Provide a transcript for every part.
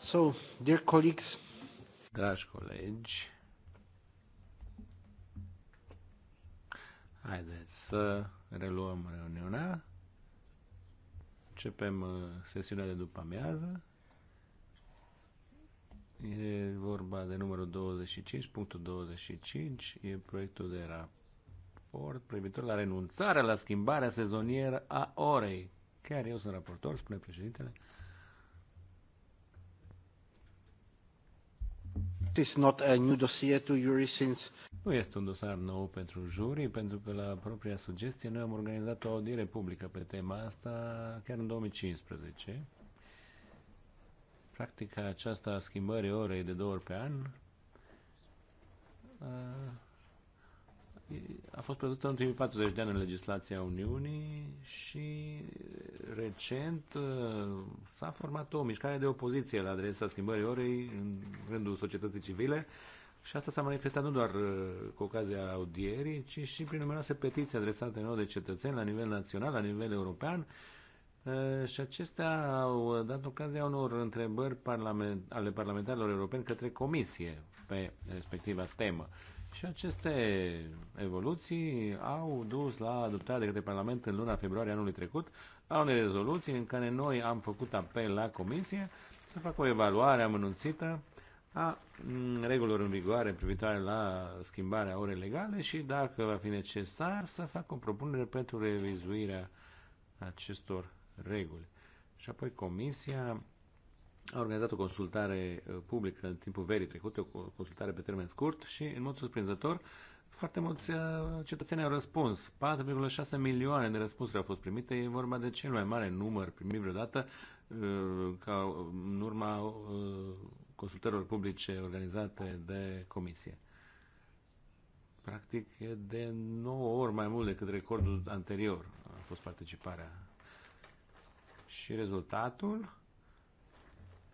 So, dear colleagues, dragi colegi, haideți să reluăm reuniunea. Începem uh, sesiunea de după amiază. E vorba de numărul 25, punctul 25, e proiectul de raport privitor la renunțarea la schimbarea sezonieră a orei. Chiar eu sunt raportor, spune președintele. is not a new dossier to jury since nu este un dosar nou pentru juri, pentru că la propria sugestie noi am organizat o audiere publică pe tema asta chiar în 2015. Practica aceasta a schimbării orei de două ori pe an a fost prevăzută în ultimii 40 de ani în legislația Uniunii și recent uh, s-a format o mișcare de opoziție la adresa schimbării orei în rândul societății civile și asta s-a manifestat nu doar uh, cu ocazia audierii, ci și prin numeroase petiții adresate nouă de cetățeni la nivel național, la nivel european, uh, și acestea au dat ocazia unor întrebări parlament, ale parlamentarilor europeni către comisie pe respectiva temă. Și aceste evoluții au dus la adoptarea de către Parlament în luna februarie anului trecut a unei rezoluții în care noi am făcut apel la Comisie să facă o evaluare amănunțită a mm, regulilor în vigoare privitoare la schimbarea orei legale și, dacă va fi necesar, să facă o propunere pentru revizuirea acestor reguli. Și apoi Comisia a organizat o consultare uh, publică în timpul verii trecute, o consultare pe termen scurt și, în mod surprinzător, foarte mulți uh, cetățeni au răspuns. 4,6 milioane de răspunsuri au fost primite. E vorba de cel mai mare număr primit vreodată uh, ca în urma consultărilor publice organizate de comisie. Practic e de 9 ori mai mult decât recordul anterior a fost participarea. Și rezultatul?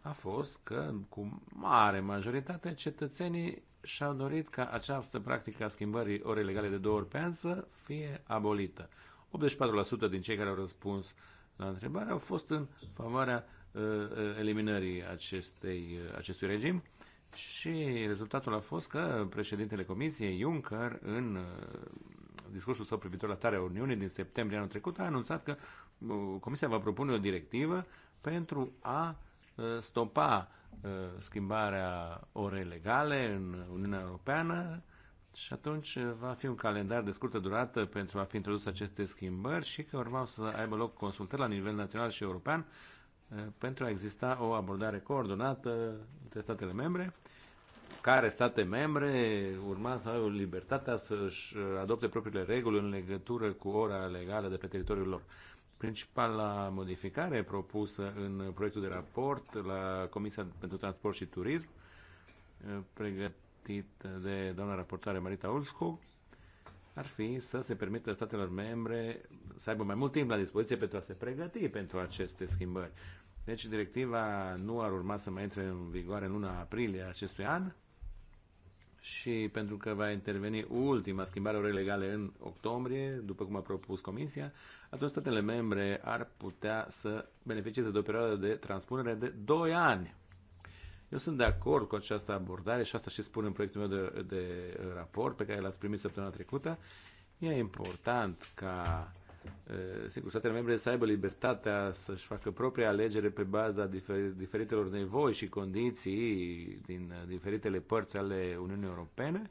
a fost că, cu mare majoritate, cetățenii și-au dorit ca această practică a schimbării orei legale de două ori pe an să fie abolită. 84% din cei care au răspuns la întrebare au fost în favoarea uh, uh, eliminării acestei, uh, acestui regim și rezultatul a fost că președintele Comisiei, Juncker, în uh, discursul său privitor la starea Uniunii din septembrie anul trecut, a anunțat că uh, Comisia va propune o directivă pentru a uh, Uh, stopa uh, schimbarea orei legale în Uniunea Europeană și atunci uh, va fi un calendar de scurtă durată pentru a fi introdus aceste schimbări și că urmau să aibă loc consultări la nivel național și european pentru a exista o abordare coordonată între statele membre care state membre urma să aibă libertatea să-și adopte propriile reguli în legătură cu ora legală de pe teritoriul lor. Principala modificare propusă în proiectul de raport la Comisia pentru Transport și Turism, eh, pregătit de doamna raportoare Marita Ulscu, ar fi să se permită statelor membre să aibă mai mult timp la dispoziție pentru a se pregăti pentru aceste schimbări. Deci directiva nu ar urma să mai intre în vigoare în luna aprilie acestui an, și pentru că va interveni ultima schimbare orei legale în octombrie, după cum a propus Comisia, atunci statele membre ar putea să beneficieze de o perioadă de transpunere de 2 ani. Eu sunt de acord cu această abordare și asta și spun în proiectul meu de, de raport pe care l-ați primit săptămâna trecută. E important ca Eh, sigur, statele membre să aibă libertatea să-și facă propria alegere pe baza diferitelor nevoi și condiții din eh, diferitele părți ale Uniunii Europene,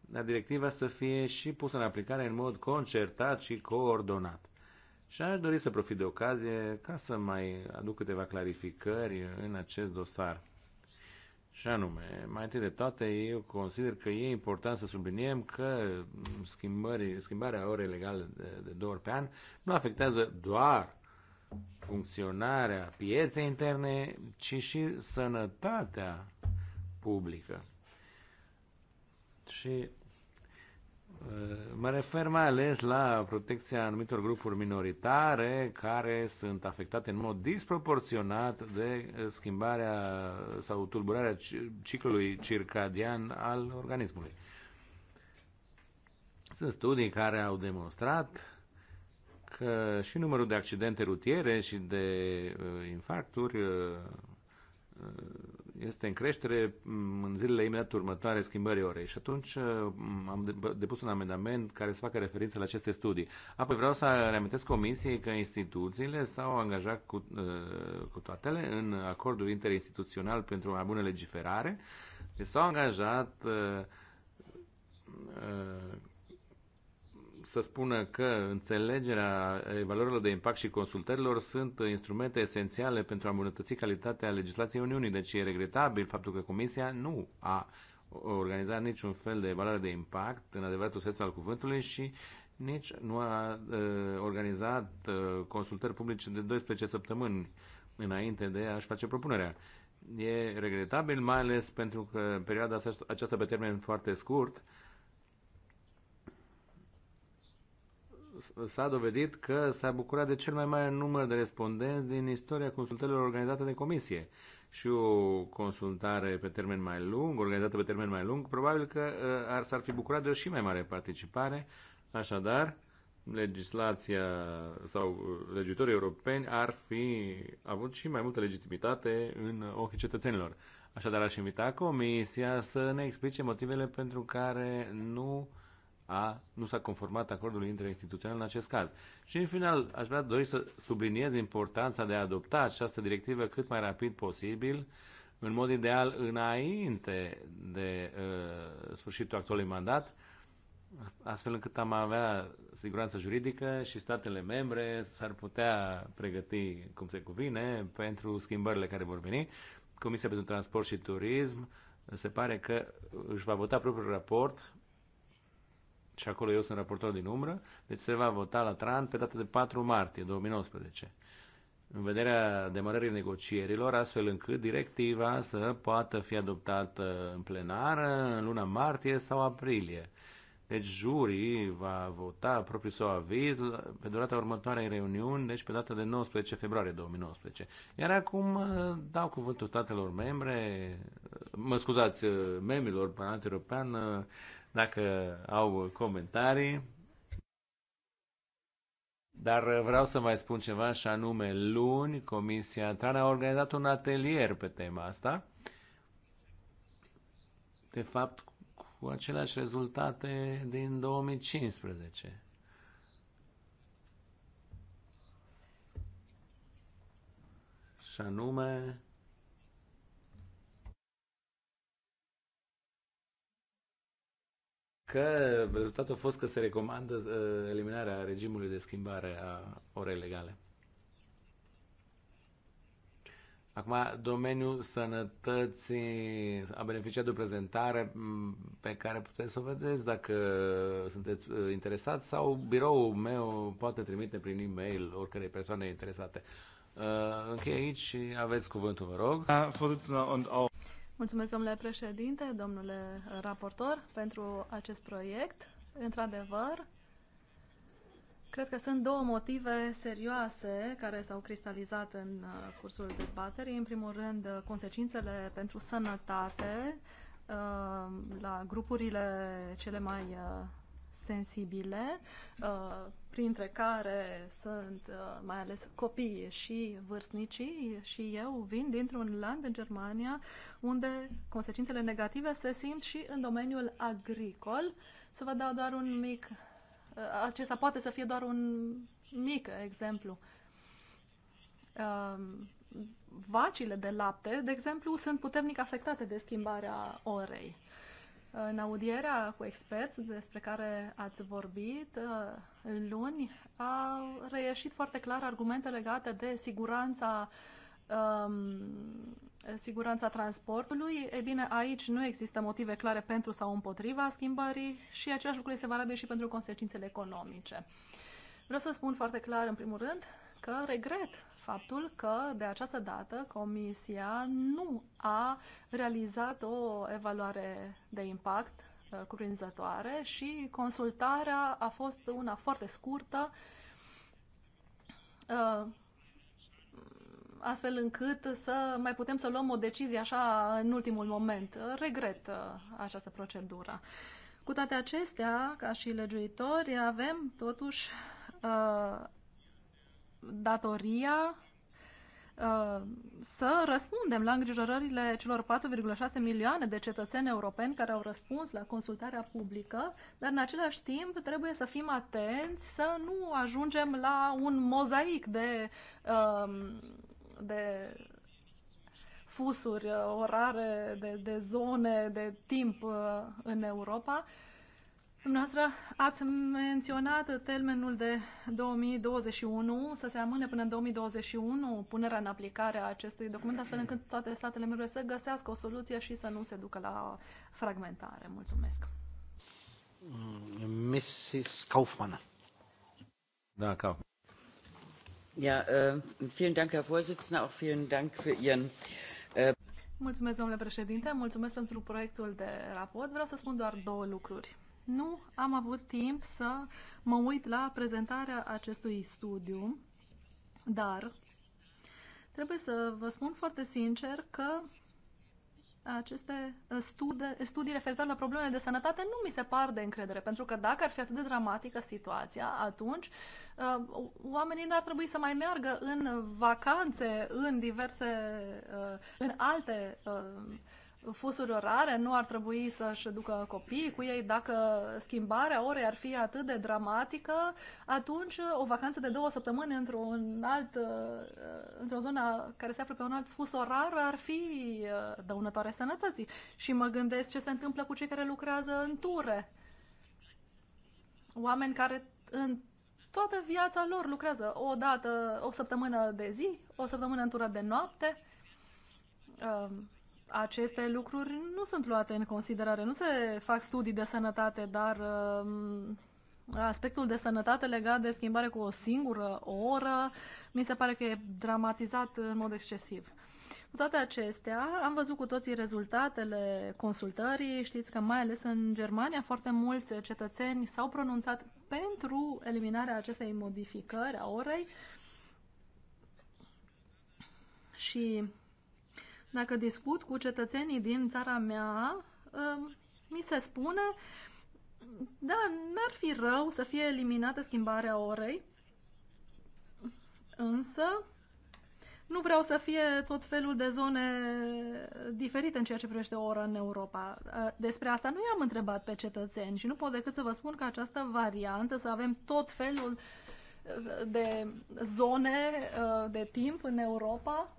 dar directiva să fie și pusă în aplicare în mod concertat și coordonat. Și aș dori să profit de ocazie ca să mai aduc câteva clarificări în acest dosar. Și anume, mai întâi de toate, eu consider că e important să subliniem că schimbarea orei legale de, de două ori pe an nu afectează doar funcționarea pieței interne, ci și sănătatea publică. Și Eh, mă refer mai ales la protecția anumitor grupuri minoritare care sunt afectate în mod disproporționat de eh, schimbarea sau tulburarea ciclului circadian al organismului. Sunt studii care au demonstrat că și numărul de accidente rutiere și de eh, infarcturi Uh, este în creștere mm, în zilele imediat următoare schimbării orei și atunci uh, am depus un amendament care să facă referință la aceste studii. Apoi vreau să reamintesc Comisiei că instituțiile s-au angajat cu, uh, cu toatele în acordul interinstituțional pentru o mai bună legiferare deci s-au angajat să spună că înțelegerea valorilor de impact și consultărilor sunt instrumente esențiale pentru a îmbunătăți calitatea legislației Uniunii. Deci e regretabil faptul că Comisia nu a organizat niciun fel de evaluare de impact în adevăratul sens al cuvântului și nici nu a uh, organizat uh, consultări publice de 12 săptămâni înainte de a-și face propunerea. E regretabil, mai ales pentru că perioada aceasta pe termen foarte scurt s-a dovedit că s-a bucurat de cel mai mare număr de respondenți din istoria consultărilor organizate de comisie și o consultare pe termen mai lung, organizată pe termen mai lung, probabil că uh, ar, s-ar fi bucurat de o și mai mare participare. Așadar, legislația sau uh, legitorii europeni ar fi avut și mai multă legitimitate în ochii cetățenilor. Așadar, aș invita Comisia să ne explice motivele pentru care nu uh, a, nu s-a conformat acordului interinstituțional în acest caz. Și în final aș vrea dori să subliniez importanța de a adopta această directivă cât mai rapid posibil, în mod ideal înainte de uh, sfârșitul actualului mandat, astfel încât am avea siguranță juridică și statele membre s-ar putea pregăti cum se cuvine pentru schimbările care vor veni. Comisia pentru Transport și Turism se pare că își va vota propriul raport și acolo eu sunt raportor din umbră, deci se va vota la TRAN pe data de 4 martie 2019 în vederea demarării negocierilor, astfel încât directiva să poată fi adoptată în plenară în luna martie sau aprilie. Deci jurii va vota propriul său aviz pe durata următoarei reuniuni, deci pe data de 19 februarie 2019. Iar acum uh, dau cuvântul statelor membre, uh, mă scuzați, uh, membrilor Parlamentului European, dacă au comentarii. Dar vreau să mai spun ceva și anume luni Comisia Tran a organizat un atelier pe tema asta. De fapt, cu aceleași rezultate din 2015. Și anume, că rezultatul a fost că se recomandă uh, eliminarea regimului de schimbare a orei legale. Acum, domeniul sănătății a beneficiat de o prezentare pe care puteți să o vedeți dacă sunteți uh, interesați sau biroul meu poate trimite prin e-mail oricărei persoane interesate. Uh, închei aici și aveți cuvântul, vă rog. Mulțumesc, domnule președinte, domnule raportor, pentru acest proiect. Într-adevăr, cred că sunt două motive serioase care s-au cristalizat în uh, cursul dezbaterii. În primul rând, uh, consecințele pentru sănătate uh, la grupurile cele mai sensibile, printre care sunt uh, mai ales copiii și vârstnicii și eu vin dintr-un land în Germania unde consecințele negative se simt și în domeniul agricol. Să vă dau doar un mic, uh, acesta poate să fie doar un mic exemplu. Um, vacile de lapte, de exemplu, sunt puternic afectate de schimbarea orei în audierea cu experți despre care ați vorbit uh, luni, a reieșit foarte clar argumente legate de siguranța um, siguranța transportului. E bine, aici nu există motive clare pentru sau împotriva schimbării și același lucru este valabil și pentru consecințele economice. Vreau să spun foarte clar, în primul rând, că regret faptul că de această dată Comisia nu a realizat o evaluare de impact uh, cuprinzătoare și consultarea a fost una foarte scurtă, uh, astfel încât să mai putem să luăm o decizie așa în ultimul moment. Regret uh, această procedură. Cu toate acestea, ca și legiuitori, avem totuși datoria uh, să răspundem la îngrijorările celor 4,6 milioane de cetățeni europeni care au răspuns la consultarea publică, dar în același timp trebuie să fim atenți să nu ajungem la un mozaic de, um, de fusuri uh, orare, de, de zone, de timp uh, în Europa, Dumneavoastră ați menționat termenul de 2021, să se amâne până în 2021 punerea în aplicare a acestui document, astfel încât toate statele membre să găsească o soluție și să nu se ducă la fragmentare. Mulțumesc. Mrs. Mm, Kaufmann. Da, Kaufmann. Ja, uh, vielen Dank, Herr Vorsitzender, auch vielen Dank für Ihren uh... Mulțumesc, domnule președinte, mulțumesc pentru proiectul de raport. Vreau să spun doar două lucruri nu am avut timp să mă uit la prezentarea acestui studiu, dar trebuie să vă spun foarte sincer că aceste studii, studii referitoare la problemele de sănătate nu mi se par de încredere, pentru că dacă ar fi atât de dramatică situația, atunci uh, oamenii n-ar trebui să mai meargă în vacanțe, în diverse, uh, în alte uh, fusuri orare, nu ar trebui să-și ducă copiii cu ei. Dacă schimbarea orei ar fi atât de dramatică, atunci o vacanță de două săptămâni într-un alt, uh, într-o zonă care se află pe un alt fus orar ar fi uh, dăunătoare sănătății. Și mă gândesc ce se întâmplă cu cei care lucrează în ture. Oameni care în toată viața lor lucrează o dată, o săptămână de zi, o săptămână în tură de noapte um, aceste lucruri nu sunt luate în considerare. Nu se fac studii de sănătate, dar um, aspectul de sănătate legat de schimbare cu o singură oră mi se pare că e dramatizat în mod excesiv. Cu toate acestea, am văzut cu toții rezultatele consultării. Știți că mai ales în Germania foarte mulți cetățeni s-au pronunțat pentru eliminarea acestei modificări a orei și dacă discut cu cetățenii din țara mea, um, mi se spune, da, n-ar fi rău să fie eliminată schimbarea orei, însă nu vreau să fie tot felul de zone diferite în ceea ce privește ora în Europa. Uh, despre asta nu i-am întrebat pe cetățeni și nu pot decât să vă spun că această variantă, să avem tot felul uh, de zone uh, de timp în Europa,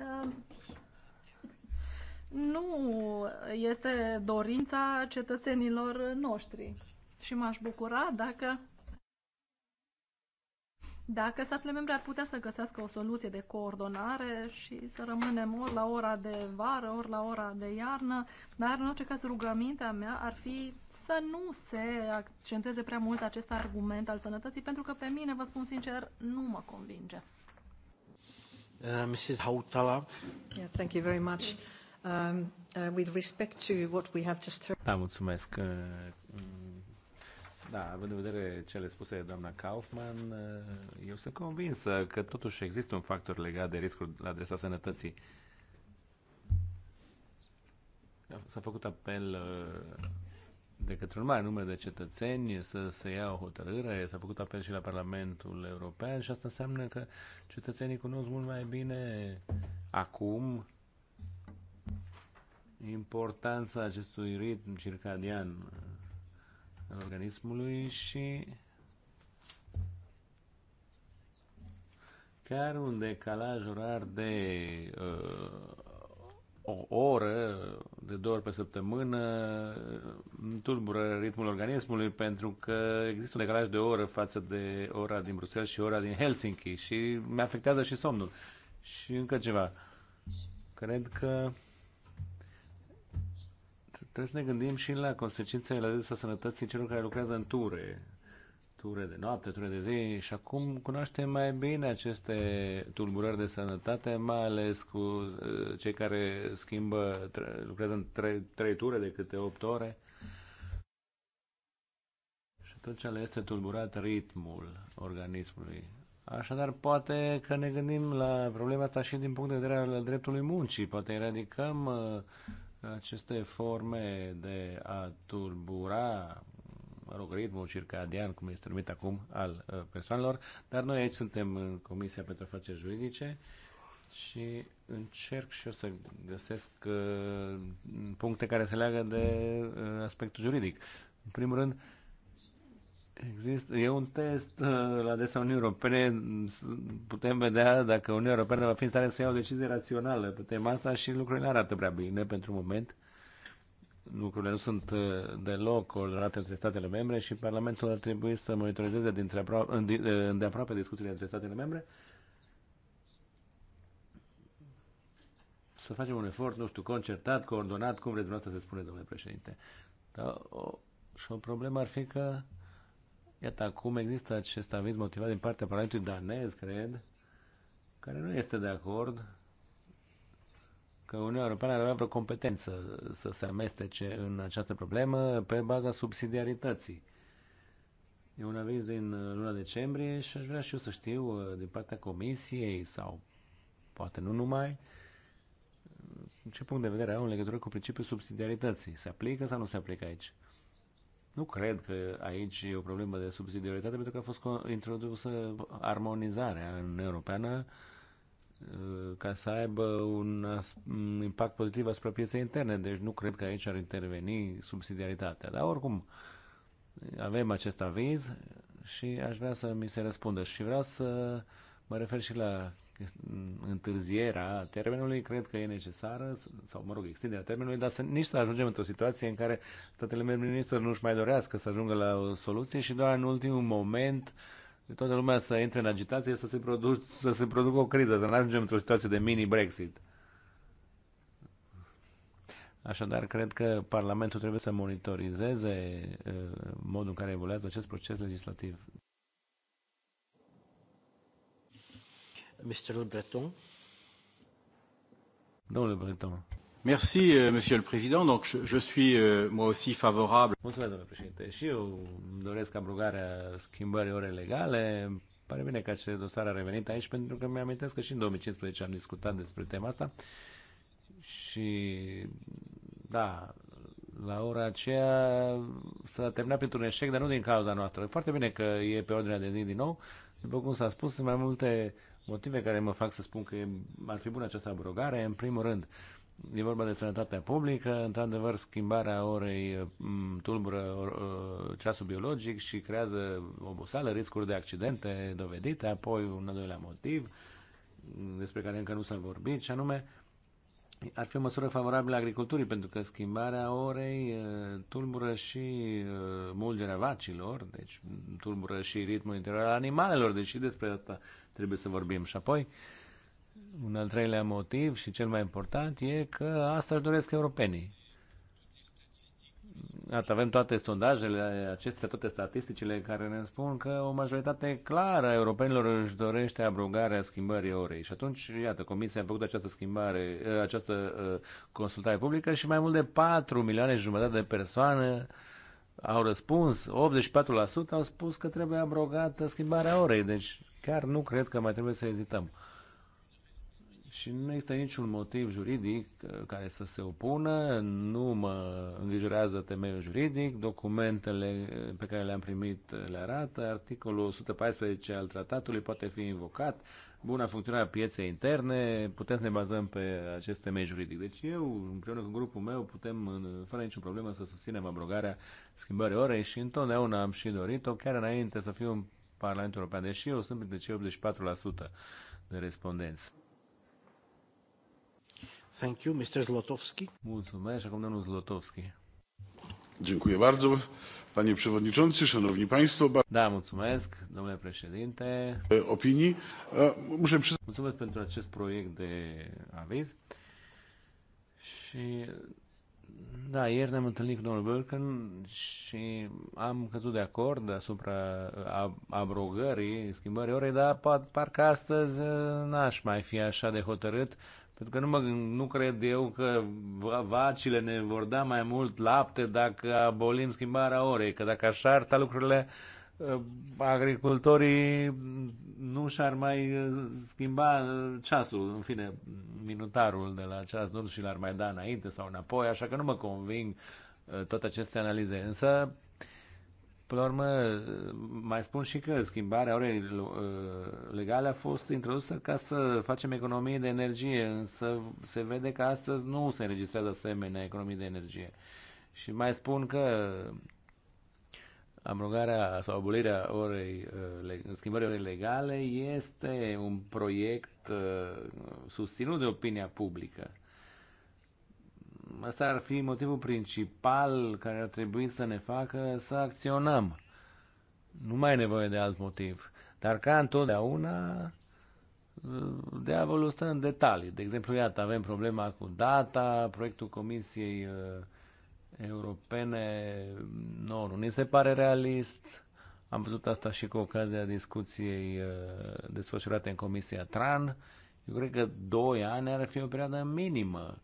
Ehm, nu este dorința cetățenilor noștri. Și m-aș bucura dacă dacă statele membre ar putea să găsească o soluție de coordonare și să rămânem ori la ora de vară, ori la ora de iarnă, dar în orice caz rugămintea mea ar fi să nu se accentueze prea mult acest argument al sănătății, pentru că pe mine, vă spun sincer, nu mă convinge. Uh, Mrs. Hautala. Yeah, thank you very much. Um, uh, with respect to what we have just heard... Da, mulțumesc. Uh, mm, da, având în vedere cele spuse de doamna Kaufman, uh, eu sunt convinsă că totuși există un factor legat de riscul la adresa sănătății. S-a făcut apel de către un mare număr de cetățeni să se ia o hotărâre, s-a făcut apel și la Parlamentul European și asta înseamnă că cetățenii cunosc mult mai bine acum importanța acestui ritm circadian al organismului și chiar un decalaj orar de uh, o oră, de două ori pe săptămână, tulbură ritmul organismului pentru că există un decalaj de oră față de ora din Bruxelles și ora din Helsinki și mi afectează și somnul. Și încă ceva. Cred că trebuie să ne gândim și la consecințele la sănătății celor care lucrează în ture ture de noapte, ture de zi și acum cunoaștem mai bine aceste tulburări de sănătate, mai ales cu eh, cei care schimbă, lucrează în trei, trei ture de câte 8 ore. Și atunci le este tulburat ritmul organismului. Așadar, poate că ne gândim la problema asta și din punct de vedere al dreptului muncii. Poate eradicăm eh, aceste forme de a tulbura mă rog, ritmul circadian, cum este numit acum, al uh, persoanelor, dar noi aici suntem în Comisia pentru Afaceri Juridice și încerc și eu să găsesc uh, puncte care se leagă de uh, aspectul juridic. În primul rând, Există, e un test uh, la adresa Uniunii Europene, putem vedea dacă Uniunea Europeană va fi în stare să ia o decizie rațională pe tema asta și lucrurile arată prea bine pentru moment lucrurile nu sunt uh, deloc coordonate între statele membre și Parlamentul ar trebui să monitorizeze dintre aproape, uh, îndeaproape discuțiile între statele membre să facem un efort, nu știu, concertat, coordonat, cum vreți dumneavoastră să spune, domnule președinte. Dar o, și o problemă ar fi că, iată, acum există acest aviz motivat din partea Parlamentului danez, cred, care nu este de acord că Uniunea Europeană ar avea vreo competență să se amestece în această problemă pe baza subsidiarității. E un aviz din luna decembrie și aș vrea și eu să știu uh, din partea Comisiei sau poate nu numai ce punct de vedere au în legătură cu principiul subsidiarității. Se aplică sau nu se aplică aici? Nu cred că aici e o problemă de subsidiaritate pentru că a fost introdusă armonizarea în Europeană Uh, ca să aibă un impact pozitiv asupra pieței interne. Deci nu cred că aici ar interveni subsidiaritatea. Dar oricum, avem acest aviz și aș vrea să mi se răspundă. Și vreau să mă refer și la întârzierea termenului, cred că e necesară, sau mă rog, extinderea termenului, dar să, nici să ajungem într-o situație în care statele membre nu-și mai dorească să ajungă la o soluție și doar în ultimul moment uh, toată lumea să intre în agitație, să se, produc, să se producă o criză, să nu ajungem într-o situație de mini-Brexit. Așadar, cred că Parlamentul trebuie să monitorizeze uh, modul în care evoluează acest proces legislativ. Mr. Breton. Domnule Breton. Merci, euh, Monsieur le Président. Donc, je, je suis euh, moi aussi favorable. Mulțumesc, domnule președinte. Și eu doresc abrogarea schimbării orei legale. Pare bine că acest dosar a revenit aici, pentru că mi-amintesc că și în 2015 am discutat despre tema asta. Și, da, la ora aceea s-a terminat printr-un eșec, dar nu din cauza noastră. Foarte bine că e pe ordinea de zi din nou. După cum s-a spus, sunt mai multe motive care mă fac să spun că ar fi bună această abrogare. În primul rând, uh, E vorba de sănătatea publică, într-adevăr schimbarea orei mm, tulbură uh, ceasul biologic și creează oboseală, riscuri de accidente dovedite, apoi un al doilea motiv despre care încă nu s-a vorbit și anume ar fi o măsură favorabilă agriculturii pentru că schimbarea orei uh, tulbură și uh, mulgerea vacilor, deci tulbură și ritmul interior al animalelor, deci și despre asta trebuie să vorbim. Și apoi uh, un al treilea motiv și cel mai important e că asta își doresc europenii. Iată, avem toate sondajele acestea, toate statisticile care ne spun că o majoritate clară a europenilor își dorește abrogarea schimbării orei. Și atunci, iată, Comisia a făcut această schimbare, ă, această ă, consultare publică și mai mult de 4 milioane și jumătate de persoane au răspuns, 84% au spus că trebuie abrogată schimbarea orei. Deci chiar nu cred că mai trebuie să ezităm. Și nu există niciun motiv juridic uh, care să se opună, nu mă îngrijorează temeiul juridic, documentele uh, pe care le-am primit uh, le arată, articolul 114 al tratatului poate fi invocat, buna funcționare a pieței interne, putem să ne bazăm pe acest temei juridic. Deci eu, împreună cu grupul meu, putem, fără niciun problemă, să susținem abrogarea schimbării orei și întotdeauna am și dorit-o, chiar înainte să fiu în Parlamentul European, deși eu sunt printre cei 84% de respondenți. Thank you, Mr. Zlotowski. Mulțumesc, domnul Zlotowski. Dziękuję bardzo. Panie Przewodniczący, Szanowni Państwo. Da, mulțumesc, domnule președinte. Opinii. Muszę Mulțumesc pentru acest proiect de aviz. Și da, ieri ne-am întâlnit cu domnul Bölken și am căzut de acord asupra abrogării, schimbării orei, dar parcă astăzi n-aș mai fi așa de hotărât pentru că nu, mă, nu cred eu că vacile ne vor da mai mult lapte dacă abolim schimbarea orei, că dacă așa ar ta lucrurile, ă, agricultorii nu și-ar mai ă, schimba ă, ceasul, în fine, minutarul de la ceas, nu și l-ar mai da înainte sau înapoi, așa că nu mă conving toate aceste analize. Însă Până la urmă, mai spun și că schimbarea orei uh, legale a fost introdusă ca să facem economie de energie, însă se vede că astăzi nu se înregistrează asemenea economii de energie. Și mai spun că amrogarea sau abolirea orei, uh, schimbării orei legale este un proiect uh, susținut de opinia publică asta ar fi motivul principal care ar trebui să ne facă să acționăm. Nu mai e nevoie de alt motiv. Dar ca întotdeauna, diavolul stă în detalii. De exemplu, iată, avem problema cu data, proiectul Comisiei uh, Europene, nu, nu ni se pare realist. Am văzut asta și cu ocazia discuției uh, desfășurate în Comisia TRAN. Eu cred că 2 ani ar fi o perioadă minimă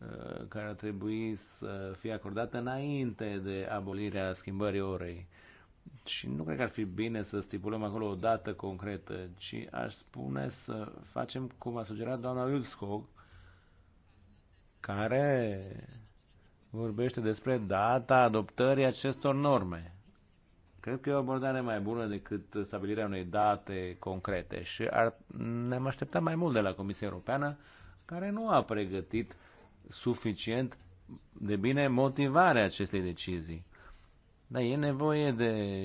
Uh, care ar trebui să fie acordată înainte de abolirea schimbării orei. Și nu cred că ar fi bine să stipulăm acolo o dată concretă, ci aș spune să facem cum a sugerat doamna Ulskog, care vorbește despre data adoptării acestor norme. Cred că e o abordare mai bună decât stabilirea unei date concrete și ar, ne-am așteptat mai mult de la Comisia Europeană, care nu a pregătit uh, suficient de bine motivarea acestei decizii. Dar e nevoie de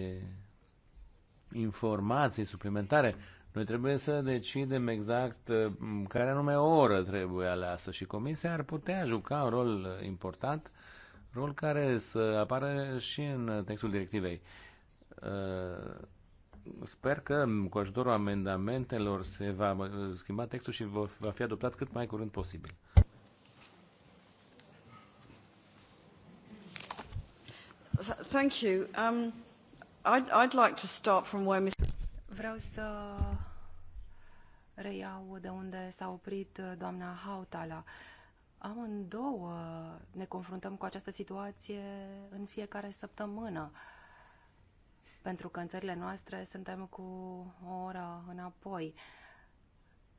informații suplimentare. Noi trebuie să decidem exact uh, care anume oră trebuie aleasă și comisia ar putea juca un rol important, rol care să apară și în textul directivei. Uh, sper că cu ajutorul amendamentelor se va schimba textul și va fi adoptat cât mai curând posibil. Thank you. Um, I'd, I'd like to start from where Mr. Vreau să reiau de unde s-a oprit uh, doamna Hautala. Amândouă ne confruntăm cu această situație în fiecare săptămână, pentru că în țările noastre suntem cu o oră înapoi.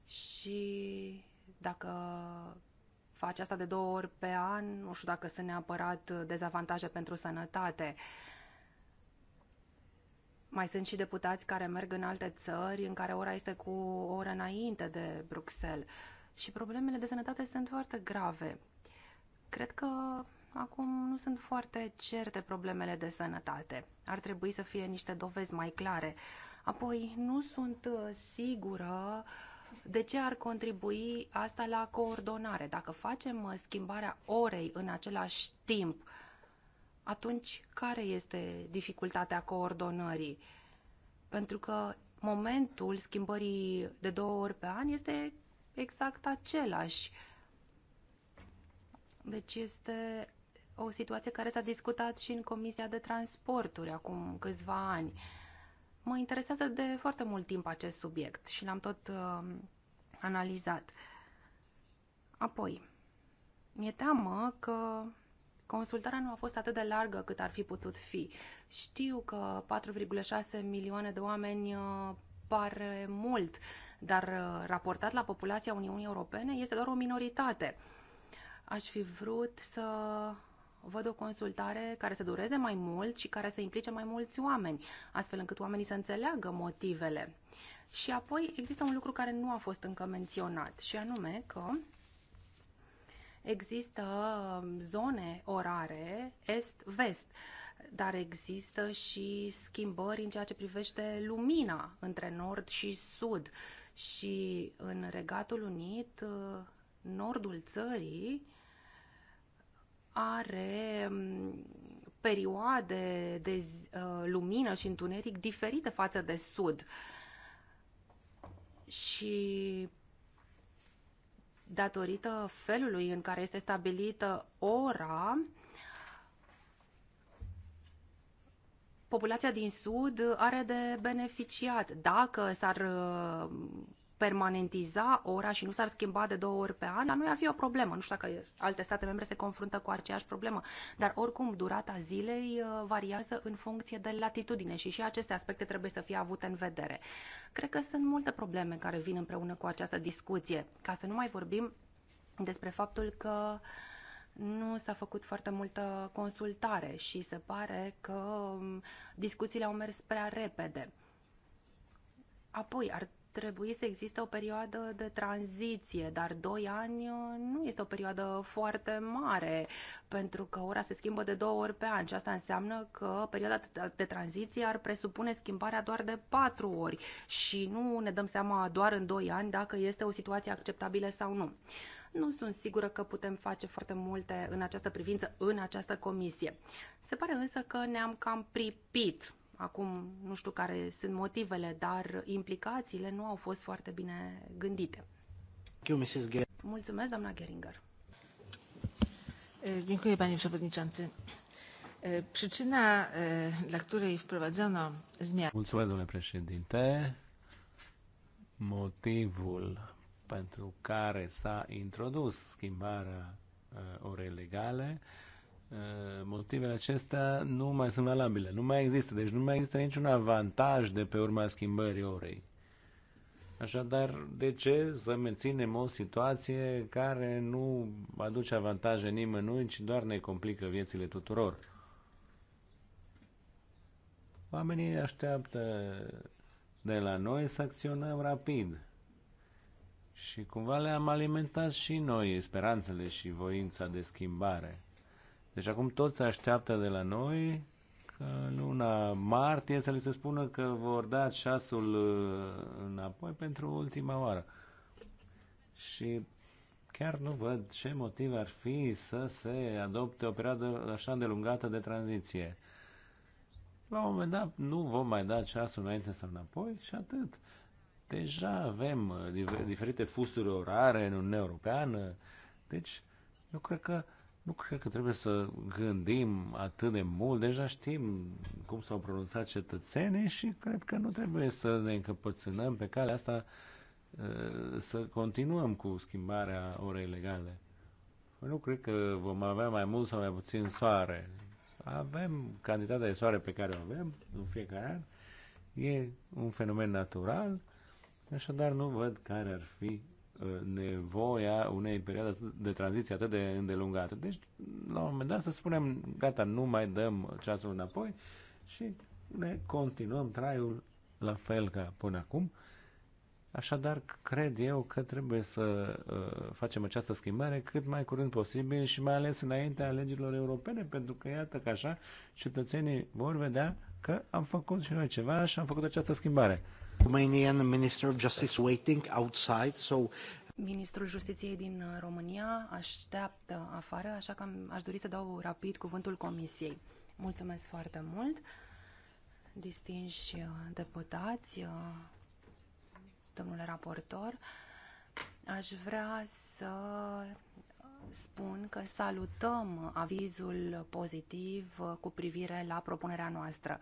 Și dacă face asta de două ori pe an, nu știu dacă sunt neapărat dezavantaje pentru sănătate. Mai sunt și deputați care merg în alte țări în care ora este cu o oră înainte de Bruxelles și problemele de sănătate sunt foarte grave. Cred că acum nu sunt foarte certe problemele de sănătate. Ar trebui să fie niște dovezi mai clare. Apoi, nu sunt sigură uh, de ce ar contribui asta la coordonare? Dacă facem uh, schimbarea orei în același timp, atunci care este dificultatea coordonării? Pentru că momentul schimbării de două ori pe an este exact același. Deci este o situație care s-a discutat și în Comisia de Transporturi acum câțiva ani. Uh, Mă interesează de foarte mult timp acest subiect și l-am tot uh, analizat. Apoi, mi-e teamă că Consultarea nu a fost atât de largă cât ar fi putut fi. Știu că 4,6 milioane de oameni uh, pare mult, dar uh, raportat la populația Uniunii Europene este doar o minoritate. Aș fi vrut să văd o consultare care să dureze mai mult și care să implice mai mulți oameni, astfel încât oamenii să înțeleagă motivele. Și apoi există un lucru care nu a fost încă menționat, și anume că există zone orare est-vest, dar există și schimbări în ceea ce privește lumina între nord și sud. Și în Regatul Unit, nordul țării are mm, perioade de uh, lumină și întuneric diferite față de sud. Și datorită felului în care este stabilită ora, populația din sud are de beneficiat. Dacă s-ar uh, permanentiza ora și nu s-ar schimba de două ori pe an, dar nu ar fi o problemă. Nu știu dacă alte state membre se confruntă cu aceeași problemă, dar oricum durata zilei uh, variază în funcție de latitudine și și aceste aspecte trebuie să fie avute în vedere. Cred că sunt multe probleme care vin împreună cu această discuție, ca să nu mai vorbim despre faptul că nu s-a făcut foarte multă consultare și se pare că um, discuțiile au mers prea repede. Apoi, ar trebui să existe o perioadă de tranziție, dar 2 ani uh, nu este o perioadă foarte mare, pentru că ora se schimbă de două ori pe an și asta înseamnă că perioada de tranziție ar presupune schimbarea doar de patru ori și nu ne dăm seama doar în 2 ani dacă este o situație acceptabilă sau nu. Nu sunt sigură că putem face foarte multe în această privință, în această comisie. Se pare însă că ne-am cam pripit Acum nu știu care sunt motivele, dar implicațiile nu au fost foarte bine gândite. Mulțumesc, doamna Geringer. Dziękuję, panie przewodniczący. Przyczyna, dla której wprowadzono zmianę... Mulțumesc, domnule președinte. Motivul pentru care s-a introdus schimbarea orei legale Eh, motivele acestea nu mai sunt valabile, nu mai există, deci nu mai există niciun avantaj de pe urma schimbării orei. Așadar, de ce să menținem o situație care nu aduce avantaje nimănui, ci doar ne complică viețile tuturor? Oamenii așteaptă de la noi să acționăm rapid. Și cumva le-am alimentat și noi speranțele și voința de schimbare. Deci acum toți așteaptă de la noi că în luna martie să le se spună că vor da ceasul uh, înapoi pentru ultima oară. Și chiar nu văd ce motiv ar fi să se adopte o perioadă așa lungată de tranziție. La un moment dat nu vom mai da ceasul înainte sau înapoi și atât. Deja avem uh, diferite fusuri orare în Uniunea Europeană, deci eu cred că nu cred că trebuie să gândim atât de mult. Deja știm cum s-au pronunțat cetățenii și cred că nu trebuie să ne încăpățânăm pe calea asta ă, să continuăm cu schimbarea orei legale. Nu cred că vom avea mai mult sau mai puțin soare. Avem cantitatea de soare pe care o avem în fiecare an. E un fenomen natural, așadar nu văd care ar fi nevoia unei perioade de tranziție atât de îndelungată. Deci, la un moment dat, să spunem, gata, nu mai dăm ceasul înapoi și ne continuăm traiul la fel ca până acum. Așadar, cred eu că trebuie să uh, facem această schimbare cât mai curând posibil și mai ales înaintea alegerilor europene, pentru că iată că așa cetățenii vor vedea că am făcut și noi ceva și am făcut această schimbare. Romanian Minister of Justice waiting outside, so Ministrul Justiției din uh, România așteaptă afară, așa că aș dori să dau rapid cuvântul Comisiei. Mulțumesc foarte mult, distinși uh, deputați, uh, domnule raportor. Aș vrea să spun că salutăm avizul pozitiv cu privire la propunerea noastră.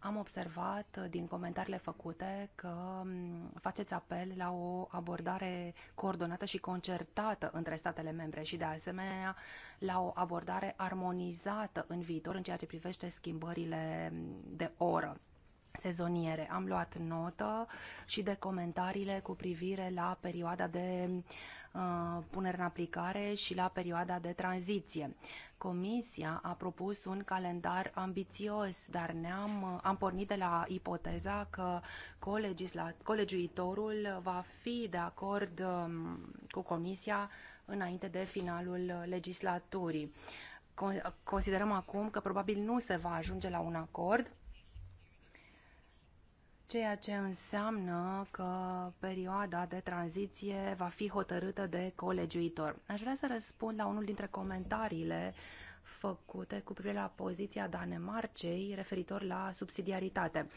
Am observat uh, din comentariile făcute că um, faceți apel la o abordare coordonată și concertată între statele membre și, de asemenea, la o abordare armonizată în viitor în ceea ce privește schimbările um, de oră sezoniere. Am luat notă și de comentariile cu privire la perioada de um, Uh, punere în aplicare și la perioada de tranziție. Comisia a propus un calendar ambițios, dar ne-am uh, am pornit de la ipoteza că colegiuitorul va fi de acord um, cu Comisia înainte de finalul legislaturii. Considerăm acum că probabil nu se va ajunge la un acord ceea ce înseamnă că perioada de tranziție va fi hotărâtă de colegiuitor. Aș vrea să răspund la unul dintre comentariile făcute cu privire la poziția Danemarcei referitor la subsidiaritate.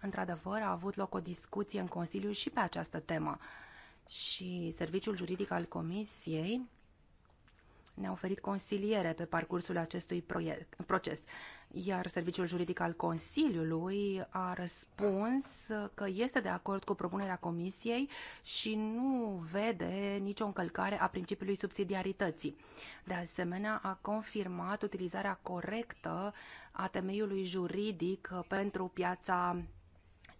Într-adevăr, a avut loc o discuție în Consiliu și pe această temă și Serviciul Juridic al Comisiei ne-a oferit consiliere pe parcursul acestui proces iar Serviciul Juridic al Consiliului a răspuns că este de acord cu propunerea Comisiei și nu vede nicio încălcare a principiului subsidiarității. De asemenea, a confirmat utilizarea corectă a temeiului juridic pentru piața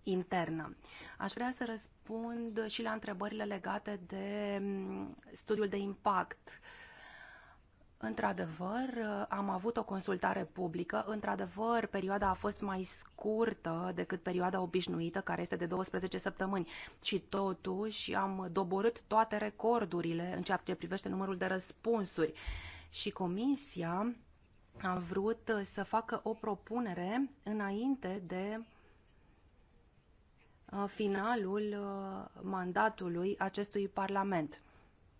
internă. Aș vrea să răspund și la întrebările legate de mm, studiul de impact uh, Într-adevăr, am avut o consultare publică. Într-adevăr, perioada a fost mai scurtă decât perioada obișnuită, care este de 12 săptămâni. Și totuși am doborât toate recordurile în ceea ce privește numărul de răspunsuri. Și comisia a vrut să facă o propunere înainte de uh, finalul uh, mandatului acestui parlament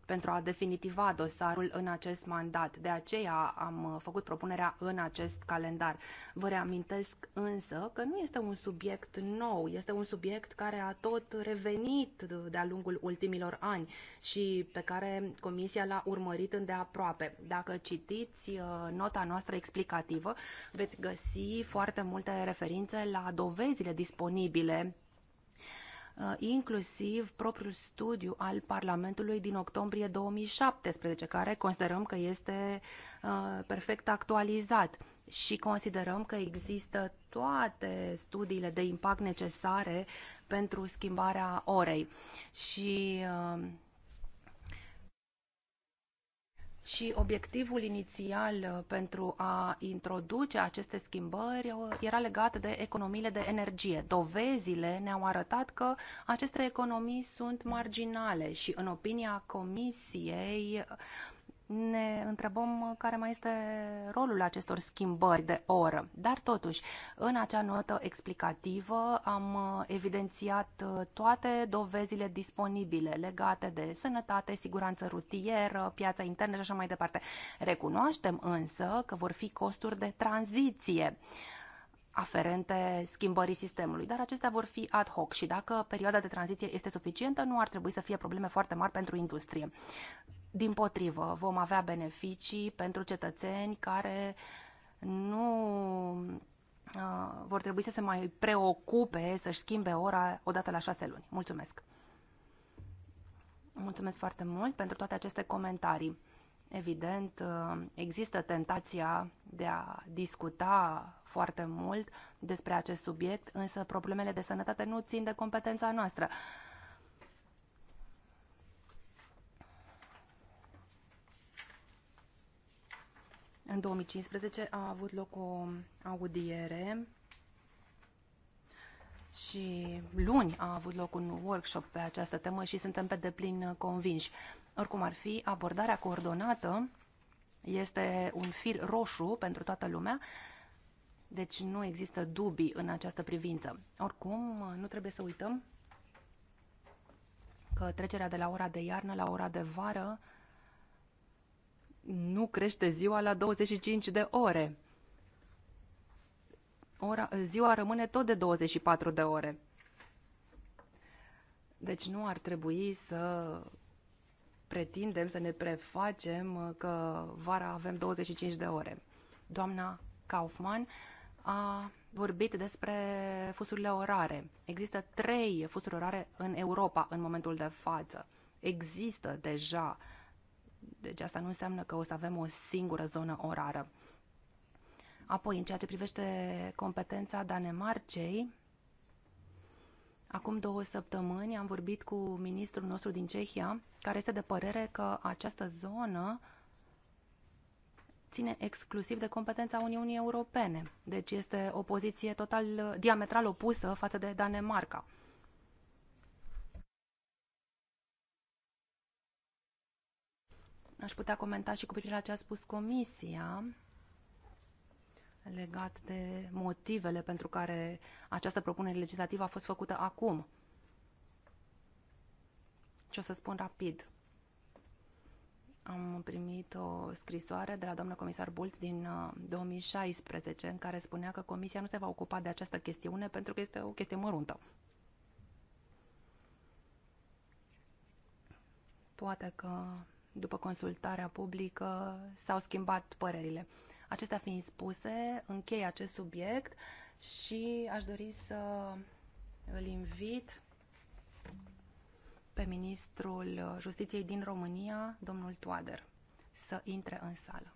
pentru a definitiva dosarul în acest mandat. De aceea am uh, făcut propunerea în acest calendar. Vă reamintesc însă că nu este un subiect nou, este un subiect care a tot revenit de-a lungul ultimilor ani și pe care Comisia l-a urmărit îndeaproape. Dacă citiți uh, nota noastră explicativă, veți găsi foarte multe referințe la dovezile disponibile Uh, inclusiv propriul studiu al Parlamentului din octombrie 2017, care considerăm că este uh, perfect actualizat și considerăm că există toate studiile de impact necesare pentru schimbarea orei. Și uh, și obiectivul inițial uh, pentru a introduce aceste schimbări uh, era legat de economiile de energie. Dovezile ne-au arătat că aceste economii sunt marginale și, în opinia Comisiei, ne întrebăm uh, care mai este rolul acestor schimbări de oră. Dar totuși, în acea notă explicativă am uh, evidențiat uh, toate dovezile disponibile legate de sănătate, siguranță rutieră, piața internă și așa mai departe. Recunoaștem însă că vor fi costuri de tranziție aferente schimbării sistemului, dar acestea vor fi ad hoc și dacă perioada de tranziție este suficientă, nu ar trebui să fie probleme foarte mari pentru industrie. Din potrivă, vom avea beneficii pentru cetățeni care nu uh, vor trebui să se mai preocupe să-și schimbe ora odată la șase luni. Mulțumesc! Mulțumesc foarte mult pentru toate aceste comentarii. Evident, uh, există tentația de a discuta foarte mult despre acest subiect, însă problemele de sănătate nu țin de competența noastră. În 2015 a avut loc o audiere și luni a avut loc un workshop pe această temă și suntem pe deplin convinși. Oricum ar fi, abordarea coordonată este un fir roșu pentru toată lumea, deci nu există dubii în această privință. Oricum, nu trebuie să uităm că trecerea de la ora de iarnă la ora de vară nu crește ziua la 25 de ore. Ora, ziua rămâne tot de 24 de ore. Deci nu ar trebui să pretindem, să ne prefacem că vara avem 25 de ore. Doamna Kaufman a vorbit despre fusurile orare. Există trei fusuri orare în Europa în momentul de față. Există deja uh, deci asta nu înseamnă că o să avem o singură zonă orară. Apoi, în ceea ce privește competența Danemarcei, acum două săptămâni am vorbit cu ministrul nostru din Cehia, care este de părere că această zonă ține exclusiv de competența Uniunii Europene. Deci este o poziție total diametral opusă față de Danemarca. Aș putea comenta și cu privire la ce a spus Comisia legat de motivele pentru care această propunere legislativă a fost făcută acum. Ce o să spun rapid. Am primit o scrisoare de la doamna comisar Bult din 2016 uh, în care spunea că Comisia nu se va ocupa de această chestiune pentru că este o chestie măruntă. Poate că după consultarea publică, s-au schimbat părerile. Acestea fiind spuse, închei acest subiect și aș dori să îl invit pe ministrul Justiției din România, domnul Toader, să intre în sală.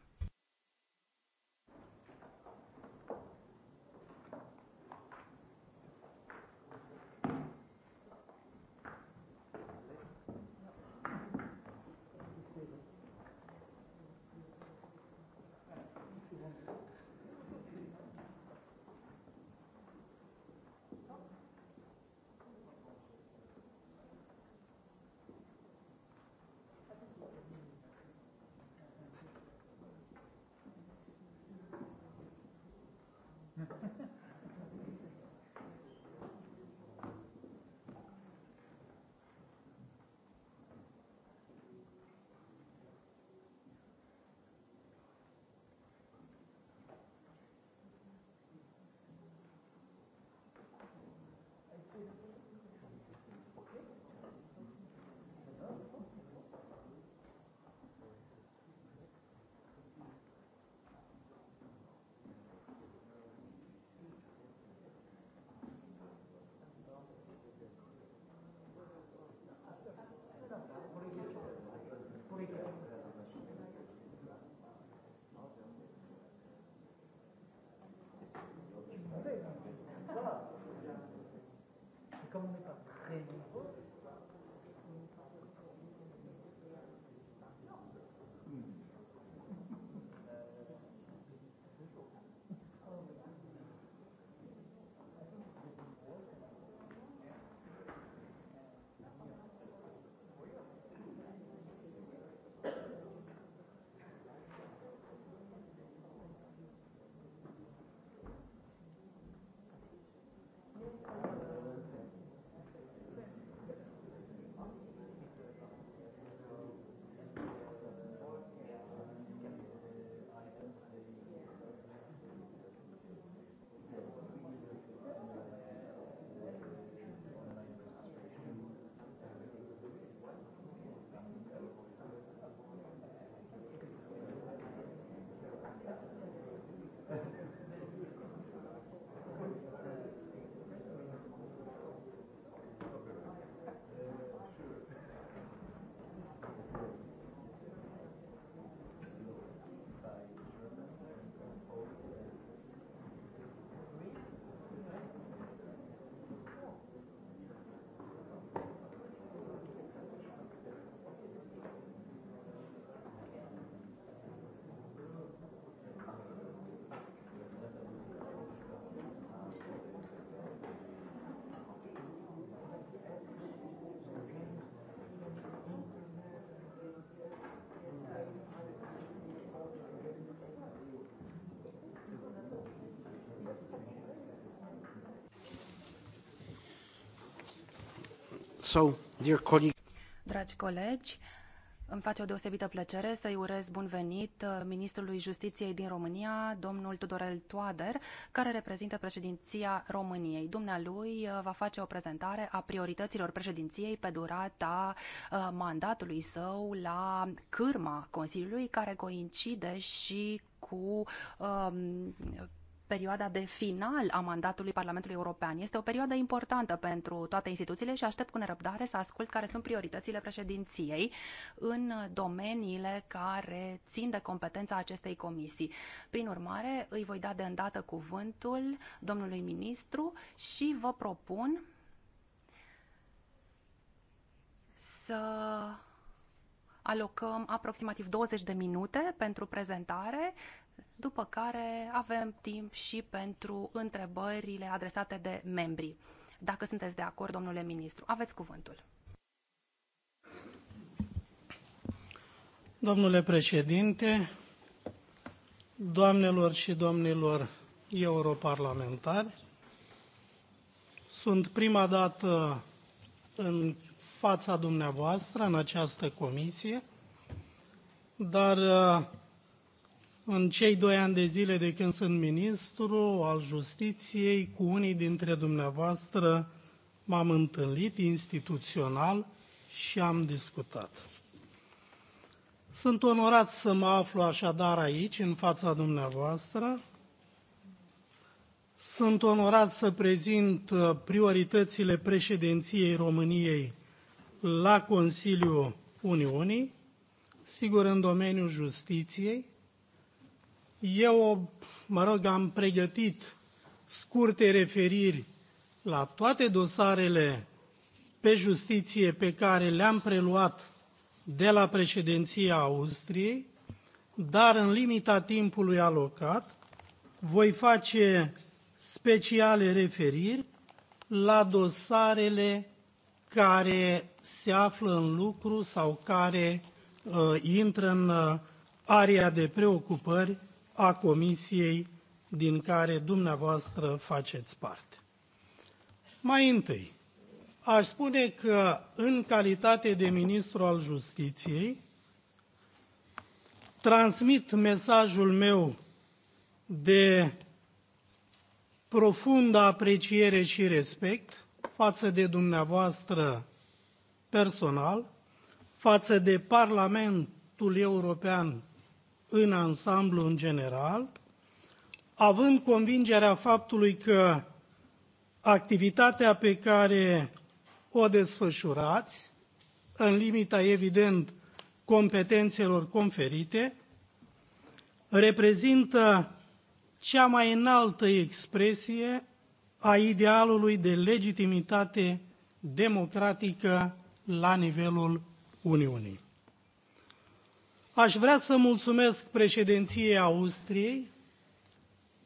So, dear colleague... Dragi colegi, îmi face o deosebită plăcere să-i urez bun venit uh, ministrului Justiției din România, domnul Tudorel Toader, care reprezintă președinția României. Dumnealui uh, va face o prezentare a priorităților președinției pe durata uh, mandatului său la cârma Consiliului, care coincide și cu um, perioada de final a mandatului Parlamentului European. Este o perioadă importantă pentru toate instituțiile și aștept cu nerăbdare să ascult care sunt prioritățile președinției în domeniile care țin de competența acestei comisii. Prin urmare, îi voi da de îndată cuvântul domnului ministru și vă propun să alocăm aproximativ 20 de minute pentru prezentare după care avem timp și pentru întrebările adresate de membri. Dacă sunteți de acord, domnule ministru, aveți cuvântul. Domnule președinte, doamnelor și domnilor europarlamentari, sunt prima dată în fața dumneavoastră, în această comisie, dar în cei doi ani de zile de când sunt ministru al justiției, cu unii dintre dumneavoastră m-am întâlnit instituțional și am discutat. Sunt onorat să mă aflu așadar aici, în fața dumneavoastră. Sunt onorat să prezint prioritățile președinției României la Consiliul Uniunii, sigur în domeniul justiției, eu, mă rog, am pregătit scurte referiri la toate dosarele pe justiție pe care le-am preluat de la președinția Austriei, dar în limita timpului alocat voi face speciale referiri la dosarele care se află în lucru sau care uh, intră în uh, area de preocupări a comisiei din care dumneavoastră faceți parte. Mai întâi, aș spune că în calitate de ministru al justiției, transmit mesajul meu de profundă apreciere și respect față de dumneavoastră personal, față de Parlamentul European în ansamblu, în general, având convingerea faptului că activitatea pe care o desfășurați, în limita, evident, competențelor conferite, reprezintă cea mai înaltă expresie a idealului de legitimitate democratică la nivelul Uniunii. Aș vrea să mulțumesc președinției Austriei,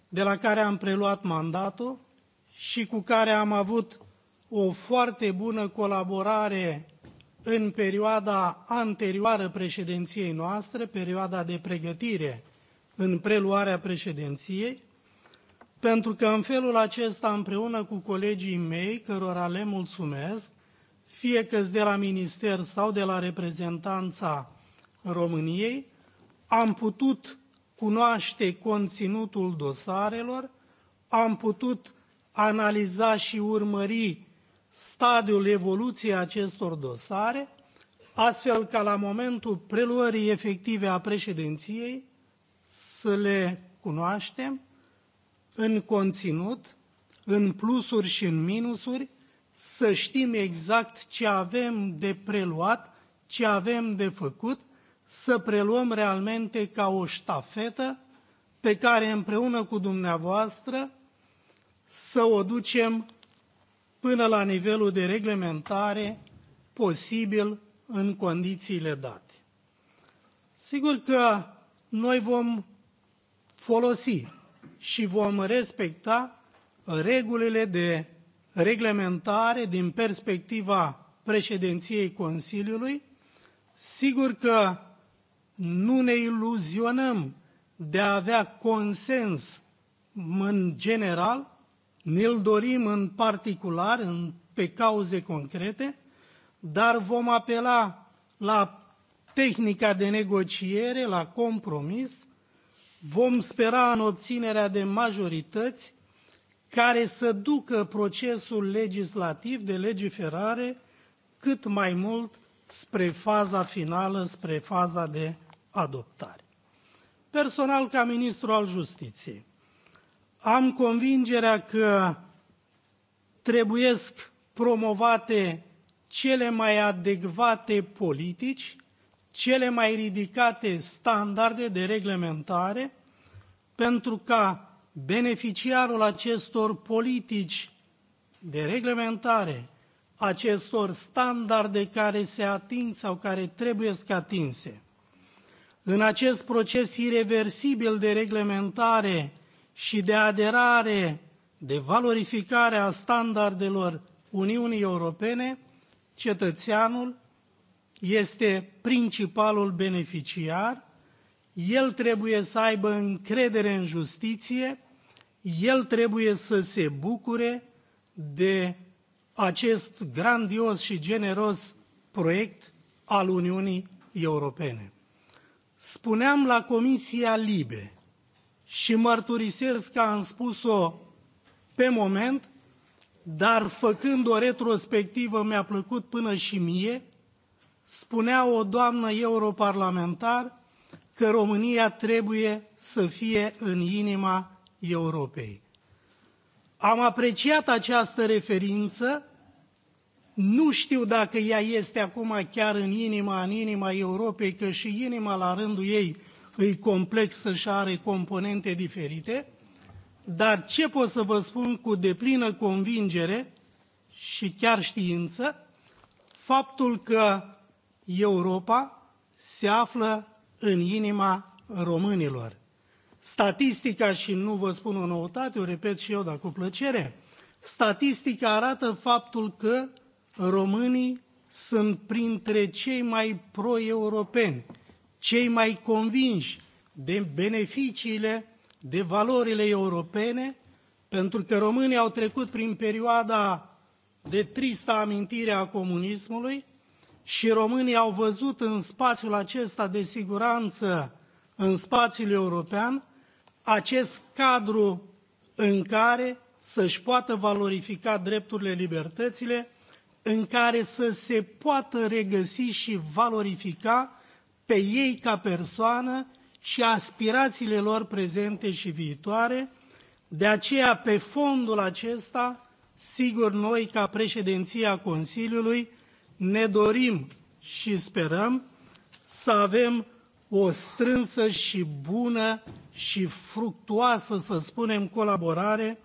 de la care am preluat mandatul și cu care am avut o foarte bună colaborare în perioada anterioară președinției noastre, perioada de pregătire în preluarea președinției, pentru că în felul acesta, împreună cu colegii mei, cărora le mulțumesc, fie că de la minister sau de la reprezentanța României, am putut cunoaște conținutul dosarelor, am putut analiza și urmări stadiul evoluției acestor dosare, astfel ca la momentul preluării efective a președinției să le cunoaștem în conținut, în plusuri și în minusuri, să știm exact ce avem de preluat, ce avem de făcut să preluăm realmente ca o ștafetă pe care împreună cu dumneavoastră să o ducem până la nivelul de reglementare posibil în condițiile date. Sigur că noi vom folosi și vom respecta regulile de reglementare din perspectiva președinției Consiliului. Sigur că nu ne iluzionăm de a avea consens în general, ne-l dorim în particular, în, pe cauze concrete, dar vom apela la tehnica de negociere, la compromis, vom spera în obținerea de majorități care să ducă procesul legislativ de legiferare cât mai mult spre faza finală, spre faza de adoptare. Personal, ca ministru al justiției, am convingerea că trebuiesc promovate cele mai adecvate politici, cele mai ridicate standarde de reglementare, pentru ca beneficiarul acestor politici de reglementare, acestor standarde care se ating sau care trebuie să atinse, în acest proces irreversibil de reglementare și de aderare, de valorificare a standardelor Uniunii Europene, cetățeanul este principalul beneficiar, el trebuie să aibă încredere în justiție, el trebuie să se bucure de acest grandios și generos proiect al Uniunii Europene. Spuneam la Comisia Libe și mărturisesc că am spus-o pe moment, dar făcând o retrospectivă mi-a plăcut până și mie, spunea o doamnă europarlamentar că România trebuie să fie în inima Europei. Am apreciat această referință nu știu dacă ea este acum chiar în inima, în inima Europei, că și inima la rândul ei îi complexă și are componente diferite, dar ce pot să vă spun cu deplină convingere și chiar știință, faptul că Europa se află în inima românilor. Statistica, și nu vă spun o noutate, o repet și eu, dar cu plăcere, statistica arată faptul că românii sunt printre cei mai pro-europeni, cei mai convinși de beneficiile, de valorile europene, pentru că românii au trecut prin perioada de tristă amintire a comunismului și românii au văzut în spațiul acesta de siguranță, în spațiul european, acest cadru în care să-și poată valorifica drepturile, libertățile, în care să se poată regăsi și valorifica pe ei ca persoană și aspirațiile lor prezente și viitoare. De aceea, pe fondul acesta, sigur, noi, ca președinția Consiliului, ne dorim și sperăm să avem o strânsă și bună și fructuoasă, să spunem, colaborare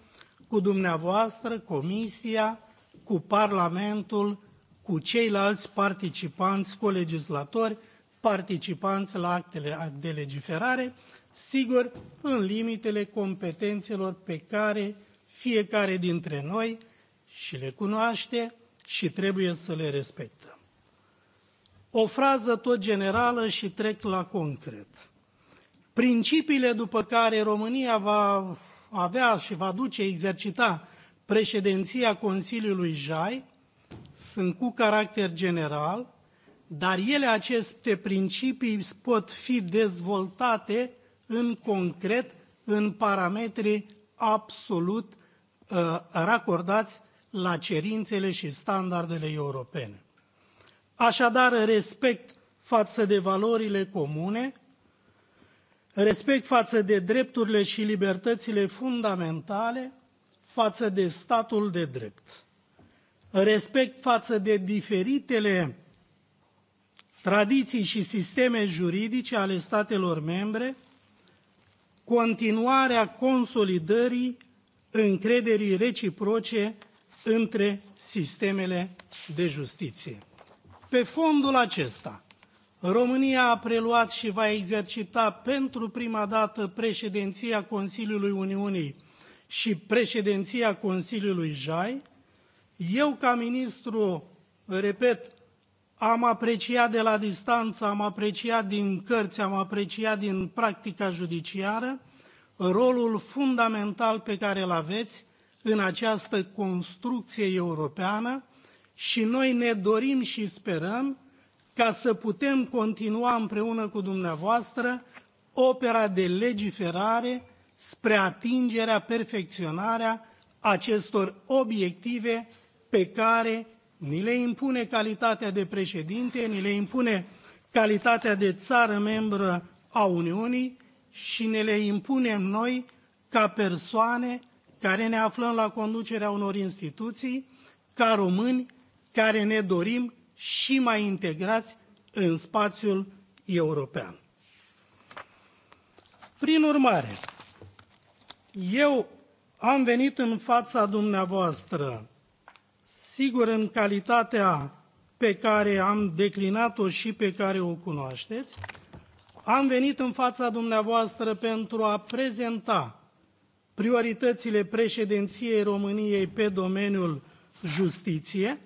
cu dumneavoastră, Comisia, cu Parlamentul, cu ceilalți participanți, colegislatori, participanți la actele de legiferare, sigur, în limitele competențelor pe care fiecare dintre noi și le cunoaște și trebuie să le respectăm. O frază tot generală și trec la concret. Principiile după care România va avea și va duce, exercita președinția Consiliului JAI sunt cu caracter general, dar ele, aceste principii, pot fi dezvoltate în concret, în parametri absolut uh, racordați la cerințele și standardele europene. Așadar, respect față de valorile comune, respect față de drepturile și libertățile fundamentale, față de statul de drept, respect față de diferitele tradiții și sisteme juridice ale statelor membre, continuarea consolidării încrederii reciproce între sistemele de justiție. Pe fondul acesta, România a preluat și va exercita pentru prima dată președinția Consiliului Uniunii și președinția Consiliului JAI. Eu, ca ministru, repet, am apreciat de la distanță, am apreciat din cărți, am apreciat din practica judiciară rolul fundamental pe care îl aveți în această construcție europeană și noi ne dorim și sperăm ca să putem continua împreună cu dumneavoastră opera de legiferare spre atingerea, perfecționarea acestor obiective pe care ni le impune calitatea de președinte, ni le impune calitatea de țară membră a Uniunii și ne le impunem noi ca persoane care ne aflăm la conducerea unor instituții, ca români care ne dorim și mai integrați în spațiul european. Prin urmare, eu am venit în fața dumneavoastră, sigur în calitatea pe care am declinat-o și pe care o cunoașteți, am venit în fața dumneavoastră pentru a prezenta prioritățile președinției României pe domeniul justiție.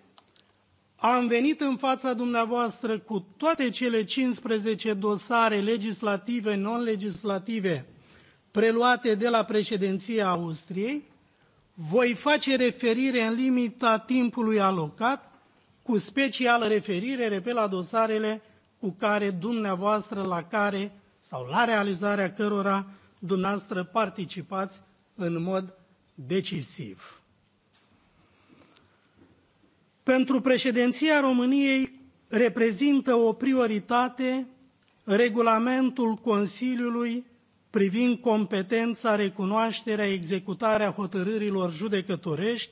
Am venit în fața dumneavoastră cu toate cele 15 dosare legislative, non-legislative, preluate de la președinția Austriei, voi face referire în limita timpului alocat, cu specială referire, repet, la dosarele cu care dumneavoastră, la care sau la realizarea cărora dumneavoastră participați în mod decisiv. Pentru președinția României reprezintă o prioritate regulamentul Consiliului privind competența, recunoașterea, executarea hotărârilor judecătorești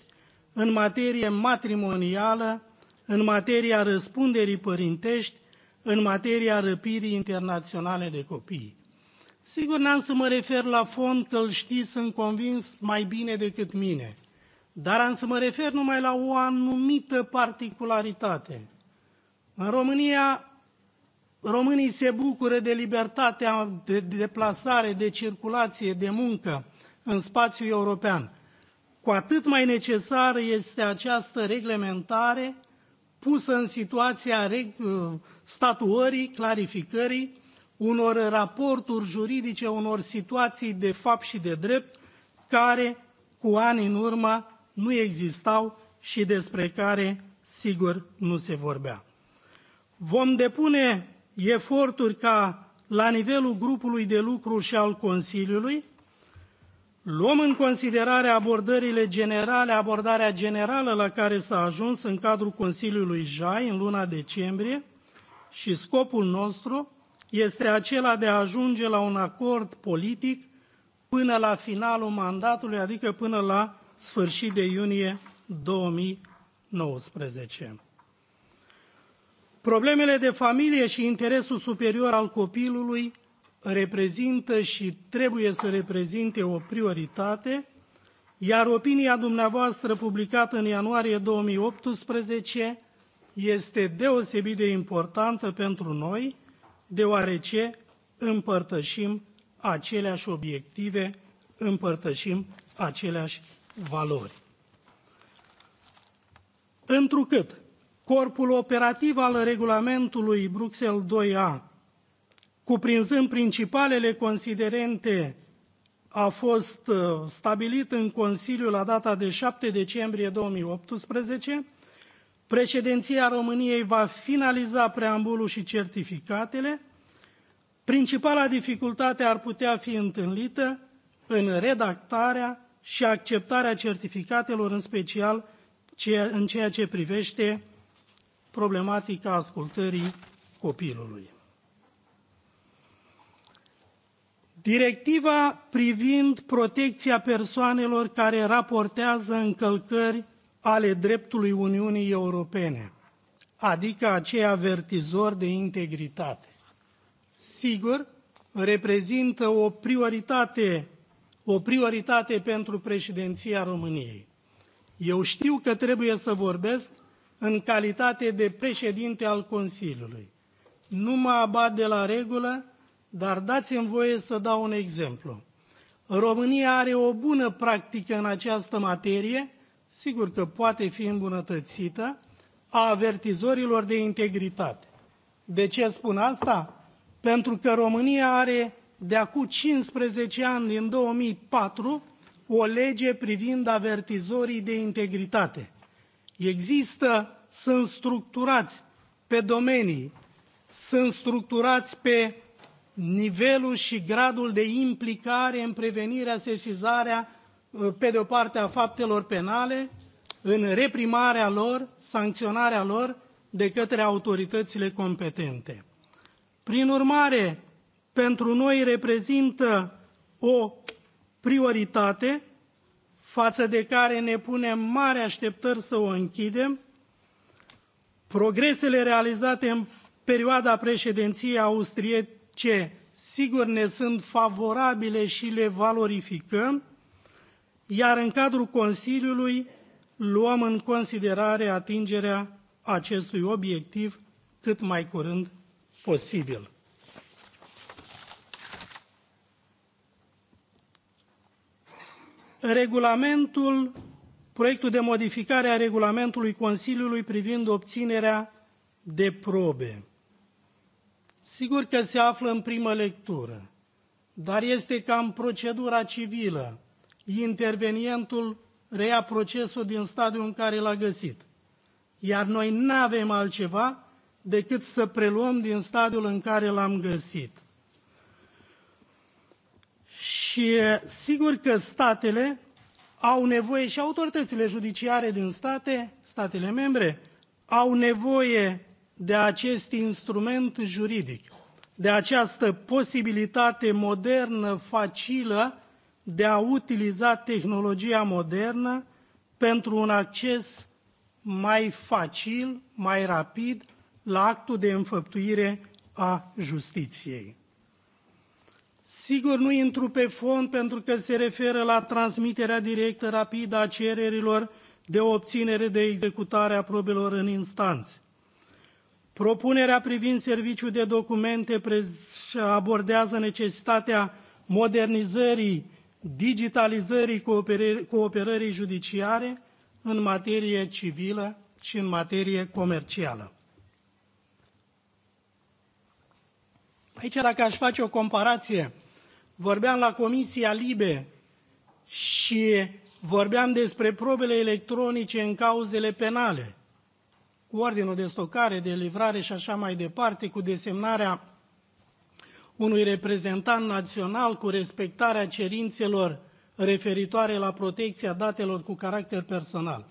în materie matrimonială, în materia răspunderii părintești, în materia răpirii internaționale de copii. Sigur, n-am să mă refer la fond, că îl știți, sunt convins, mai bine decât mine. Dar am să mă refer numai la o anumită particularitate. În România Românii se bucură de libertatea de deplasare, de circulație, de muncă în spațiul european. Cu atât mai necesară este această reglementare pusă în situația statuării, clarificării, unor raporturi juridice, unor situații de fapt și de drept, care cu ani în urmă nu existau și despre care, sigur, nu se vorbea. Vom depune eforturi ca la nivelul grupului de lucru și al Consiliului, luăm în considerare abordările generale, abordarea generală la care s-a ajuns în cadrul Consiliului JAI în luna decembrie și scopul nostru este acela de a ajunge la un acord politic până la finalul mandatului, adică până la sfârșit de iunie 2019. Problemele de familie și interesul superior al copilului reprezintă și trebuie să reprezinte o prioritate, iar opinia dumneavoastră publicată în ianuarie 2018 este deosebit de importantă pentru noi, deoarece împărtășim aceleași obiective, împărtășim aceleași valori. Întrucât corpul operativ al regulamentului Bruxelles 2A, cuprinzând principalele considerente, a fost uh, stabilit în Consiliu la data de 7 decembrie 2018. Președinția României va finaliza preambulul și certificatele. Principala dificultate ar putea fi întâlnită în redactarea și acceptarea certificatelor, în special în ceea ce privește problematica ascultării copilului. Directiva privind protecția persoanelor care raportează încălcări ale dreptului Uniunii Europene, adică acei avertizori de integritate. Sigur, reprezintă o prioritate, o prioritate pentru președinția României. Eu știu că trebuie să vorbesc în calitate de președinte al Consiliului. Nu mă abat de la regulă, dar dați-mi voie să dau un exemplu. România are o bună practică în această materie, sigur că poate fi îmbunătățită, a avertizorilor de integritate. De ce spun asta? Pentru că România are de acum 15 ani, din 2004, o lege privind avertizorii de integritate. Există, sunt structurați pe domenii, sunt structurați pe nivelul și gradul de implicare în prevenirea, sesizarea, uh, pe de o parte, a faptelor penale, în reprimarea lor, sancționarea lor de către autoritățile competente. Prin urmare, pentru noi reprezintă o prioritate față de care ne punem mari așteptări să o închidem, progresele realizate în perioada președinției austriece sigur ne sunt favorabile și le valorificăm, iar în cadrul Consiliului luăm în considerare atingerea acestui obiectiv cât mai curând posibil. regulamentul, proiectul de modificare a regulamentului Consiliului privind obținerea de probe. Sigur că se află în primă lectură, dar este ca în procedura civilă. Intervenientul reia procesul din stadiul în care l-a găsit. Iar noi nu avem altceva decât să preluăm din stadiul în care l-am găsit. Și sigur că statele au nevoie și autoritățile judiciare din state, statele membre, au nevoie de acest instrument juridic, de această posibilitate modernă, facilă, de a utiliza tehnologia modernă pentru un acces mai facil, mai rapid la actul de înfăptuire a justiției. Sigur, nu intru pe fond pentru că se referă la transmiterea directă rapidă a cererilor de obținere de executare a probelor în instanțe. Propunerea privind serviciul de documente abordează necesitatea modernizării, digitalizării cooperării judiciare în materie civilă și în materie comercială. Aici, dacă aș face o comparație, vorbeam la Comisia Libe și vorbeam despre probele electronice în cauzele penale, cu ordinul de stocare, de livrare și așa mai departe, cu desemnarea unui reprezentant național, cu respectarea cerințelor referitoare la protecția datelor cu caracter personal.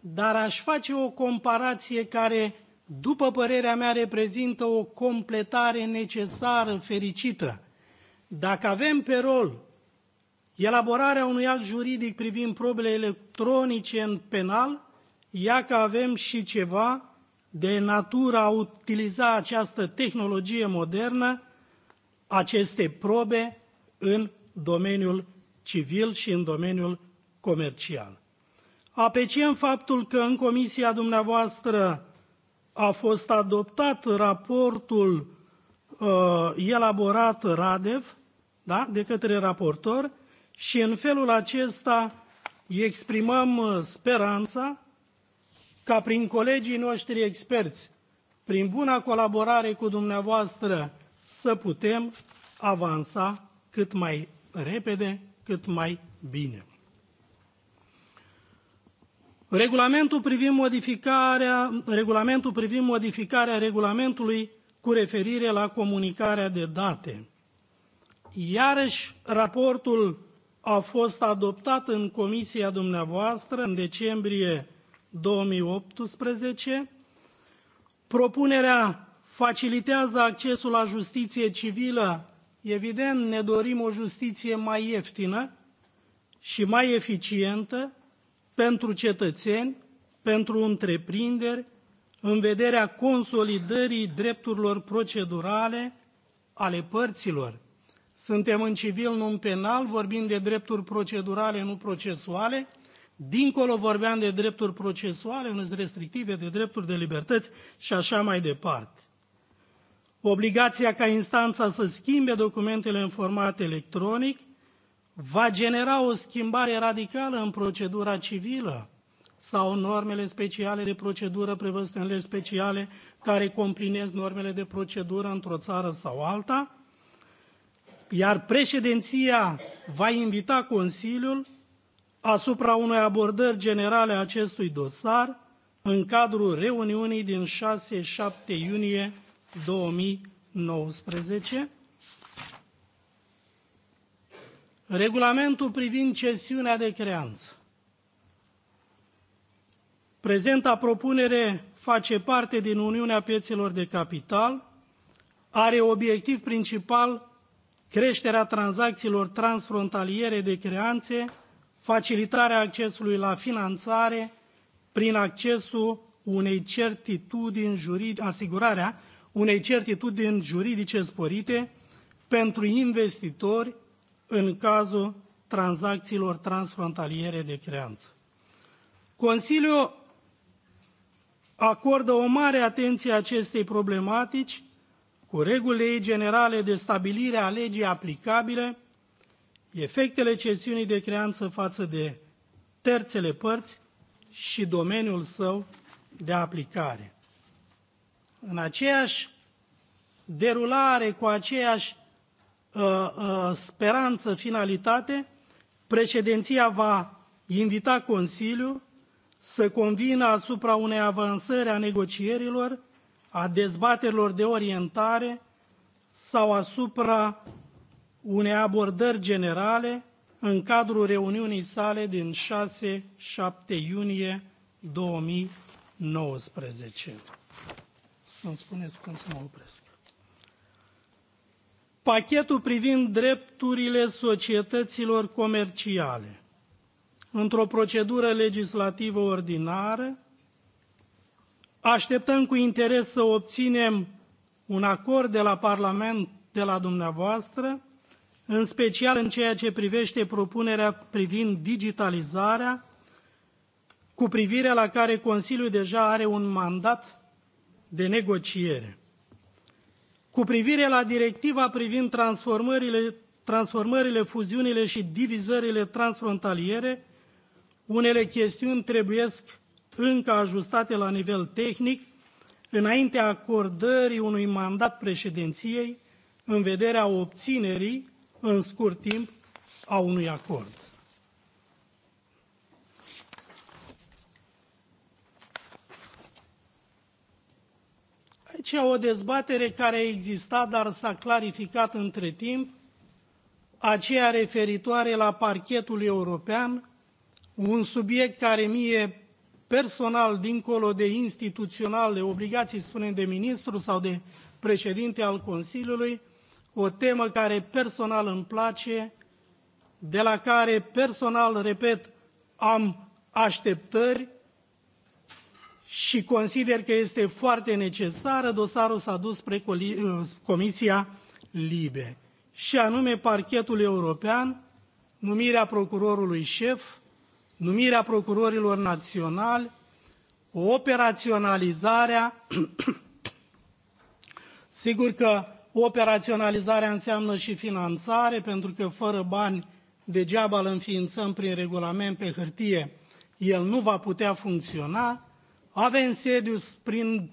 Dar aș face o comparație care după părerea mea, reprezintă o completare necesară, fericită. Dacă avem pe rol elaborarea unui act juridic privind probele electronice în penal, ia că avem și ceva de natură a utiliza această tehnologie modernă, aceste probe în domeniul civil și în domeniul comercial. Apreciem faptul că în comisia dumneavoastră a fost adoptat raportul uh, elaborat Radev, da, de către raportor, și în felul acesta exprimăm uh, speranța ca prin colegii noștri experți, prin buna colaborare cu dumneavoastră, să putem avansa cât mai repede, cât mai bine. Regulamentul privind modificarea, regulamentul privind modificarea regulamentului cu referire la comunicarea de date. Iarăși, raportul a fost adoptat în comisia dumneavoastră în decembrie 2018. Propunerea facilitează accesul la justiție civilă. Evident, ne dorim o justiție mai ieftină și mai eficientă, pentru cetățeni, pentru întreprinderi, în vederea consolidării drepturilor procedurale ale părților. Suntem în civil, nu în penal, vorbim de drepturi procedurale, nu procesuale. Dincolo vorbeam de drepturi procesuale, unele restrictive, de drepturi de libertăți și așa mai departe. Obligația ca instanța să schimbe documentele în format electronic – va genera o schimbare radicală în procedura civilă sau normele speciale de procedură prevăzute în legi speciale care complinez normele de procedură într-o țară sau alta, iar președinția va invita Consiliul asupra unei abordări generale a acestui dosar în cadrul reuniunii din 6-7 iunie 2019 Regulamentul privind cesiunea de creanță. Prezenta propunere face parte din Uniunea Piețelor de Capital, are obiectiv principal creșterea tranzacțiilor transfrontaliere de creanțe, facilitarea accesului la finanțare prin accesul unei certitudini juridice, asigurarea unei certitudini juridice sporite pentru investitori în cazul tranzacțiilor transfrontaliere de creanță. Consiliul acordă o mare atenție acestei problematici cu regulile ei generale de stabilire a legii aplicabile, efectele cesiunii de creanță față de terțele părți și domeniul său de aplicare. În aceeași derulare, cu aceeași Uh, uh, speranță, finalitate, președinția va invita Consiliul să convină asupra unei avansări a negocierilor, a dezbaterilor de orientare sau asupra unei abordări generale în cadrul reuniunii sale din 6-7 iunie 2019. Să-mi spuneți când să mă opresc pachetul privind drepturile societăților comerciale într-o procedură legislativă ordinară. Așteptăm cu interes să obținem un acord de la Parlament, de la dumneavoastră, în special în ceea ce privește propunerea privind digitalizarea, cu privire la care Consiliul deja are un mandat de negociere cu privire la directiva privind transformările, transformările, fuziunile și divizările transfrontaliere, unele chestiuni trebuiesc încă ajustate la nivel tehnic înaintea acordării unui mandat președinției în vederea obținerii în scurt timp a unui acord. Deci o dezbatere care a existat, dar s-a clarificat între timp, aceea referitoare la parchetul european, un subiect care mie personal, dincolo de instituțional, de obligații, spunem, de ministru sau de președinte al Consiliului, o temă care personal îmi place, de la care personal, repet, am așteptări și consider că este foarte necesară, dosarul s-a dus spre uh, Comisia Libe, și anume parchetul european, numirea procurorului șef, numirea procurorilor naționali, operaționalizarea, sigur că operaționalizarea înseamnă și finanțare, pentru că fără bani degeaba îl înființăm prin regulament pe hârtie, el nu va putea funcționa, avem sediu prin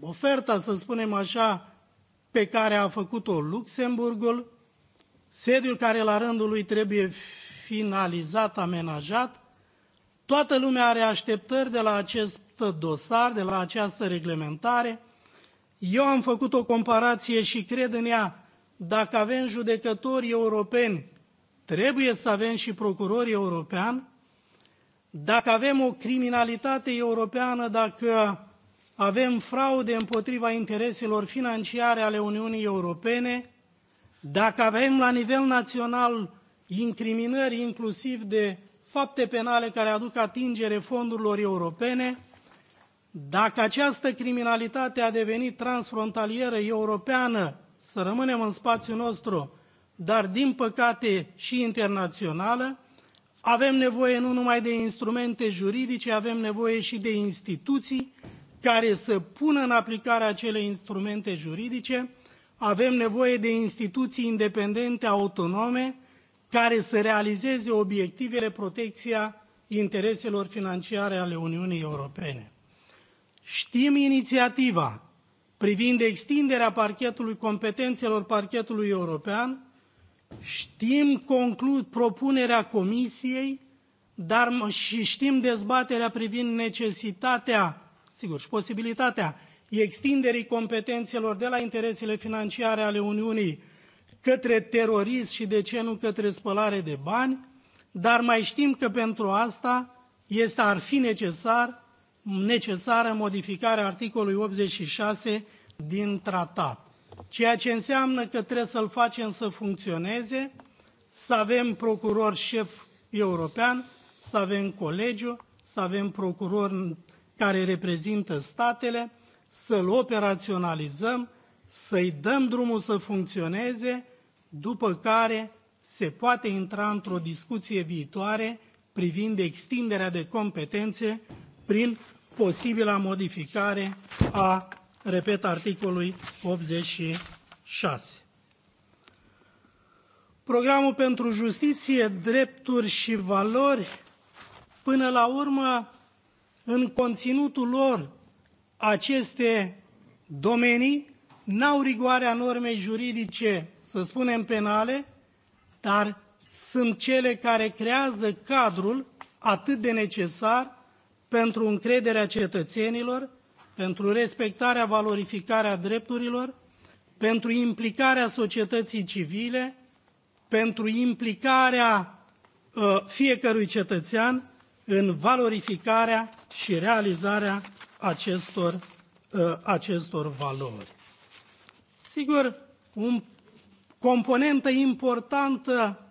oferta, să spunem așa, pe care a făcut-o Luxemburgul, sediul care la rândul lui trebuie finalizat, amenajat. Toată lumea are așteptări de la acest dosar, de la această reglementare. Eu am făcut o comparație și cred în ea. Dacă avem judecători europeni, trebuie să avem și procurori europeni dacă avem o criminalitate europeană, dacă avem fraude împotriva intereselor financiare ale Uniunii Europene, dacă avem la nivel național incriminări inclusiv de fapte penale care aduc atingere fondurilor europene, dacă această criminalitate a devenit transfrontalieră europeană, să rămânem în spațiul nostru, dar din păcate și internațională, avem nevoie nu numai de instrumente juridice, avem nevoie și de instituții care să pună în aplicare acele instrumente juridice. Avem nevoie de instituții independente, autonome, care să realizeze obiectivele protecția intereselor financiare ale Uniunii Europene. Știm inițiativa privind extinderea parchetului competențelor parchetului european Știm, conclud, propunerea Comisiei dar și știm dezbaterea privind necesitatea, sigur, și posibilitatea extinderii competențelor de la interesele financiare ale Uniunii către terorism și de ce nu către spălare de bani, dar mai știm că pentru asta este, ar fi necesar, necesară modificarea articolului 86 din tratat ceea ce înseamnă că trebuie să-l facem să funcționeze, să avem procuror șef european, să avem colegiu, să avem procurori care reprezintă statele, să-l operaționalizăm, să-i dăm drumul să funcționeze, după care se poate intra într-o discuție viitoare privind extinderea de competențe prin posibila modificare a repet, articolului 86. Programul pentru justiție, drepturi și valori, până la urmă, în conținutul lor, aceste domenii n-au rigoarea normei juridice, să spunem penale, dar sunt cele care creează cadrul atât de necesar pentru încrederea cetățenilor pentru respectarea, valorificarea drepturilor, pentru implicarea societății civile, pentru implicarea uh, fiecărui cetățean în valorificarea și realizarea acestor, uh, acestor valori. Sigur, o componentă importantă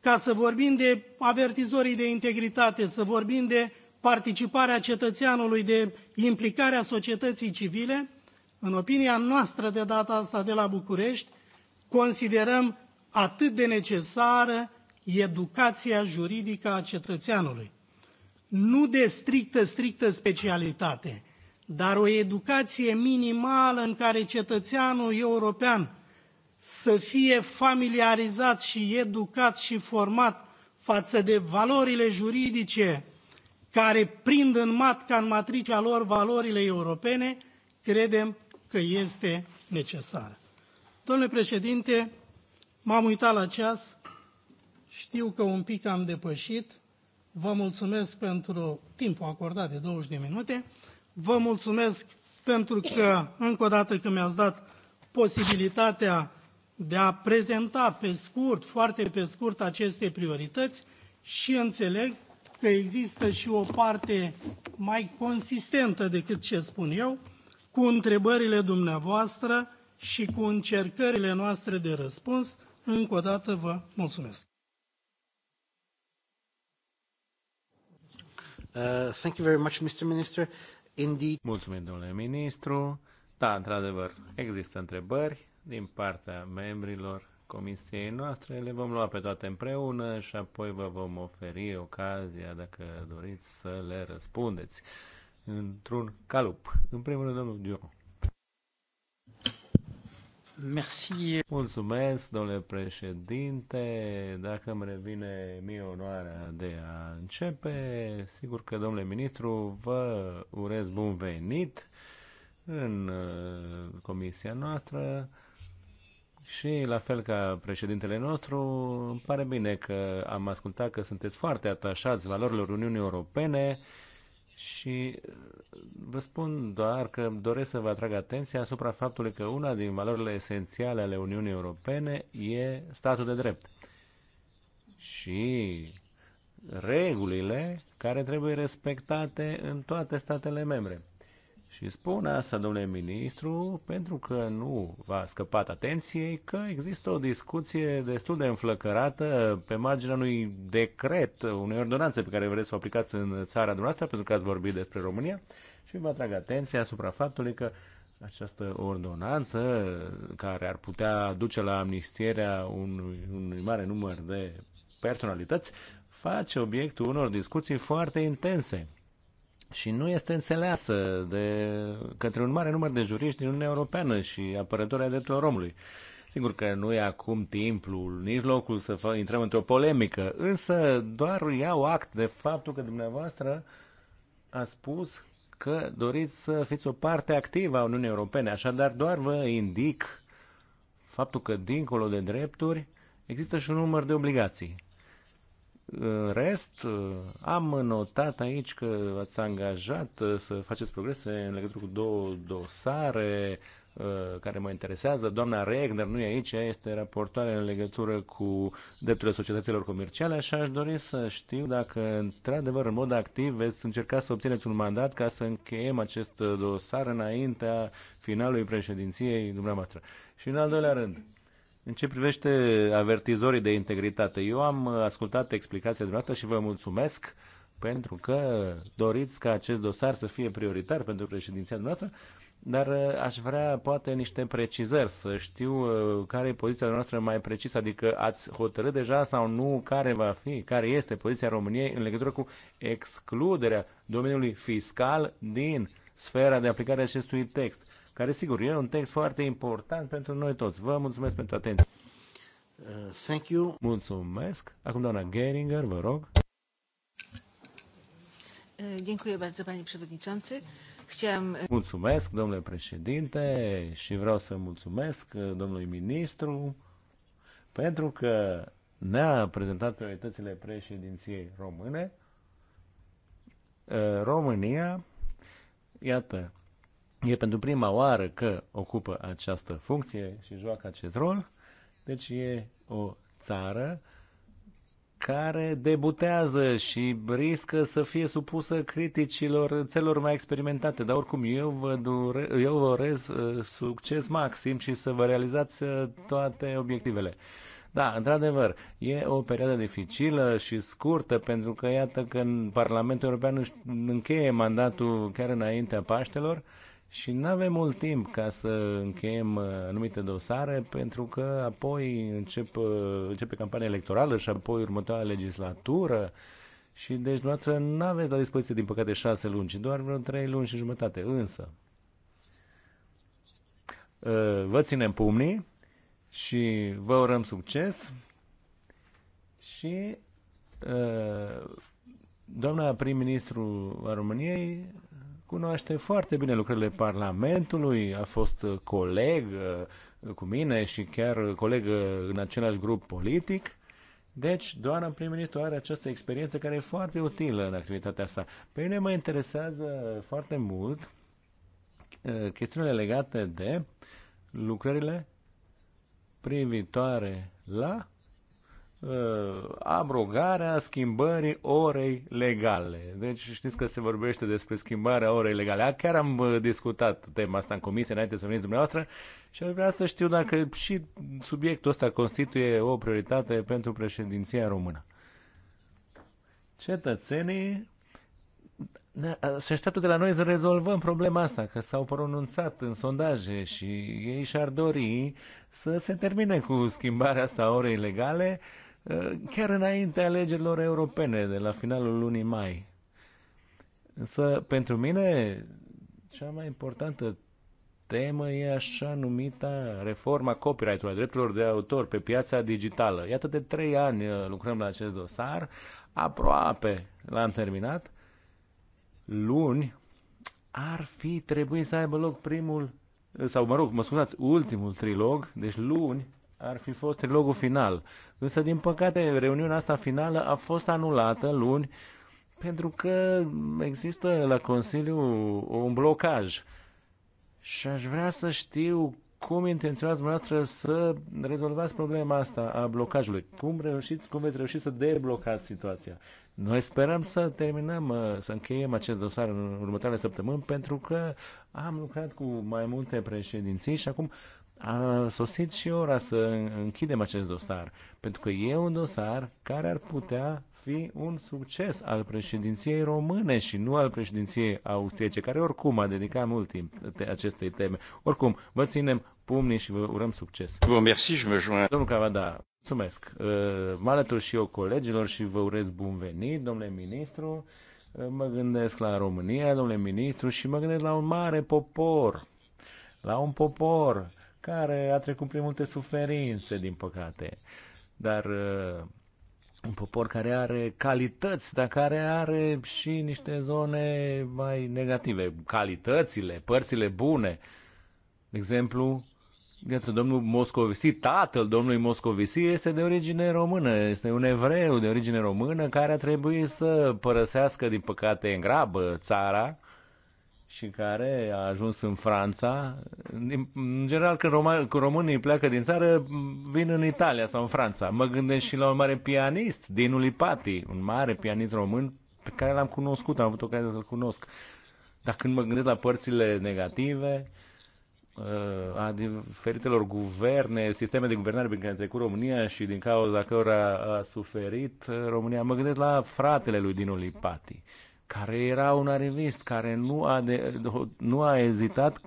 ca să vorbim de avertizorii de integritate, să vorbim de participarea cetățeanului, de implicarea societății civile, în opinia noastră de data asta de la București, considerăm atât de necesară educația juridică a cetățeanului. Nu de strictă, strictă specialitate, dar o educație minimală în care cetățeanul european să fie familiarizat și educat și format față de valorile juridice care prind în matca, în matricea lor, valorile europene, credem că este necesară. Domnule președinte, m-am uitat la ceas, știu că un pic am depășit, vă mulțumesc pentru timpul acordat de 20 de minute, vă mulțumesc pentru că, încă o dată, că mi-ați dat posibilitatea de a prezenta pe scurt, foarte pe scurt, aceste priorități și înțeleg că există și o parte mai consistentă decât ce spun eu, cu întrebările dumneavoastră și cu încercările noastre de răspuns. Încă o dată vă mulțumesc. Uh, thank you very much, Mr. Minister. Indeed. Mulțumim, domnule ministru. Da, într-adevăr, există întrebări din partea membrilor comisiei noastre, le vom lua pe toate împreună și apoi vă vom oferi ocazia, dacă doriți, să le răspundeți într-un calup. În primul rând, domnul Dion. Merci. Mulțumesc, domnule președinte. Dacă îmi revine mie onoarea de a începe, sigur că, domnule ministru, vă urez bun venit în uh, comisia noastră. Și la fel ca președintele nostru, îmi pare bine că am ascultat că sunteți foarte atașați valorilor Uniunii Europene și uh, vă spun doar că doresc să vă atrag atenția asupra faptului că una din valorile esențiale ale Uniunii Europene e statul de drept. Și regulile care trebuie respectate în toate statele membre. Și spun asta, domnule ministru, pentru că nu v-a scăpat atenției că există o discuție destul de înflăcărată pe marginea unui decret, unei ordonanțe pe care vreți să o aplicați în țara dumneavoastră, pentru că ați vorbit despre România și vă atrag atenția asupra faptului că această ordonanță care ar putea duce la amnistierea unui, unui mare număr de personalități face obiectul unor discuții foarte intense și nu este înțeleasă de către un mare număr de juriști din Uniunea Europeană și apărători ai drepturilor omului. Sigur că nu e acum timpul, nici locul să fă, intrăm într-o polemică, însă doar iau act de faptul că dumneavoastră a spus că doriți să fiți o parte activă a Uniunii Europene, așadar doar vă indic faptul că dincolo de drepturi există și un număr de obligații. În rest, am notat aici că ați angajat uh, să faceți progrese în legătură cu două dosare uh, care mă interesează. Doamna Regner nu e aici, este raportoare în legătură cu drepturile societăților comerciale și aș dori să știu dacă, într-adevăr, în mod activ veți încerca să obțineți un mandat ca să încheiem acest dosar înaintea finalului președinției dumneavoastră. Și în al doilea rând, în ce privește avertizorii de integritate, eu am ascultat explicația dumneavoastră și vă mulțumesc pentru că doriți ca acest dosar să fie prioritar pentru președinția dumneavoastră, dar uh, aș vrea poate niște precizări, să știu uh, care e poziția noastră mai precisă, adică ați hotărât deja sau nu care va fi, care este poziția României în legătură cu excluderea domeniului fiscal din sfera de aplicare a acestui text care sigur e un text foarte important pentru noi toți. Vă mulțumesc pentru atenție. Uh, thank you. Mulțumesc. Acum doamna Geringer, vă rog. Uh, dziękuję bardzo, panie przewodniczący. Chciałam... Uh, mulțumesc, domnule președinte, și vreau să mulțumesc uh, domnului ministru pentru că ne-a prezentat prioritățile președinției române. România, iată, E pentru prima oară că ocupă această funcție și joacă acest rol, deci e o țară care debutează și riscă să fie supusă criticilor celor mai experimentate. Dar oricum, eu vă, dure, eu vă urez uh, succes maxim și să vă realizați uh, toate obiectivele. Da, într-adevăr, e o perioadă dificilă și scurtă pentru că iată că în Parlamentul European își încheie mandatul chiar înaintea Paștelor și nu avem mult timp ca să încheiem uh, anumite dosare pentru că apoi încep, uh, începe campania electorală și apoi următoarea legislatură și deci dumneavoastră nu aveți la dispoziție din păcate șase luni, ci doar vreo trei luni și jumătate. Însă, uh, vă ținem pumnii și vă urăm succes și doamna prim-ministru a României cunoaște foarte bine lucrările Parlamentului, a fost coleg uh, cu mine și chiar coleg uh, în același grup politic. Deci, doamna prim-ministru are această experiență care e foarte utilă în activitatea asta. Pe mine mă interesează foarte mult uh, chestiunile legate de lucrările privitoare la Uh, abrogarea schimbării orei legale. Deci știți că se vorbește despre schimbarea orei legale. Chiar am uh, discutat tema asta în comisie înainte să veniți dumneavoastră și aș vrea să știu dacă și subiectul ăsta constituie o prioritate pentru președinția română. Cetățenii se așteaptă de la noi să rezolvăm problema asta, că s-au pronunțat în sondaje și ei și-ar dori să se termine cu schimbarea asta orei legale Eh, chiar înaintea alegerilor europene, de la finalul lunii mai. Însă, pentru mine, cea mai importantă temă e așa numita reforma copyright-ului, drepturilor de autor pe piața digitală. Iată, de trei ani eh, lucrăm la acest dosar, aproape l-am terminat. Luni ar fi trebuit să aibă loc primul, eh, sau mă rog, mă scuzați, ultimul trilog, deci luni ar fi fost trilogul final. Însă, din păcate, reuniunea asta finală a fost anulată luni pentru că există la Consiliu un blocaj. Și aș vrea să știu cum intenționați dumneavoastră să rezolvați problema asta a blocajului. Cum, reușiți, cum veți reuși să deblocați situația? Noi sperăm să terminăm, uh, să încheiem acest dosar în următoarele săptămâni, pentru că am lucrat cu mai multe președinții și acum a sosit și ora să închidem acest dosar, pentru că e un dosar care ar putea fi un succes al președinției române și nu al președinției austriece, care oricum a dedicat mult timp acestei teme. Oricum, vă ținem pumnii și vă urăm succes. Vă mersi, je me joins. Domnul Cavada, mulțumesc. Uh, mă alătur și eu colegilor și vă urez bun venit, domnule ministru. Uh, mă gândesc la România, domnule ministru, și mă gândesc la un mare popor. La un popor care a trecut prin multe suferințe, din păcate. Dar uh, un popor care are calități, dar care are și niște zone mai negative. Calitățile, părțile bune. De exemplu, Iată, domnul Moscovici, tatăl domnului Moscovici este de origine română, este un evreu de origine română care a trebuit să părăsească, din păcate, în grabă țara și care a ajuns în Franța. În general, când, românii pleacă din țară, vin în Italia sau în Franța. Mă gândesc și la un mare pianist, Dinu Lipati, un mare pianist român pe care l-am cunoscut, am avut ocazia să-l cunosc. Dar când mă gândesc la părțile negative uh, a diferitelor guverne, sisteme de guvernare prin care a trecut România și din cauza cărora a suferit uh, România, mă gândesc la fratele lui Dinu Lipati care era un arivist, care nu a, de, nu a ezitat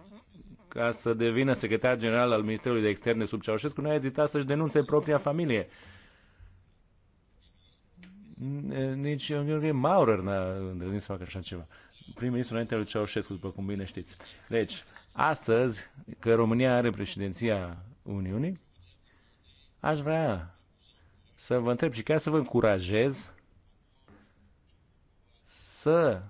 ca să devină secretar general al Ministerului de Externe sub Ceaușescu, nu a ezitat să-și denunțe propria familie. Nici Gheorghe Maurer n-a îndrăznit să facă așa ceva. Prim-ministru înainte lui Ceaușescu, după cum bine știți. Deci, astăzi, că România are președinția Uniunii, aș vrea să vă întreb și chiar să vă încurajez să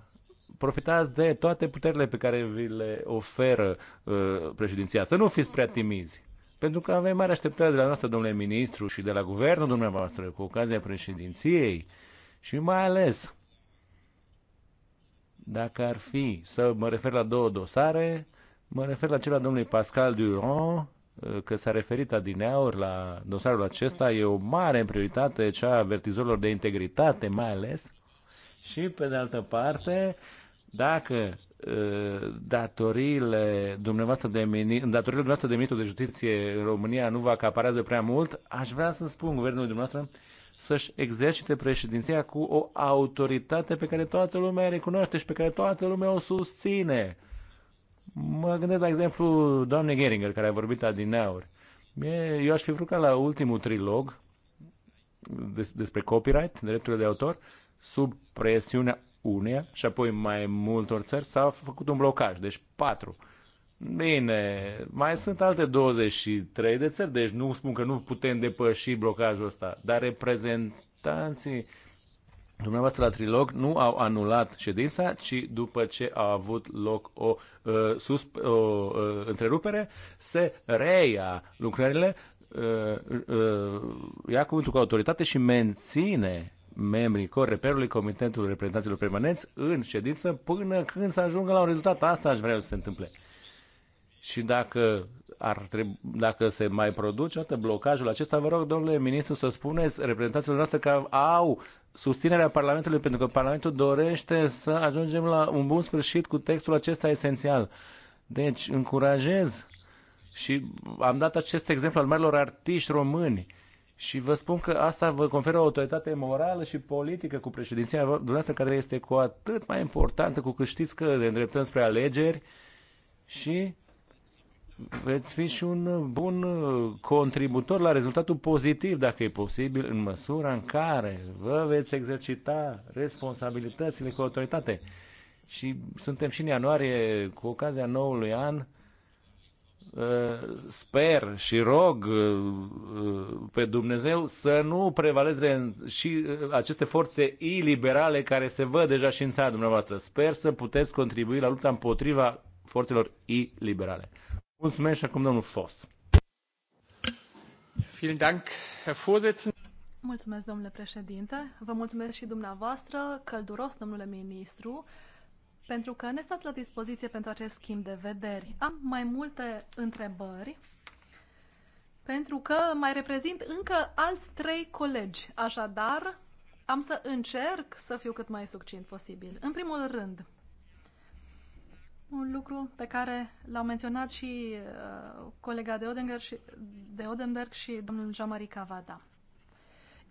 profitați de toate puterile pe care vi le oferă uh, președinția. Să nu fiți prea timizi. Pentru că avem mari așteptări de la noastră, domnule ministru, și de la guvernul dumneavoastră, cu ocazia președinției și mai ales dacă ar fi să mă refer la două dosare, mă refer la cel al domnului Pascal Durand, uh, că s-a referit adineauri la dosarul acesta, e o mare prioritate cea a vertizorilor de integritate mai ales, și, pe de altă parte, dacă datoriile dumneavoastră de, mini, datoriile dumneavoastră de ministru de justiție în România nu vă acaparează prea mult, aș vrea să spun guvernului dumneavoastră să-și exercite președinția cu o autoritate pe care toată lumea recunoaște și pe care toată lumea o susține. Mă gândesc la exemplu doamnei Geringer, care a vorbit adineauri. Eu aș fi vrut ca la ultimul trilog despre copyright, drepturile de autor, sub presiunea uneia și apoi mai multor țări s-a făcut un blocaj, deci patru. Bine, mai sunt alte 23 de țări, deci nu spun că nu putem depăși blocajul ăsta, dar reprezentanții dumneavoastră la trilog nu au anulat ședința, ci după ce a avut loc o, uh, sus, o uh, întrerupere, se reia lucrările, uh, uh, ia cuvântul cu autoritate și menține membrii Coreperului, Comitetul Reprezentanților Permanenți, în ședință până când să ajungă la un rezultat. Asta aș vrea să se întâmple. Și dacă, ar trebui, dacă se mai produce atât blocajul acesta, vă rog, domnule ministru, să spuneți reprezentanților noastre că au susținerea Parlamentului, pentru că Parlamentul dorește să ajungem la un bun sfârșit cu textul acesta esențial. Deci, încurajez și am dat acest exemplu al marilor artiști români și vă spun că asta vă conferă o autoritate morală și politică cu președinția dumneavoastră, care este cu atât mai importantă, cu cât știți că ne îndreptăm spre alegeri și veți fi și un bun contributor la rezultatul pozitiv, dacă e posibil, în măsura în care vă veți exercita responsabilitățile cu autoritate. Și suntem și în ianuarie, cu ocazia noului an, Eh, sper și rog eh, eh, pe Dumnezeu să nu prevaleze și aceste forțe iliberale care se văd deja și în țara dumneavoastră. Sper să puteți contribui la lupta împotriva forțelor iliberale. Mulțumesc și acum domnul Fost. Mulțumesc, domnule președinte. Vă mulțumesc și dumneavoastră, călduros, domnule ministru pentru că ne stați la dispoziție pentru acest schimb de vederi. Am mai multe întrebări, pentru că mai reprezint încă alți trei colegi. Așadar, am să încerc să fiu cât mai succint posibil. În primul rând, un lucru pe care l-au menționat și uh, colega de Odenberg și, de Odenberg și domnul Jamari Cavada.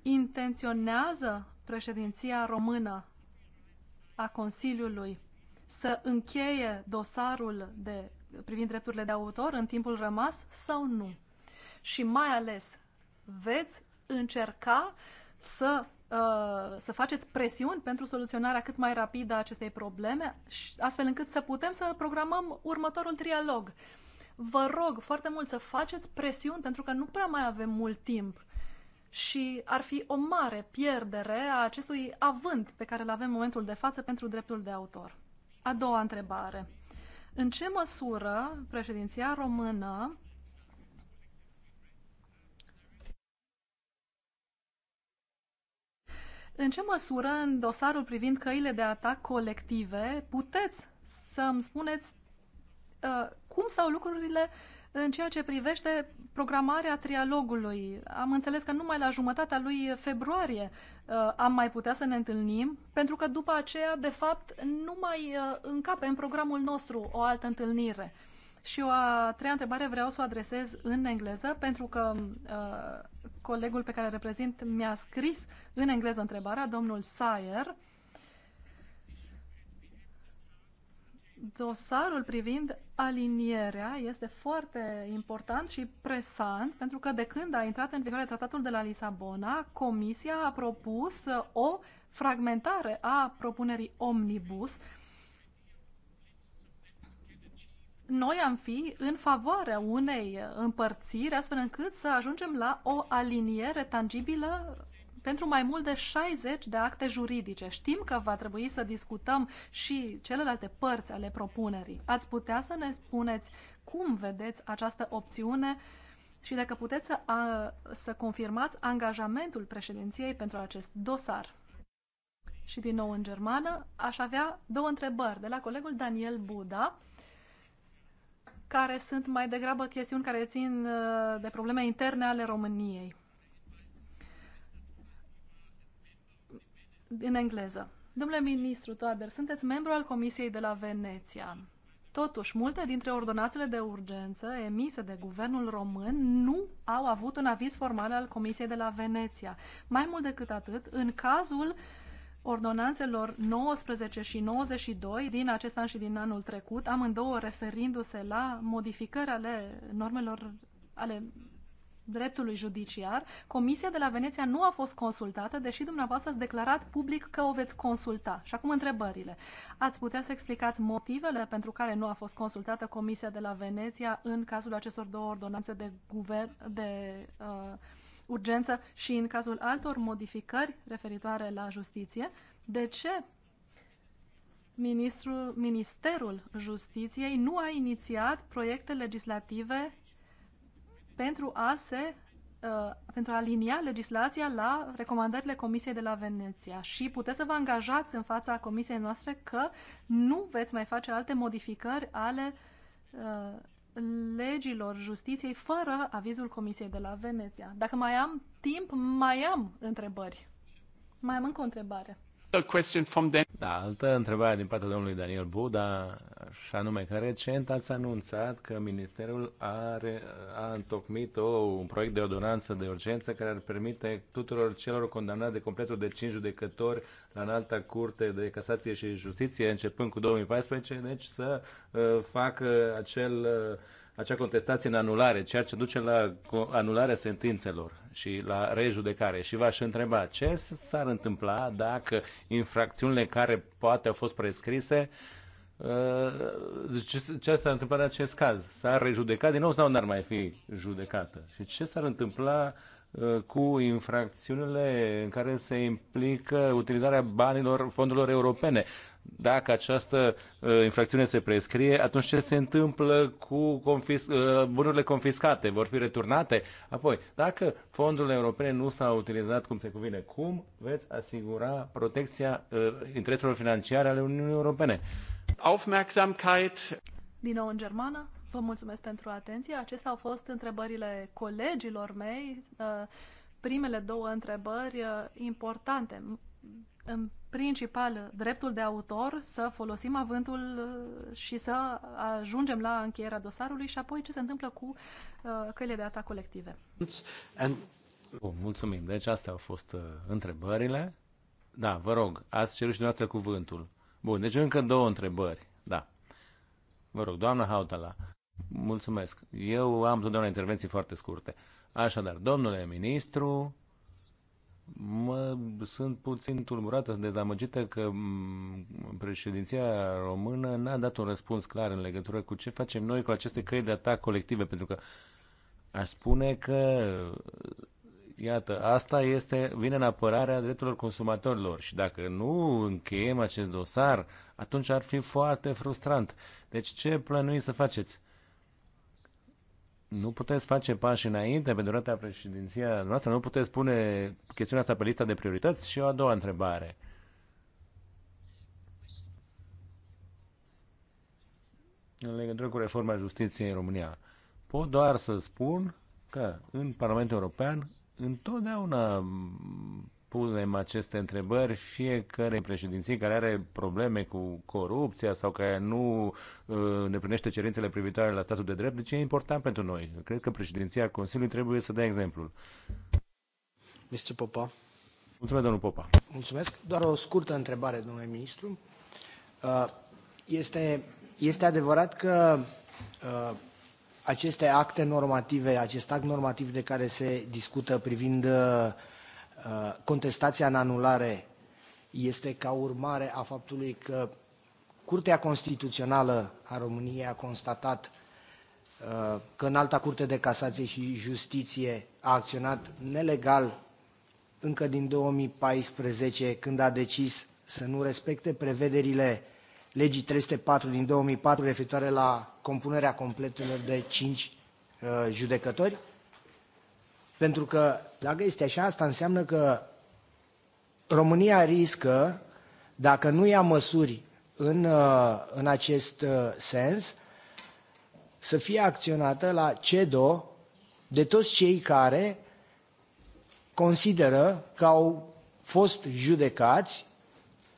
Intenționează președinția română a Consiliului să încheie dosarul de, privind drepturile de autor în timpul rămas sau nu. Și mai ales, veți încerca să, uh, să faceți presiuni pentru soluționarea cât mai rapidă a acestei probleme, astfel încât să putem să programăm următorul trialog. Vă rog foarte mult să faceți presiuni pentru că nu prea mai avem mult timp și ar fi o mare pierdere a acestui avânt pe care îl avem în momentul de față pentru dreptul de autor. A doua întrebare. În ce măsură președinția română În ce măsură, în dosarul privind căile de atac colective, puteți să-mi spuneți uh, cum stau lucrurile uh, în ceea ce privește programarea trialogului, am înțeles că numai la jumătatea lui februarie uh, am mai putea să ne întâlnim, pentru că după aceea, de fapt, nu mai uh, încape în programul nostru o altă întâlnire. Și o a treia întrebare vreau să o adresez în engleză, pentru că uh, colegul pe care îl reprezint mi-a scris în engleză întrebarea, domnul Sayer, uh, dosarul privind alinierea este foarte important și presant, pentru că de când a intrat în vigoare tratatul de la Lisabona, Comisia a propus uh, o fragmentare a propunerii omnibus. Noi am fi în favoarea unei uh, împărțiri, astfel încât să ajungem la o aliniere tangibilă pentru mai mult de 60 de acte juridice. Știm că va trebui să discutăm și celelalte părți ale propunerii. Ați putea să ne spuneți cum vedeți această opțiune și dacă puteți să, a, să confirmați angajamentul președinției pentru acest dosar. Și din nou în germană, aș avea două întrebări de la colegul Daniel Buda, care sunt mai degrabă chestiuni care țin uh, de probleme interne ale României. în engleză. Domnule ministru Toader, sunteți membru al Comisiei de la Veneția. Totuși, multe dintre ordonațele de urgență emise de guvernul român nu au avut un aviz formal al Comisiei de la Veneția. Mai mult decât atât, în cazul ordonanțelor 19 și 92 din acest an și din anul trecut, amândouă referindu-se la modificări ale normelor ale dreptului judiciar, Comisia de la Veneția nu a fost consultată, deși dumneavoastră ați declarat public că o veți consulta. Și acum întrebările. Ați putea să explicați motivele pentru care nu a fost consultată Comisia de la Veneția în cazul acestor două ordonanțe de, guvern, de uh, urgență și în cazul altor modificări referitoare la justiție? De ce Ministrul, Ministerul Justiției nu a inițiat proiecte legislative pentru a se uh, pentru a alinia legislația la recomandările Comisiei de la Veneția și puteți să vă angajați în fața Comisiei noastre că nu veți mai face alte modificări ale uh, legilor justiției fără avizul Comisiei de la Veneția. Dacă mai am timp, mai am întrebări. Mai am încă o întrebare. Da, altă întrebare din partea domnului Daniel Buda, și anume că recent ați anunțat că Ministerul are, a întocmit o, un proiect de ordonanță de urgență care ar permite tuturor celor condamnați de completul de 5 judecători la înalta curte de casație și justiție, începând cu 2014, deci să uh, facă acel uh, acea contestație în anulare, ceea ce duce la anularea sentințelor și la rejudecare. Și v-aș întreba ce s-ar întâmpla dacă infracțiunile care poate au fost prescrise uh, ce, ce s-ar întâmpla în acest caz? S-ar rejudeca din nou sau n-ar mai fi judecată? Și ce s-ar întâmpla uh, cu infracțiunile în care se implică utilizarea banilor fondurilor europene? dacă această uh, infracțiune se prescrie, atunci ce se întâmplă cu confis- uh, bunurile confiscate? Vor fi returnate? Apoi, dacă fondurile europene nu s-au utilizat cum se cuvine, cum veți asigura protecția uh, intereselor financiare ale Uniunii Europene? Aufmerksamkeit. Din nou în germană. Vă mulțumesc pentru atenție. Acestea au fost întrebările colegilor mei. Uh, primele două întrebări uh, importante. În principal dreptul de autor, să folosim avântul uh, și să ajungem la încheierea dosarului și apoi ce se întâmplă cu uh, căile de atac colective. Bun, mulțumim. Deci astea au fost uh, întrebările. Da, vă rog, ați cerut și dumneavoastră cuvântul. Bun, deci încă două întrebări. Da. Vă rog, doamna Hautala. Mulțumesc. Eu am întotdeauna intervenții foarte scurte. Așadar, domnule ministru, Mă sunt puțin tulburată, dezamăgită că președinția română n-a dat un răspuns clar în legătură cu ce facem noi cu aceste căi de atac colective, pentru că aș spune că iată, asta este, vine în apărarea drepturilor consumatorilor și dacă nu încheiem acest dosar, atunci ar fi foarte frustrant. Deci ce plănuiți să faceți? nu puteți face pași înainte pe durata președinția noastră? Nu puteți pune chestiunea asta pe lista de priorități? Și o a doua întrebare. În legătură cu reforma justiției în România, pot doar să spun că în Parlamentul European întotdeauna punem aceste întrebări fiecare președinție care are probleme cu corupția sau care nu uh, îndeplinește cerințele privitoare la statul de drept, deci e important pentru noi. Cred că președinția Consiliului trebuie să dea exemplul. Mr. Popa. Mulțumesc, domnul Popa. Mulțumesc. Doar o scurtă întrebare, domnule ministru. Uh, este, este adevărat că uh, aceste acte normative, acest act normativ de care se discută privind Uh, contestația în anulare este ca urmare a faptului că Curtea Constituțională a României a constatat uh, că în alta Curte de Casație și Justiție a acționat nelegal încă din 2014, când a decis să nu respecte prevederile legii 304 din 2004 referitoare la compunerea completelor de cinci uh, judecători. Pentru că dacă este așa, asta înseamnă că România riscă, dacă nu ia măsuri în, uh, în acest uh, sens, să fie acționată la CEDO de toți cei care consideră că au fost judecați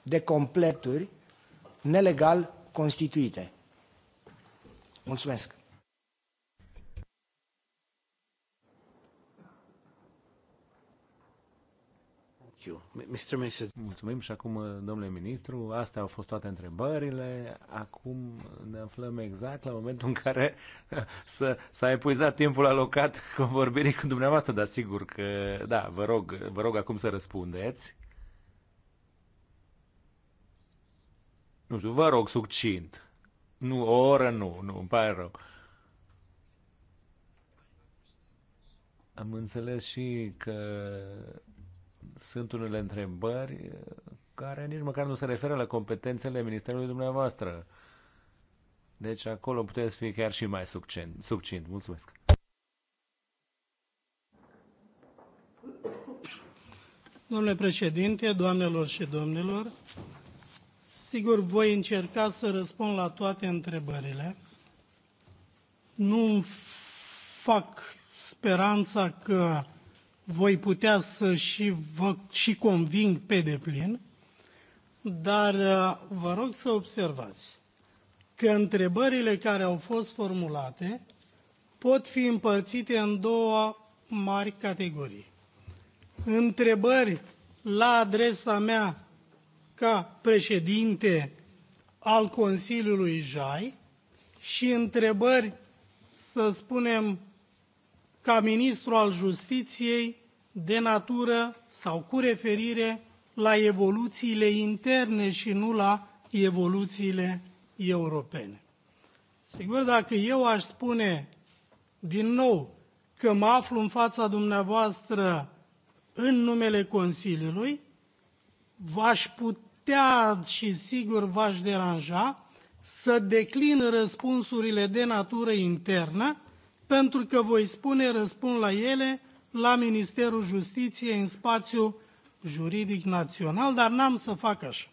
de completuri nelegal constituite. Mulțumesc! Mulțumim și acum, domnule ministru, astea au fost toate întrebările. Acum ne aflăm exact la momentul în care s-a epuizat timpul alocat vorbirii cu dumneavoastră, dar sigur că, da, vă rog, vă rog acum să răspundeți. Nu știu, vă rog, succint. Nu, o oră nu, nu, îmi pare rău. Am înțeles și că sunt unele întrebări care nici măcar nu se referă la competențele Ministerului dumneavoastră. Deci acolo puteți fi chiar și mai succint. succint. Mulțumesc! Domnule președinte, doamnelor și domnilor, sigur voi încerca să răspund la toate întrebările. Nu fac speranța că voi putea să și vă și conving pe deplin, dar uh, vă rog să observați că întrebările care au fost formulate pot fi împărțite în două mari categorii. Întrebări la adresa mea ca președinte al Consiliului JAI și întrebări, să spunem, ca ministru al justiției de natură sau cu referire la evoluțiile interne și nu la evoluțiile europene. Sigur, dacă eu aș spune din nou că mă aflu în fața dumneavoastră în numele Consiliului, v-aș putea și sigur v-aș deranja să declin răspunsurile de natură internă pentru că voi spune, răspund la ele, la Ministerul Justiției, în spațiu juridic național, dar n-am să fac așa.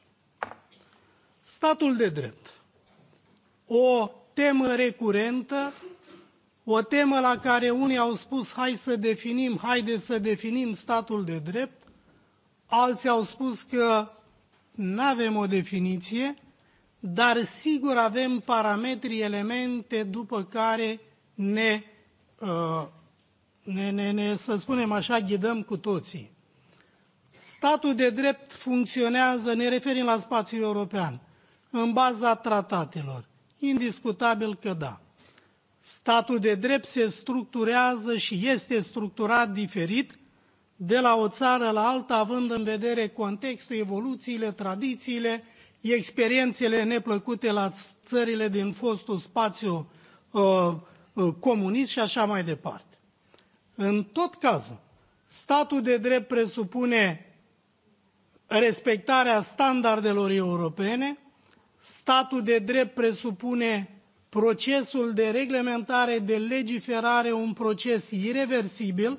Statul de drept. O temă recurentă, o temă la care unii au spus hai să definim, haide să definim statul de drept, alții au spus că nu avem o definiție, dar sigur avem parametri, elemente după care ne, uh, ne, ne, ne, să spunem așa, ghidăm cu toții. Statul de drept funcționează, ne referim la spațiul european, în baza tratatelor. Indiscutabil că da. Statul de drept se structurează și este structurat diferit de la o țară la alta, având în vedere contextul, evoluțiile, tradițiile, experiențele neplăcute la țările din fostul spațiu uh, Uh, comunist și așa mai departe. În tot cazul, statul de drept presupune respectarea standardelor europene, statul de drept presupune procesul de reglementare, de legiferare, un proces irreversibil,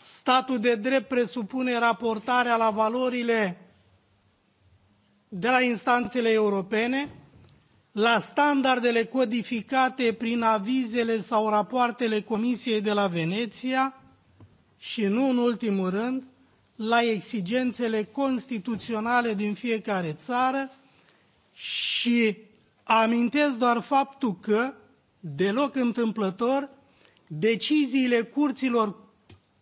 statul de drept presupune raportarea la valorile de la instanțele europene, la standardele codificate prin avizele sau rapoartele Comisiei de la Veneția și, nu în ultimul rând, la exigențele constituționale din fiecare țară și amintesc doar faptul că, deloc întâmplător, deciziile curților,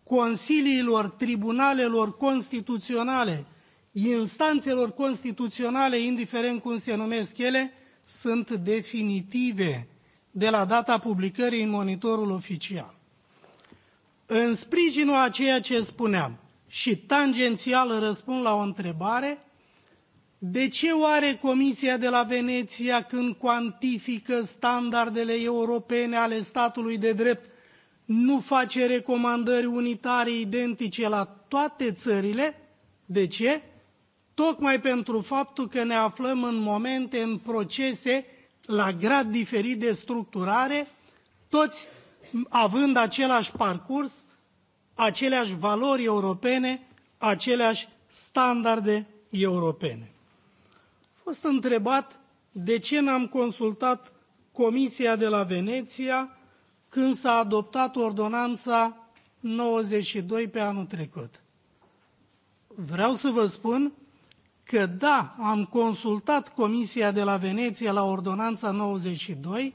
consiliilor, tribunalelor constituționale, instanțelor constituționale, indiferent cum se numesc ele, sunt definitive de la data publicării în monitorul oficial. În sprijinul a ceea ce spuneam și tangențial răspund la o întrebare, de ce oare Comisia de la Veneția, când cuantifică standardele europene ale statului de drept, nu face recomandări unitare identice la toate țările? De ce? tocmai pentru faptul că ne aflăm în momente, în procese la grad diferit de structurare, toți având același parcurs, aceleași valori europene, aceleași standarde europene. A fost întrebat de ce n-am consultat Comisia de la Veneția când s-a adoptat ordonanța 92 pe anul trecut. Vreau să vă spun că da, am consultat Comisia de la Veneția la Ordonanța 92,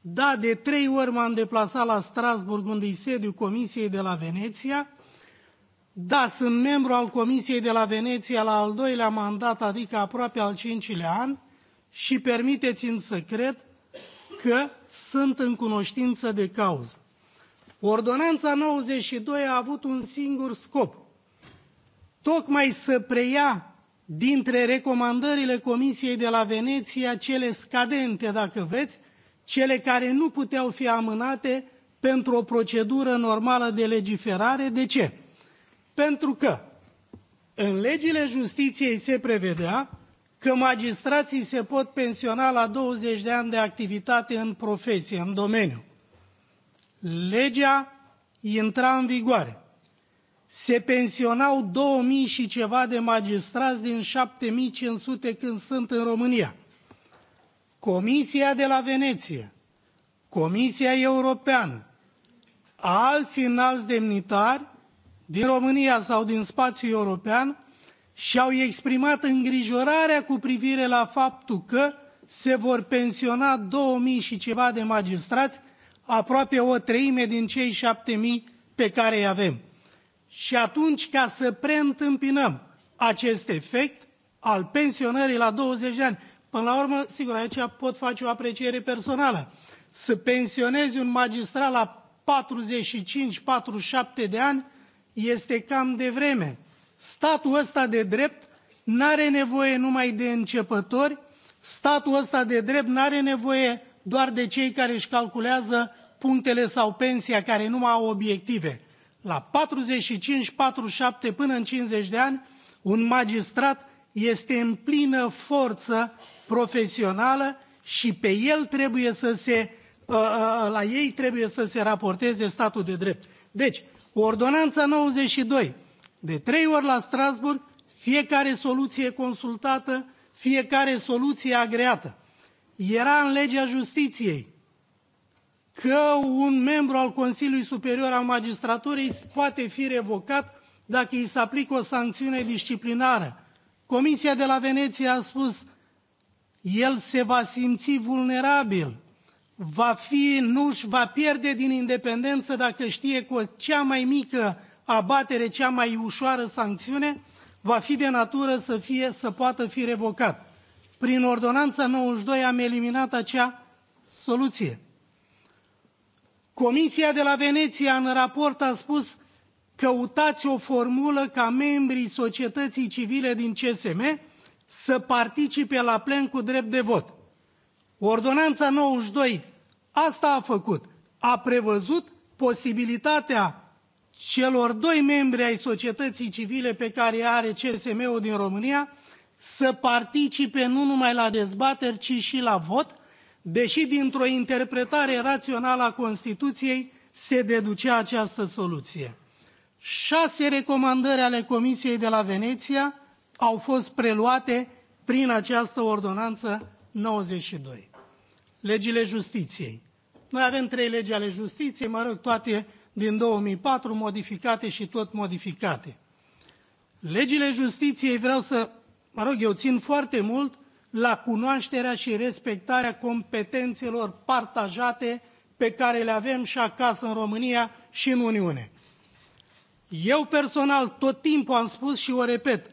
da, de trei ori m-am deplasat la Strasburg, unde e sediul Comisiei de la Veneția, da, sunt membru al Comisiei de la Veneția la al doilea mandat, adică aproape al cincilea an, și permiteți-mi să cred că sunt în cunoștință de cauză. Ordonanța 92 a avut un singur scop, tocmai să preia dintre recomandările Comisiei de la Veneția, cele scadente, dacă vreți, cele care nu puteau fi amânate pentru o procedură normală de legiferare. De ce? Pentru că în legile justiției se prevedea că magistrații se pot pensiona la 20 de ani de activitate în profesie, în domeniu. Legea intra în vigoare se pensionau 2000 și ceva de magistrați din 7500 când sunt în România. Comisia de la Veneție, Comisia Europeană, alți înalți demnitari din România sau din spațiul european și-au exprimat îngrijorarea cu privire la faptul că se vor pensiona 2000 și ceva de magistrați, aproape o treime din cei 7000 pe care îi avem. Și atunci, ca să preîntâmpinăm acest efect al pensionării la 20 de ani, până la urmă, sigur, aici pot face o apreciere personală. Să pensionezi un magistrat la 45-47 de ani este cam de vreme. Statul ăsta de drept nu are nevoie numai de începători, statul ăsta de drept nu are nevoie doar de cei care își calculează punctele sau pensia, care nu mai au obiective la 45, 47 până în 50 de ani, un magistrat este în plină forță profesională și pe el trebuie să se, uh, uh, la ei trebuie să se raporteze statul de drept. Deci, ordonanța 92, de trei ori la Strasbourg, fiecare soluție consultată, fiecare soluție agreată. Era în legea justiției că un membru al Consiliului Superior al Magistraturii poate fi revocat dacă îi se aplică o sancțiune disciplinară. Comisia de la Veneția a spus el se va simți vulnerabil, va fi, nu își va pierde din independență dacă știe că cea mai mică abatere, cea mai ușoară sancțiune, va fi de natură să, fie, să poată fi revocat. Prin ordonanța 92 am eliminat acea soluție. Comisia de la Veneția în raport a spus căutați o formulă ca membrii societății civile din CSM să participe la plen cu drept de vot. Ordonanța 92 asta a făcut. A prevăzut posibilitatea celor doi membri ai societății civile pe care are CSM-ul din România să participe nu numai la dezbateri, ci și la vot deși dintr-o interpretare rațională a Constituției se deducea această soluție. Șase recomandări ale Comisiei de la Veneția au fost preluate prin această ordonanță 92. Legile justiției. Noi avem trei legi ale justiției, mă rog, toate din 2004 modificate și tot modificate. Legile justiției vreau să, mă rog, eu țin foarte mult la cunoașterea și respectarea competențelor partajate pe care le avem și acasă în România și în Uniune. Eu personal tot timpul am spus și o repet,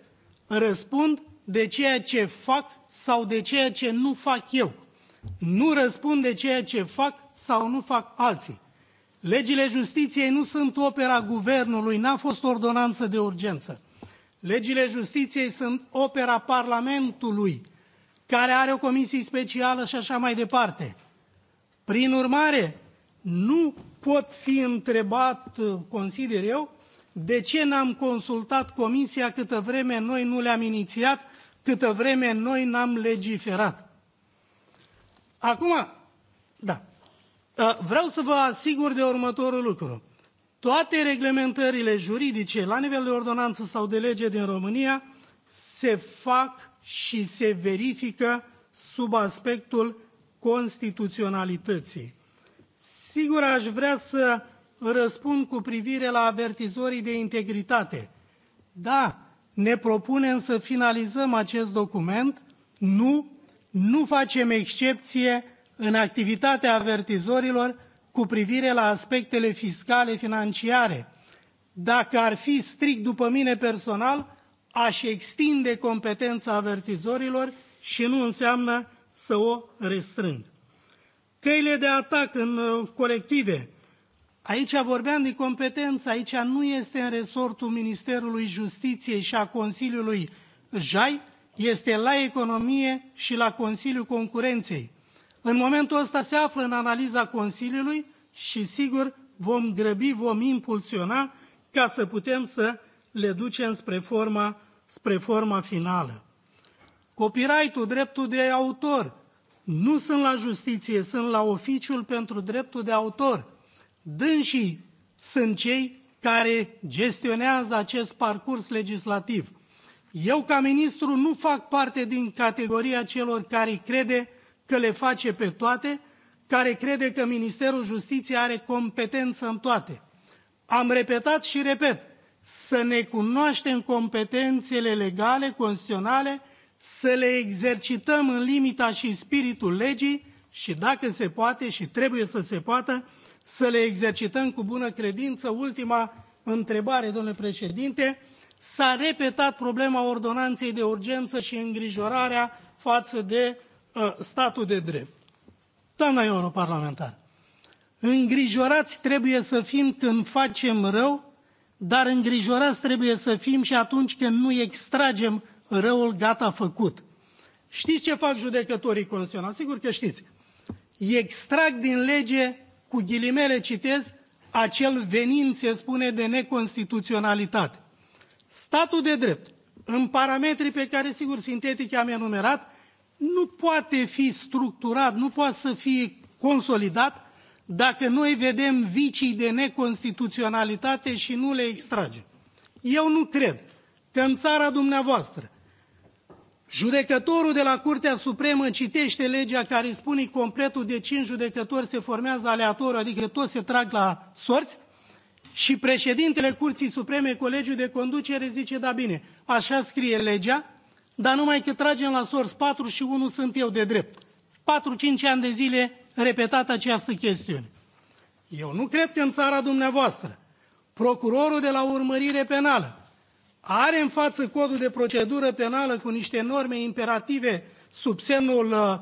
răspund de ceea ce fac sau de ceea ce nu fac eu. Nu răspund de ceea ce fac sau nu fac alții. Legile justiției nu sunt opera guvernului, n-a fost ordonanță de urgență. Legile justiției sunt opera Parlamentului, care are o comisie specială și așa mai departe. Prin urmare, nu pot fi întrebat, consider eu, de ce n-am consultat comisia câtă vreme noi nu le-am inițiat, câtă vreme noi n-am legiferat. Acum, da, vreau să vă asigur de următorul lucru. Toate reglementările juridice la nivel de ordonanță sau de lege din România se fac și se verifică sub aspectul constituționalității. Sigur, aș vrea să răspund cu privire la avertizorii de integritate. Da, ne propunem să finalizăm acest document. Nu, nu facem excepție în activitatea avertizorilor cu privire la aspectele fiscale financiare. Dacă ar fi strict după mine personal, a-și extinde competența avertizorilor și nu înseamnă să o restrâng. Căile de atac în uh, colective. Aici vorbeam de competență, aici nu este în resortul Ministerului Justiției și a Consiliului JAI, este la economie și la Consiliul Concurenței. În momentul ăsta se află în analiza Consiliului și sigur vom grăbi, vom impulsiona ca să putem să le ducem spre forma spre forma finală. Copyright-ul, dreptul de autor, nu sunt la justiție, sunt la oficiul pentru dreptul de autor. Dânsii sunt cei care gestionează acest parcurs legislativ. Eu, ca ministru, nu fac parte din categoria celor care crede că le face pe toate, care crede că Ministerul Justiției are competență în toate. Am repetat și repet, să ne cunoaștem competențele legale, constituționale, să le exercităm în limita și spiritul legii și dacă se poate și trebuie să se poată, să le exercităm cu bună credință. Ultima întrebare, domnule președinte, s-a repetat problema ordonanței de urgență și îngrijorarea față de uh, statul de drept. Doamna europarlamentar, îngrijorați trebuie să fim când facem rău dar îngrijorați trebuie să fim și atunci când nu extragem răul gata făcut. Știți ce fac judecătorii constituționali? Sigur că știți. Extrag din lege, cu ghilimele citez, acel venin, se spune, de neconstituționalitate. Statul de drept, în parametrii pe care, sigur, sintetic am enumerat, nu poate fi structurat, nu poate să fie consolidat dacă noi vedem vicii de neconstituționalitate și nu le extragem. Eu nu cred că în țara dumneavoastră judecătorul de la Curtea Supremă citește legea care spune completul de cinci judecători se formează aleator, adică toți se trag la sorți, și președintele Curții Supreme, Colegiul de Conducere, zice, da bine, așa scrie legea, dar numai că tragem la sorți patru și unul sunt eu de drept. Patru-cinci ani de zile repetat această chestiune. Eu nu cred că în țara dumneavoastră procurorul de la urmărire penală are în față codul de procedură penală cu niște norme imperative sub semnul uh,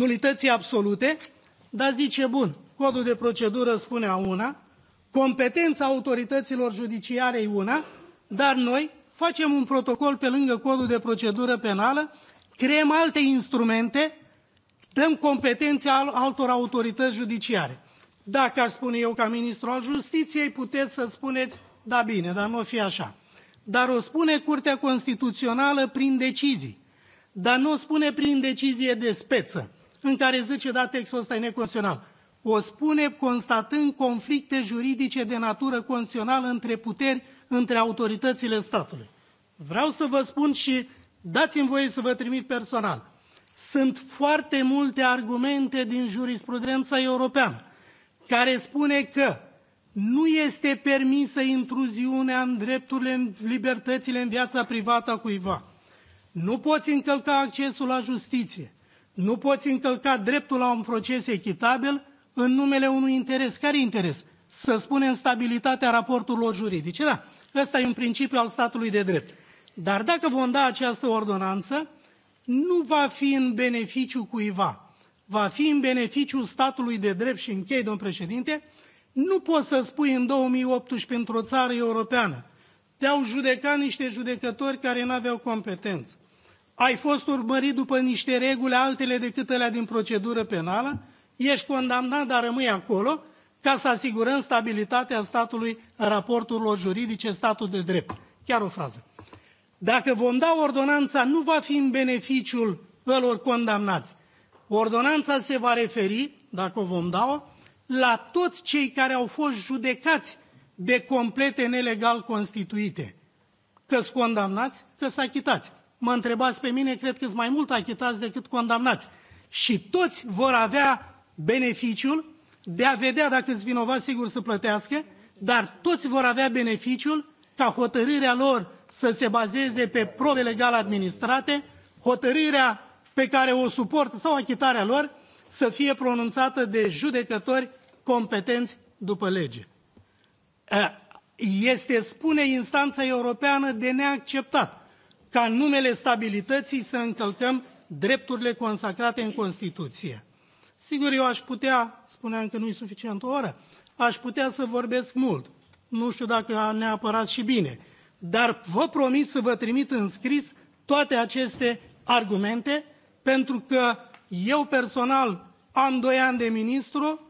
nulității absolute, dar zice, bun, codul de procedură a una, competența autorităților judiciare e una, dar noi facem un protocol pe lângă codul de procedură penală, creăm alte instrumente dăm competențe altor autorități judiciare. Dacă aș spune eu ca ministru al justiției, puteți să spuneți, da bine, dar nu o fi așa. Dar o spune Curtea Constituțională prin decizii, dar nu o spune prin decizie de speță, în care zice, da, textul ăsta e neconstituțional. O spune constatând conflicte juridice de natură constituțională între puteri, între autoritățile statului. Vreau să vă spun și dați-mi voie să vă trimit personal sunt foarte multe argumente din jurisprudența europeană care spune că nu este permisă intruziunea în drepturile, în libertățile, în viața privată a cuiva. Nu poți încălca accesul la justiție. Nu poți încălca dreptul la un proces echitabil în numele unui interes. Care interes? Să spunem stabilitatea raporturilor juridice. Da, ăsta e un principiu al statului de drept. Dar dacă vom da această ordonanță, nu va fi în beneficiu cuiva, va fi în beneficiu statului de drept și închei, domn președinte, nu poți să spui în 2018 într-o țară europeană, te-au judecat niște judecători care nu aveau competență. Ai fost urmărit după niște reguli altele decât alea din procedură penală, ești condamnat, dar rămâi acolo, ca să asigurăm stabilitatea statului, raporturilor juridice, statul de drept. Chiar o frază. Dacă vom da ordonanța, nu va fi în beneficiul celor condamnați. Ordonanța se va referi, dacă o vom da-o, la toți cei care au fost judecați de complete nelegal constituite. că condamnați, că-s achitați. Mă întrebați pe mine, cred că-s mai mult achitați decât condamnați. Și toți vor avea beneficiul de a vedea dacă sunt vinovați, sigur să plătească, dar toți vor avea beneficiul ca hotărârea lor să se bazeze pe probe legale administrate, hotărârea pe care o suportă sau achitarea lor să fie pronunțată de judecători competenți după lege. Este, spune instanța europeană, de neacceptat ca în numele stabilității să încălcăm drepturile consacrate în Constituție. Sigur, eu aș putea, spuneam că nu e suficient o oră, aș putea să vorbesc mult. Nu știu dacă neapărat și bine dar vă promit să vă trimit în scris toate aceste argumente, pentru că eu personal am doi ani de ministru,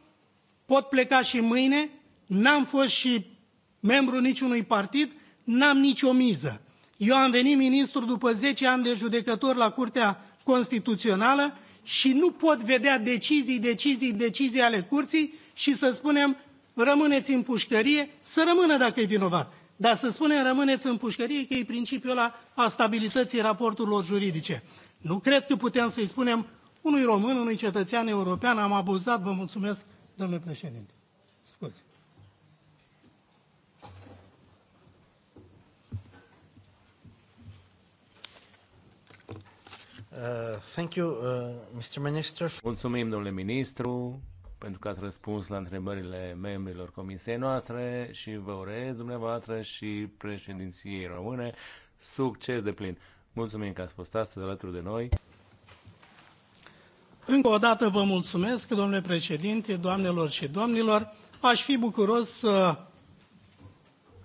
pot pleca și mâine, n-am fost și membru niciunui partid, n-am nicio miză. Eu am venit ministru după zece ani de judecător la Curtea Constituțională și nu pot vedea decizii, decizii, decizii ale curții și să spunem rămâneți în pușcărie, să rămână dacă e vinovat. Dar să spunem, rămâneți în pușcărie, că e principiul ăla a stabilității raporturilor juridice. Nu cred că putem să-i spunem unui român, unui cetățean european, am abuzat, vă mulțumesc, domnule președinte. Scuze. Uh, thank you, uh, Mr. Minister. Mulțumim, domnule ministru, pentru că ați răspuns la întrebările membrilor comisiei noastre și vă urez dumneavoastră și președinției române succes de plin. Mulțumim că ați fost astăzi alături de noi. Încă o dată vă mulțumesc, domnule președinte, doamnelor și domnilor. Aș fi bucuros să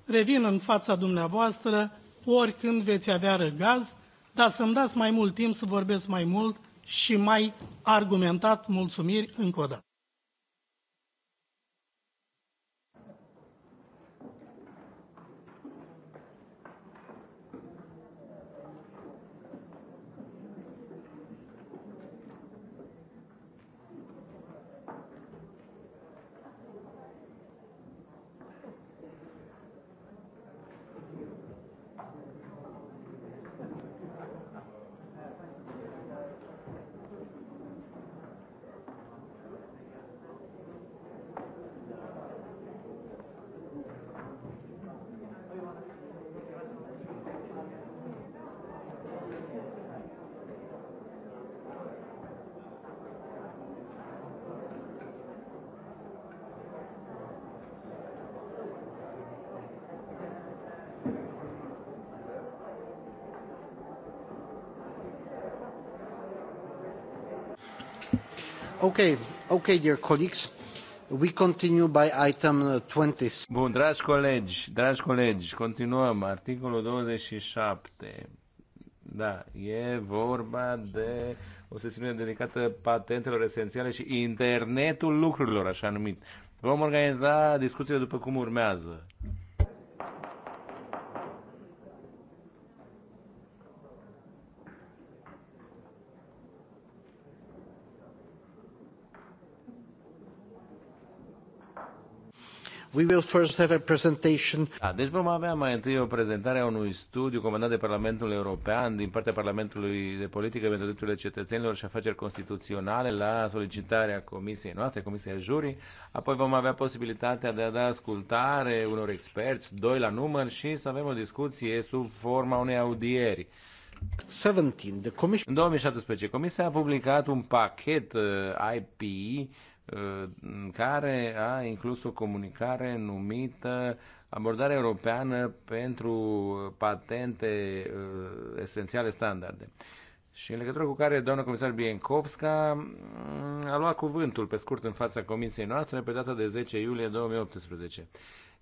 revin în fața dumneavoastră oricând veți avea răgaz, dar să-mi dați mai mult timp să vorbesc mai mult și mai argumentat mulțumiri încă o dată. 20. Uh, Bun, dragi colegi, dragi colegi, continuăm articolul 27. Da, e vorba de o sesiune dedicată patentelor esențiale și internetul lucrurilor, așa numit. Vom organiza discuțiile după cum urmează. We will first have a presentation. Da, deci vom avea mai întâi o prezentare a unui studiu comandat de Parlamentul European din partea Parlamentului de Politică pentru Drepturile Cetățenilor și Afaceri Constituționale la solicitarea Comisiei noastre, Comisiei Jurii. Apoi vom avea posibilitatea de a da ascultare unor experți, doi la număr, și să avem o discuție sub forma unei audieri. 17, the commission... În 2017, Comisia a publicat un pachet uh, IP care a inclus o comunicare numită Abordare Europeană pentru Patente uh, Esențiale Standarde. Și în legătură cu care doamna comisar Bienkovska uh, a luat cuvântul pe scurt în fața comisiei noastre pe data de 10 iulie 2018.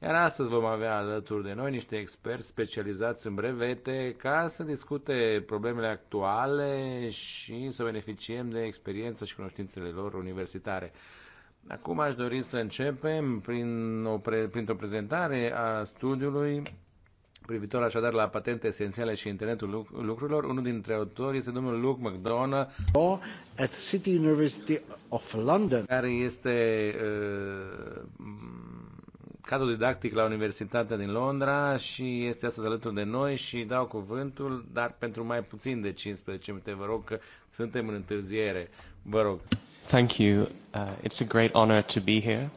Iar astăzi vom avea alături de noi niște experți specializați în brevete ca să discute problemele actuale și să beneficiem de experiența și cunoștințele lor universitare. Acum aș dori să începem prin o pre, printr-o prezentare a studiului privitor așadar la patente esențiale și internetul lucrurilor. Unul dintre autori este domnul Luke McDonough, at City University of London, care este uh, cadru didactic la Universitatea din Londra și este astăzi alături de noi și dau cuvântul, dar pentru mai puțin de 15 minute, vă rog că suntem în întârziere. Vă rog. Thank you. Uh, it's a great honor to be here.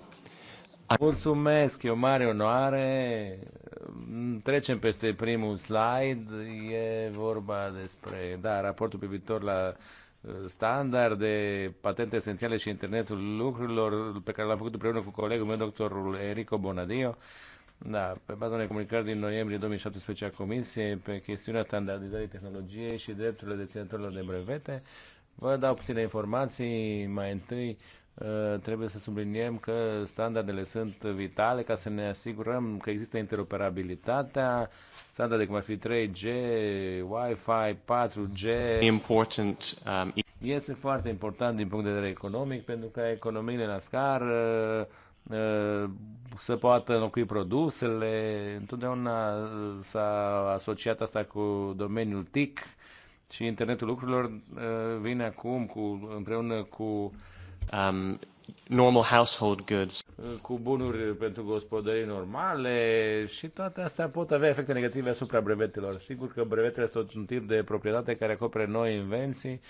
I... Mulțumesc, e o mare onoare. Mm, trecem peste primul slide. E vorba despre, da, raportul privitor la standarde, patente esențiale și internetul lucrurilor pe care l-am făcut împreună cu colegul meu, doctorul Enrico Bonadio, da, pe baza unei comunicări din noiembrie 2017 a Comisiei pe chestiunea standardizării tehnologiei și drepturile deținătorilor de brevete, vă dau puține informații mai întâi Eh, trebuie să subliniem că standardele sunt vitale ca să ne asigurăm că există interoperabilitatea, standarde cum ar fi 3G, Wi-Fi, 4G. Important, um... Este foarte important din punct de vedere economic pentru că economiile la scară eh, să poată înlocui produsele. Întotdeauna eh, s-a asociat asta cu domeniul TIC și internetul lucrurilor vine acum cu, împreună cu uh, Um, normal household goods. Cu bunuri pentru gospodării normale și toate astea pot avea efecte negative asupra brevetelor. Sigur că brevetele sunt un tip de proprietate care acopere noi invenții.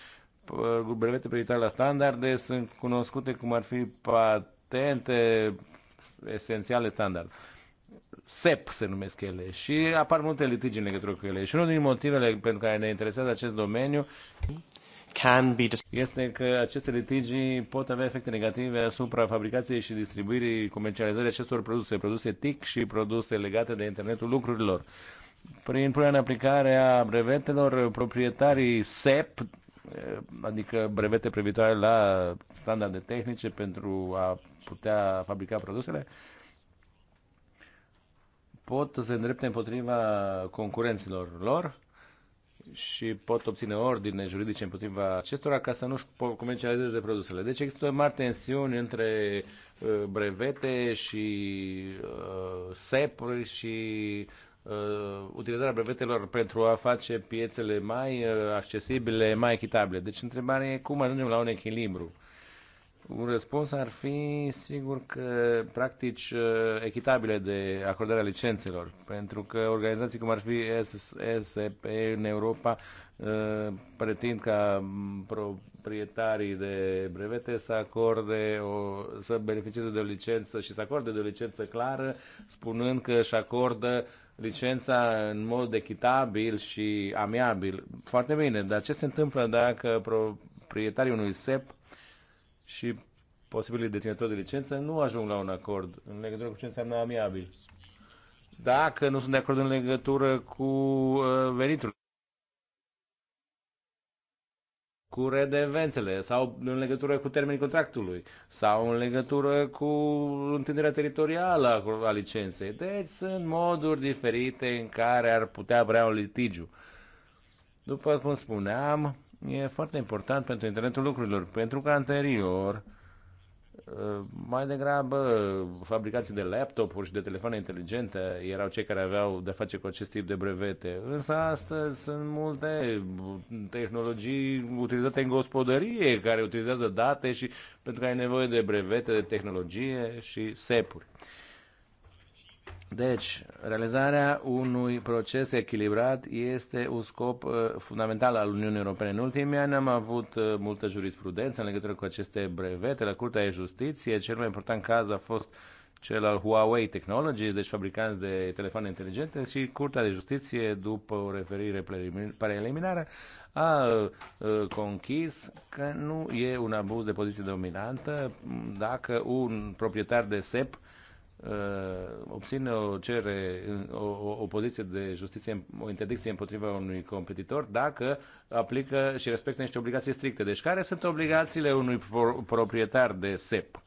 Uh, brevete privitoare la standarde sunt cunoscute cum ar fi patente esențiale standard. SEP se numesc ele și apar multe litigi în legătură cu ele. Și unul din motivele pentru care ne interesează acest domeniu can be este că aceste litigii pot avea efecte negative asupra fabricației și distribuirii, comercializării acestor produse, produse TIC și produse legate de internetul lucrurilor. Prin punerea în aplicare a brevetelor, proprietarii SEP, eh, adică brevete privitoare la standarde tehnice pentru a putea fabrica produsele, pot să se îndrepte împotriva concurenților lor și pot obține ordine juridice împotriva acestora ca să nu-și comercializeze produsele. Deci există mari tensiuni între uh, brevete și uh, și uh, utilizarea brevetelor pentru a face piețele mai uh, accesibile, mai echitabile. Deci întrebarea e cum ajungem la un echilibru. Uh, un răspuns ar fi, sigur, că practici uh, echitabile de acordarea licențelor, pentru că organizații cum ar fi SSP în Europa uh, pretind ca mm, proprietarii de brevete să acorde o, să beneficieze de o licență și să acorde de o licență clară, spunând că își acordă licența în mod echitabil și amiabil. Foarte bine, dar ce se întâmplă dacă proprietarii unui SEP și posibilii deținători de licență nu ajung la un acord în legătură cu ce înseamnă amiabil. Dacă nu sunt de acord în legătură cu uh, venitul, cu redevențele sau în legătură cu termenii contractului sau în legătură cu întinderea teritorială a licenței. Deci sunt moduri diferite în care ar putea vrea un litigiu. După cum spuneam, e foarte important pentru internetul lucrurilor, pentru că anterior uh, mai degrabă fabricații de laptopuri și de telefoane inteligente erau cei care aveau de face cu acest tip de brevete. Însă astăzi sunt multe tehnologii utilizate în gospodărie care utilizează date și pentru că ai nevoie de brevete, de tehnologie și sepuri. uri deci, realizarea unui proces echilibrat este un scop uh, fundamental al Uniunii Europene. În ultimii ani am avut uh, multă jurisprudență în legătură cu aceste brevete la Curtea de Justiție. Cel mai important caz a fost cel al Huawei Technologies, deci fabricanți de telefoane inteligente și Curtea de Justiție, după o referire preliminară, a uh, conchis că nu e un abuz de poziție dominantă dacă un proprietar de SEP Uh, obține o cere, o, o poziție de justiție, o interdicție împotriva unui competitor dacă aplică și respectă niște obligații stricte. Deci care sunt obligațiile unui proprietar de SEP?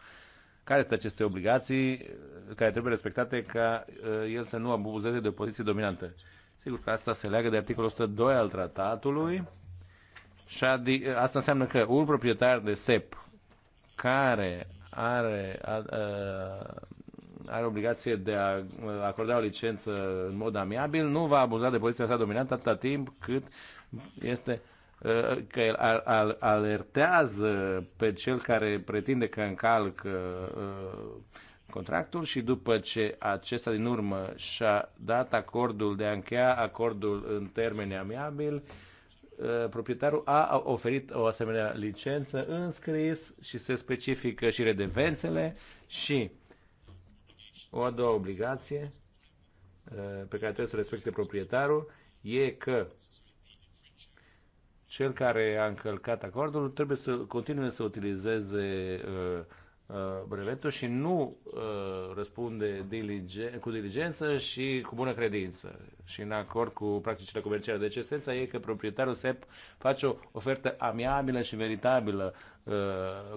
Care sunt aceste obligații uh, care trebuie respectate ca uh, el să nu abuzeze de o poziție dominantă? Sigur că asta se leagă de articolul 102 al tratatului și adi, asta înseamnă că un proprietar de SEP care are a, a, are obligație de a uh, acorda o licență în mod amiabil, nu va abuza de poziția sa dominantă atâta timp cât este uh, că el alertează pe cel care pretinde că încalcă uh, contractul și după ce acesta din urmă și-a dat acordul de a încheia acordul în termeni amiabil, proprietarul a oferit o asemenea licență înscris și se specifică și redevențele și o a doua obligație uh, pe care trebuie să respecte proprietarul e că cel care a încălcat acordul trebuie să continue să utilizeze uh, Uh, Brevetul și nu uh, răspunde cu diligență și cu bună credință și în acord cu practicile comerciale. Deci esența e că proprietarul SEP face o ofertă amiabilă și veritabilă uh,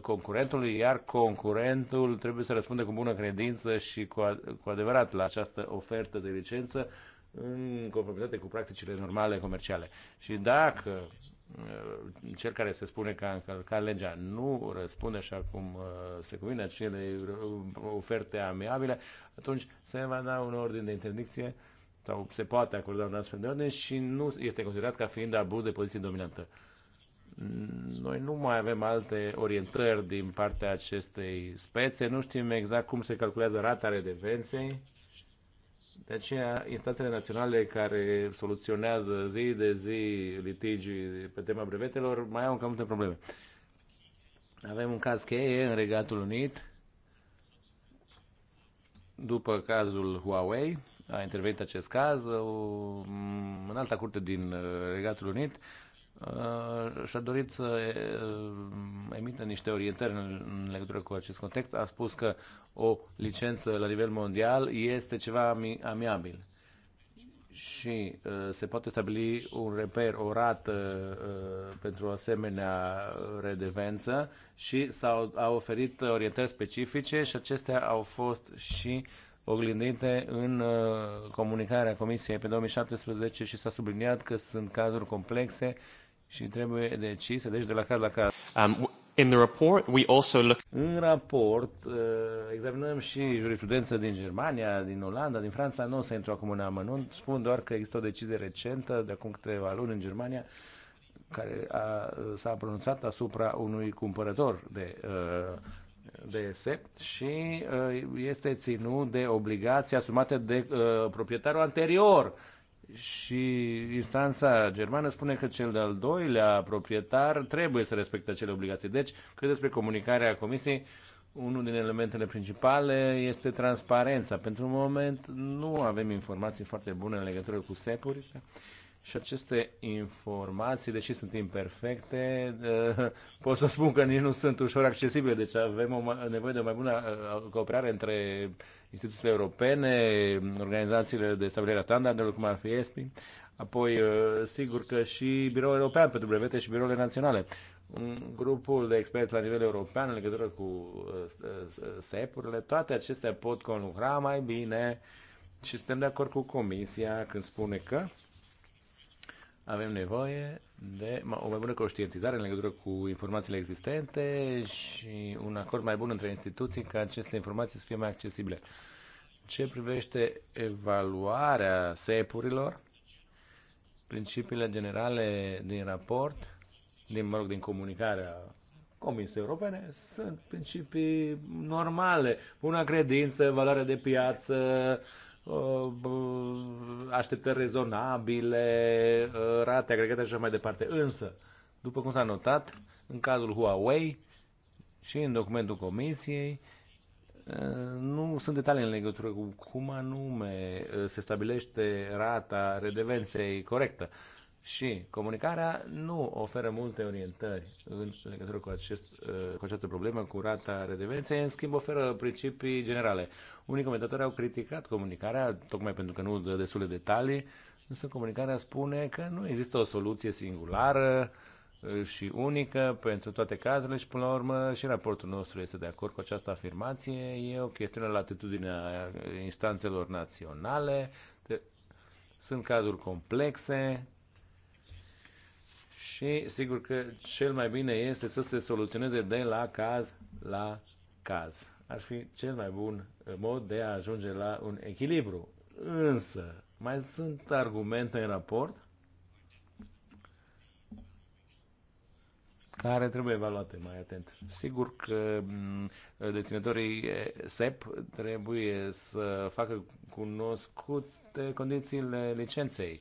concurentului, iar concurentul trebuie să răspunde cu bună credință și cu, cu adevărat la această ofertă de licență în conformitate cu practicile normale comerciale. Și dacă Uh, cel care se spune că a încălcat legea nu răspunde așa cum uh, se cuvine acele uh, oferte amiabile, atunci se va da un ordin de interdicție sau se poate acorda un astfel de ordin și nu este considerat ca fiind abuz de poziție dominantă. Noi nu mai avem alte orientări din partea acestei spețe, nu știm exact cum se calculează rata redevenței de aceea, instanțele naționale care soluționează zi de zi litigi pe tema brevetelor mai au încă multe probleme. Avem un caz cheie în Regatul Unit, după cazul Huawei, a intervenit acest caz, în alta curte din uh, Regatul Unit Uh, și-a dorit să uh, emită niște orientări în legătură cu acest context. A spus că o licență la nivel mondial este ceva amiabil și uh, se poate stabili un reper, o rată pentru o asemenea redevență și s-au au oferit orientări specifice și acestea au fost și oglindite în comunicarea Comisiei pe 2017 și s-a subliniat că sunt cazuri complexe și trebuie să deci de la caz la caz. Um, in the report, we also look... În raport uh, examinăm și jurisprudență din Germania, din Olanda, din Franța. Nu o să intru acum în amănunt. Spun doar că există o decizie recentă de acum câteva luni în Germania care a, s-a pronunțat asupra unui cumpărător de uh, DS și uh, este ținut de obligații asumate de uh, proprietarul anterior și instanța germană spune că cel de-al doilea proprietar trebuie să respecte acele obligații. Deci, cât despre comunicarea comisiei, unul din elementele principale este transparența. Pentru moment nu avem informații foarte bune în legătură cu SEP-uri și aceste informații, deși sunt imperfecte, eh, pot să spun că nici nu sunt ușor accesibile, deci avem o nevoie de o mai bună eh, cooperare între instituțiile europene, organizațiile de stabilire a standardelor, cum ar fi ESPI, apoi eh, sigur că și Biroul European pentru brevete și birourile naționale. un Grupul de experți la nivel european în legătură cu SEP-urile, toate acestea pot conlucra mai bine și suntem de acord cu Comisia când spune că avem nevoie de o mai bună conștientizare în legătură cu informațiile existente și un acord mai bun între instituții ca aceste informații să fie mai accesibile. Ce privește evaluarea sepurilor, principiile generale din raport, din, mă rog, din comunicarea Comisiei Europene, sunt principii normale. Bună credință, valoare de piață, Uh, așteptări rezonabile, uh, rate agregate și așa mai departe. Însă, după cum s-a notat, în cazul Huawei și în documentul Comisiei, uh, nu sunt detalii în legătură cu cum anume se stabilește rata redevenței corectă. Și comunicarea nu oferă multe orientări în legătură cu, acest, uh, cu această problemă, cu rata redevenței, în schimb oferă principii generale. Unii comentatori au criticat comunicarea, tocmai pentru că nu dă destule detalii, însă comunicarea spune că nu există o soluție singulară uh, și unică pentru toate cazurile și, până la urmă, și raportul nostru este de acord cu această afirmație. E o chestiune la atitudinea instanțelor naționale, sunt cazuri complexe, și sigur că cel mai bine este să se soluționeze de la caz la caz. Ar fi cel mai bun uh, mod de a ajunge la un echilibru. Însă, mai sunt argumente în raport care trebuie evaluate mai atent. Sigur că mm, deținătorii eh, SEP trebuie să facă cunoscute condițiile licenței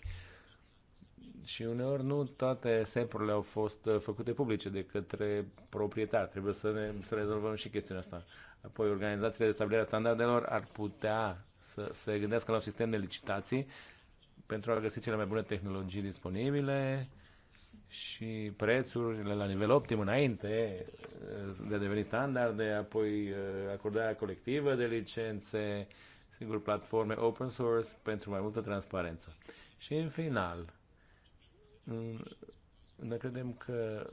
și uneori nu toate sample au fost uh, făcute publice de către proprietar. Trebuie să, ne, să rezolvăm și chestiunea asta. Apoi, organizațiile de stabilire a standardelor ar putea să se gândească la un sistem de licitații pentru a găsi cele mai bune tehnologii disponibile și prețurile la nivel optim înainte uh, de a deveni standarde, apoi uh, acordarea colectivă de licențe, sigur platforme open source pentru mai multă transparență. Și în final, noi credem că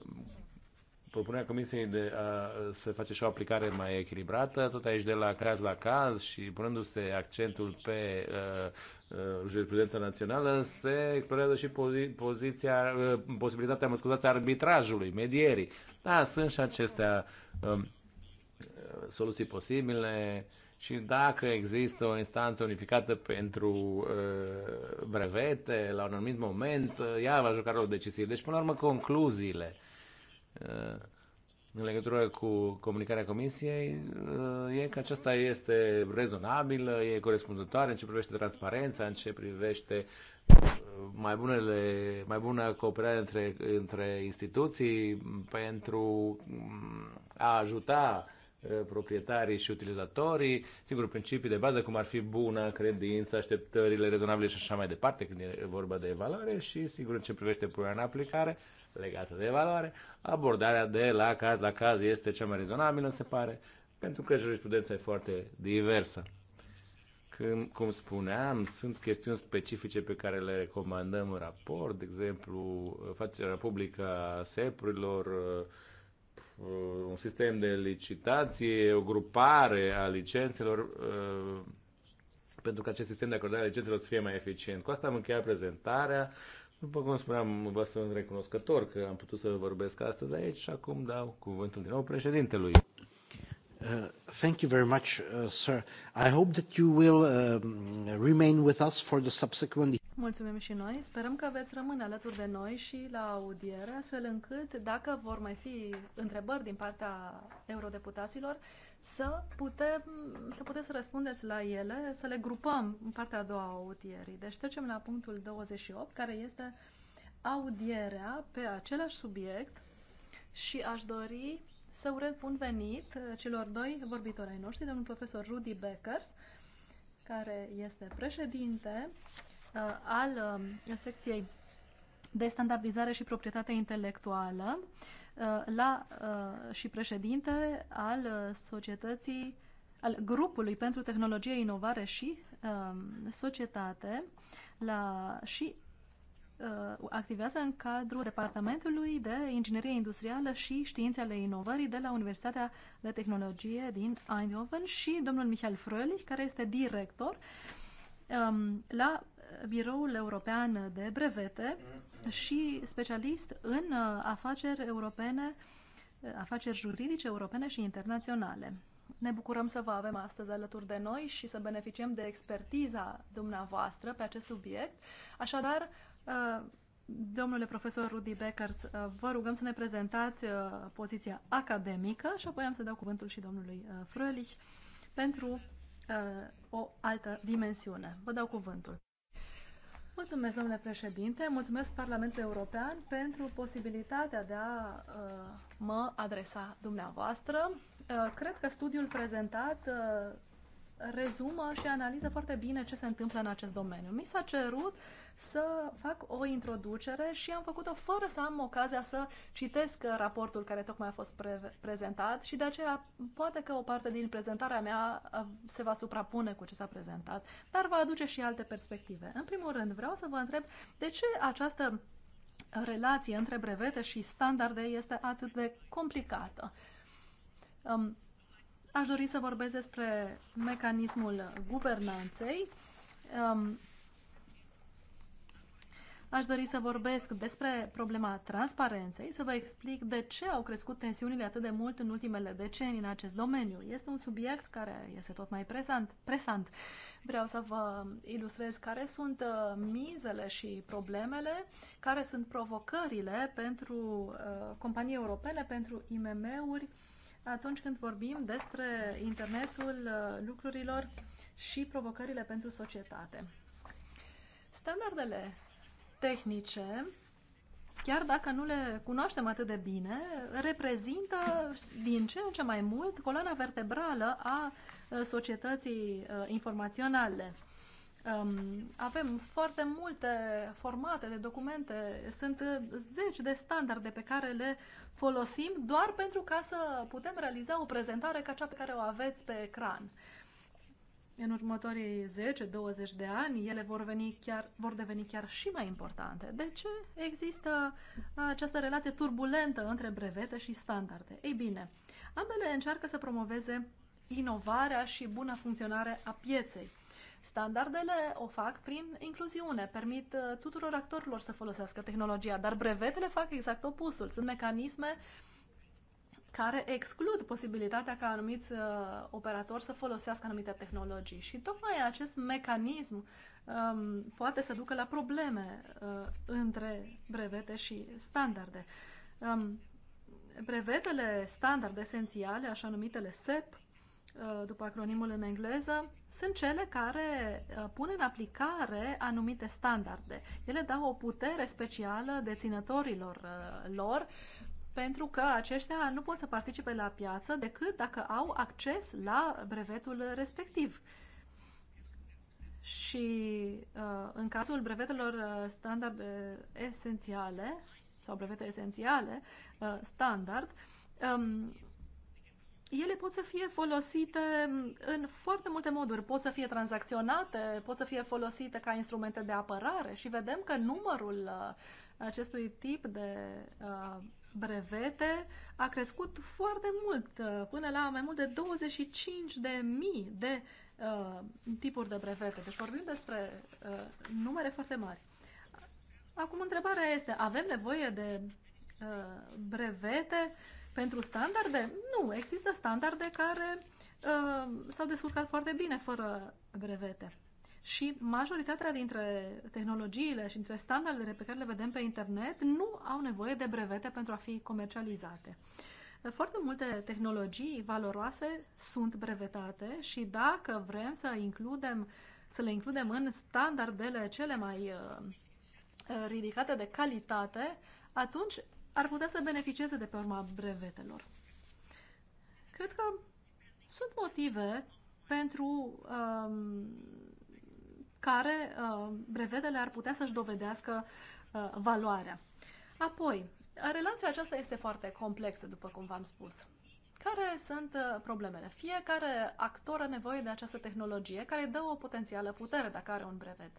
propunerea Comisiei de a se face și o aplicare mai echilibrată, tot aici de la caz la caz și punându-se accentul pe uh, uh, jurisprudența națională, se explorează și pozi- poziția, uh, posibilitatea, mă scuzați, arbitrajului, medierii. Da, sunt și acestea uh, soluții posibile. Uh, și dacă există o instanță unificată pentru uh, brevete, la un anumit moment, uh, ea va juca rolul decisiv. Deci, până la urmă, concluziile uh, în legătură cu comunicarea Comisiei uh, e că aceasta este rezonabilă, e corespunzătoare în ce privește transparența, în ce privește uh, mai, bunele, mai bună cooperare între, între instituții pentru mm, a ajuta uh, Eh, proprietarii și utilizatorii, sigur, principii de bază, cum ar fi buna, credință, așteptările rezonabile și așa mai departe, când e vorba de evaluare și, sigur, în ce privește punerea în aplicare legată de evaluare, abordarea de la caz la caz este cea mai rezonabilă, se pare, pentru că jurisprudența e foarte diversă. Când, cum spuneam, sunt chestiuni specifice pe care le recomandăm în raport, de exemplu, facerea publică a SEPURILOR, Uh, un sistem de licitație, o grupare a licențelor uh, pentru ca acest sistem de acordare a licențelor să fie mai eficient. Cu asta am încheiat prezentarea. După cum spuneam, vă sunt recunoscător că am putut să vorbesc astăzi aici și acum dau cuvântul din nou președintelui. Uh, thank you very much, uh, sir. I hope that you will uh, remain with us for the subsequent Mulțumim și noi. Sperăm că veți rămâne alături de noi și la audiere, astfel încât, dacă vor mai fi întrebări din partea eurodeputaților, să, putem, să puteți să răspundeți la ele, să le grupăm în partea a doua a audierii. Deci trecem la punctul 28, care este audierea pe același subiect și aș dori să urez bun venit celor doi vorbitori ai noștri, domnul profesor Rudy Beckers, care este președinte Uh, al uh, secției de standardizare și proprietate intelectuală uh, la, și președinte al societății, al grupului pentru tehnologie, inovare și societate la, și activează în cadrul Departamentului de Inginerie Industrială și Științe ale Inovării de la Universitatea de Tehnologie din Eindhoven și domnul Michael Fröhlich, care este director uh, um, la uh, Biroul European de Brevete mm-hmm. și specialist în uh, afaceri europene, uh, afaceri juridice europene și internaționale. Ne bucurăm să vă avem astăzi alături de noi și să beneficiem de expertiza dumneavoastră pe acest subiect. Așadar, uh, Domnule profesor Rudy Beckers, uh, vă rugăm să ne prezentați uh, poziția academică și apoi am să dau cuvântul și domnului Frölich pentru uh, o altă dimensiune. Vă dau cuvântul. Mulțumesc, domnule președinte, mulțumesc Parlamentul European pentru posibilitatea de a uh, mă adresa dumneavoastră. Uh, cred că studiul prezentat uh, rezumă și analiză foarte bine ce se întâmplă în acest domeniu. Mi s-a cerut să fac o introducere și am făcut-o fără să am ocazia să citesc raportul care tocmai a fost pre- prezentat și de aceea poate că o parte din prezentarea mea uh, se va suprapune cu ce s-a prezentat, dar va aduce și alte perspective. În primul rând, vreau să vă întreb de ce această relație între brevete și standarde este atât de complicată. Um, Aș dori să vorbesc despre mecanismul guvernanței. Um, aș dori să vorbesc despre problema transparenței, să vă explic de ce au crescut tensiunile atât de mult în ultimele decenii în acest domeniu. Este un subiect care este tot mai presant. presant. Vreau să vă ilustrez care sunt uh, mizele și problemele, care sunt provocările pentru uh, companii europene, pentru IMM-uri, atunci când vorbim despre internetul uh, lucrurilor și provocările pentru societate. Standardele tehnice, chiar dacă nu le cunoaștem atât de bine, reprezintă din ce în ce mai mult coloana vertebrală a uh, societății uh, informaționale. Um, avem foarte multe formate de documente, sunt uh, zeci de standarde pe care le folosim doar pentru ca să putem realiza o prezentare ca cea pe care o aveți pe ecran. În următorii 10-20 de ani, ele vor, veni chiar, vor deveni chiar și mai importante. De ce există această relație turbulentă între brevete și standarde? Ei bine, ambele încearcă să promoveze inovarea și buna funcționare a pieței Standardele o fac prin incluziune, permit uh, tuturor actorilor să folosească tehnologia, dar brevetele fac exact opusul. Sunt mecanisme care exclud posibilitatea ca anumiți uh, operatori să folosească anumite tehnologii. Și tocmai acest mecanism um, poate să ducă la probleme uh, între brevete și standarde. Um, brevetele standard esențiale, așa numitele SEP, Uh, după acronimul în engleză, sunt cele care uh, pun în aplicare anumite standarde. Ele dau o putere specială deținătorilor uh, lor pentru că aceștia nu pot să participe la piață decât dacă au acces la brevetul respectiv. Și în cazul brevetelor standarde esențiale sau brevete esențiale, standard, um, ele pot să fie folosite în foarte multe moduri. Pot să fie tranzacționate, pot să fie folosite ca instrumente de apărare și vedem că numărul uh, acestui tip de uh, brevete a crescut foarte mult, uh, până la mai mult de 25 de mii de tipuri de brevete. Deci vorbim despre numere foarte mari. Acum întrebarea este, avem nevoie de brevete uh, pentru standarde? Nu, există standarde care uh, s-au descurcat foarte bine fără brevete. Și majoritatea dintre tehnologiile și dintre standardele pe care le vedem pe internet nu au nevoie de brevete pentru a fi comercializate. Foarte multe tehnologii valoroase sunt brevetate și dacă vrem să includem să le includem în standardele cele mai uh, ridicate de calitate, atunci ar putea să beneficieze de pe urma brevetelor. Cred că sunt motive pentru um, care uh, brevetele ar putea să-și dovedească uh, valoarea. Apoi, relația aceasta este foarte complexă, după cum v-am spus. Care sunt uh, problemele? Fiecare actor are nevoie de această tehnologie care dă o potențială putere dacă are un brevet.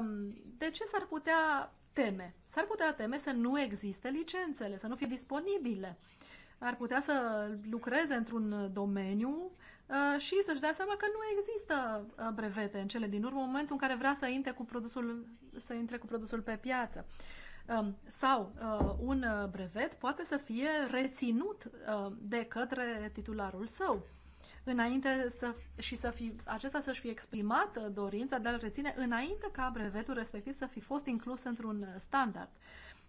Um, de ce s-ar putea teme. S-ar putea teme să nu existe licențele, să nu fie disponibile. Ar putea să lucreze într-un domeniu uh, și să-și dea seama că nu există uh, brevete în cele din urmă, în momentul în care vrea să intre cu produsul, să intre cu produsul pe piață. Um, sau uh, un brevet poate să fie reținut de către titularul său înainte să, și să fi, acesta să-și fie exprimat uh, dorința de a-l reține înainte ca brevetul respectiv să fi fost inclus într-un uh, standard.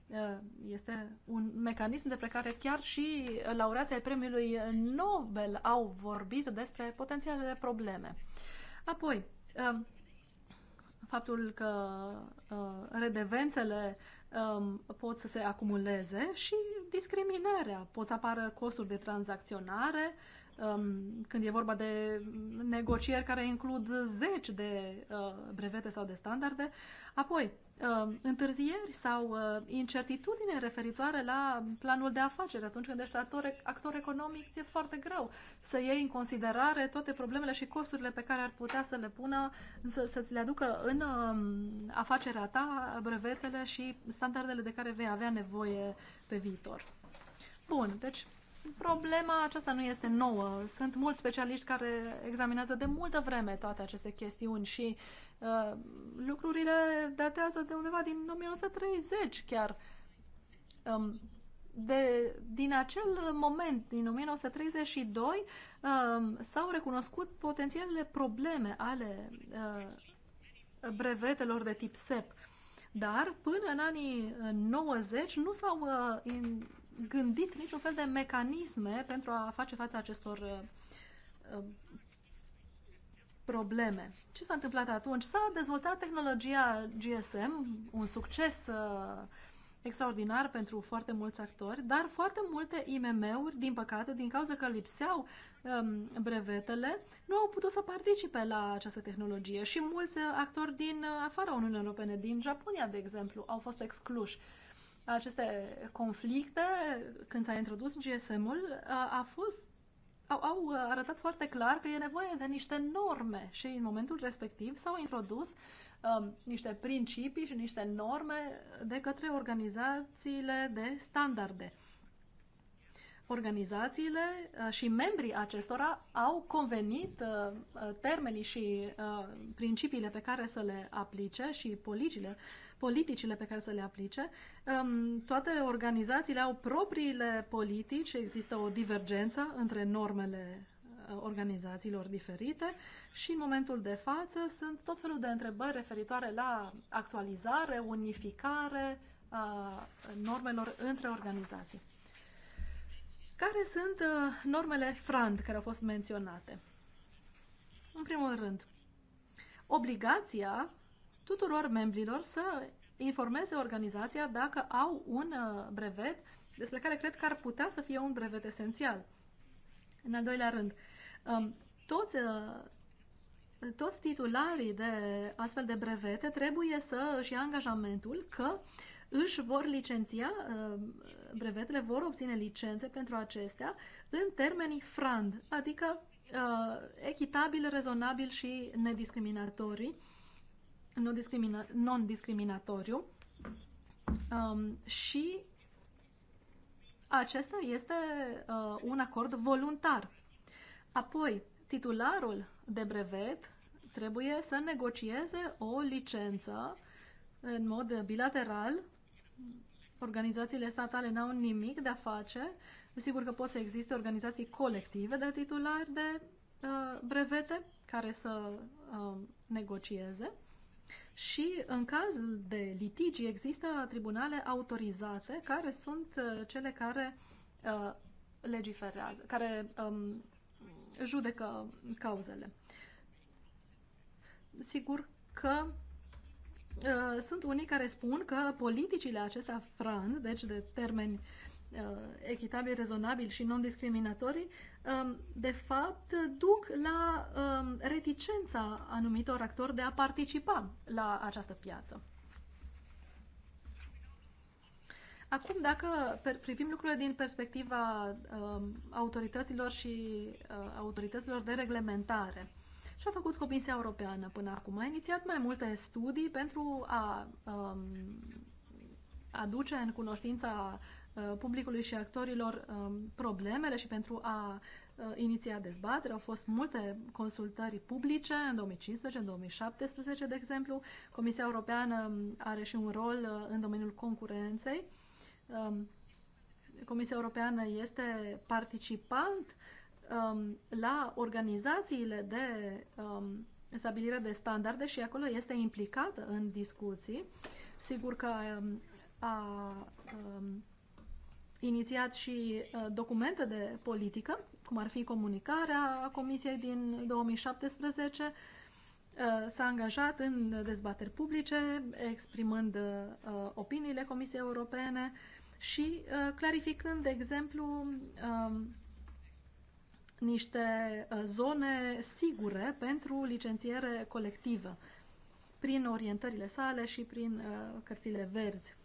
Uh, este un mecanism de pe care chiar și laureații ai premiului Nobel au vorbit despre potențialele probleme. Apoi, um, faptul că redevențele um, pot să se acumuleze și discriminarea. Pot să apară costuri de tranzacționare, Um, când e vorba de negocieri care includ zeci de uh, brevete sau de standarde. Apoi, um, întârzieri sau uh, incertitudine referitoare la planul de afaceri. Atunci când ești actor, actor economic, ți-e foarte greu să iei în considerare toate problemele și costurile pe care ar putea să le pună, să, să-ți le aducă în um, afacerea ta brevetele și standardele de care vei avea nevoie pe viitor. Bun, deci Problema aceasta nu este nouă. Sunt mulți specialiști care examinează de multă vreme toate aceste chestiuni și uh, lucrurile datează de undeva din 1930 chiar. Um, de, din acel moment, din 1932, uh, um, s-au recunoscut potențialele probleme ale uh, brevetelor de tip SEP. Dar până în anii 90 nu s-au uh, gândit niciun fel de mecanisme pentru a face față acestor uh, uh, probleme. Ce s-a întâmplat atunci? S-a dezvoltat tehnologia GSM, un succes uh, extraordinar pentru foarte mulți actori, dar foarte multe IMM-uri, din păcate, din cauza că lipseau um, brevetele, nu au putut să participe la această tehnologie și mulți actori din afara Uniunii Europene, din Japonia, de exemplu, au fost excluși. Uh, aceste conflicte, când s-a introdus GSM-ul, a fost, au, au arătat foarte clar că e nevoie de niște norme și în momentul respectiv s-au introdus um, niște principii și niște norme de către organizațiile de standarde. Organizațiile uh, și membrii acestora au convenit uh, uh, termenii și principiile pe care să le aplice și uh, politicile pe care să le aplice. Toate organizațiile au propriile politici, există o divergență între normele uh, organizațiilor diferite și în momentul de față sunt tot felul de întrebări referitoare la actualizare, unificare a uh, normelor între organizații. Care sunt uh, normele FRAND care au fost menționate? În primul rând, obligația tuturor membrilor să informeze organizația dacă au un uh, brevet despre care cred că ar putea să fie un brevet esențial. În al doilea rând, um, toți, uh, toți titularii de astfel de brevete trebuie să își ia angajamentul că își vor licenția, uh, brevetele vor obține licențe pentru acestea în termenii FRAND, adică echitabil, rezonabil și nediscriminatorii non-discriminatoriu um, și acesta este uh, un acord voluntar. Apoi, titularul de brevet trebuie să negocieze o licență în mod bilateral. Organizațiile statale n-au nimic de a face. Sigur că pot să existe organizații colective de titulari de uh, brevete care să uh, negocieze și în caz de litigi există tribunale autorizate care sunt uh, cele care uh, legiferează, care um, judecă cauzele. Sigur că uh, sunt unii care spun că politicile acestea frand, deci de termeni Uh, echitabili, rezonabili și non-discriminatorii, um, de fapt, duc la um, reticența anumitor actori de a participa la această piață. Acum, dacă privim lucrurile din perspectiva um, autorităților și uh, autorităților de reglementare, ce a făcut Comisia Europeană până acum? A inițiat mai multe studii pentru a um, aduce în cunoștința Uh, publicului și actorilor um, problemele și pentru a uh, iniția dezbatere. Au fost multe consultări publice în 2015, în 2017, de exemplu. Comisia Europeană um, are și un rol uh, în domeniul concurenței. Um, Comisia Europeană este participant la organizațiile de stabilire de standarde și acolo este implicată în discuții. Sigur că a, a inițiat și uh, documente de politică, cum ar fi comunicarea Comisiei din 2017, uh, s-a angajat în dezbateri publice, exprimând uh, opiniile Comisiei Europene și clarificând, de exemplu, um, niște zone sigure pentru licențiere colectivă prin orientările sale și prin cărțile verzi.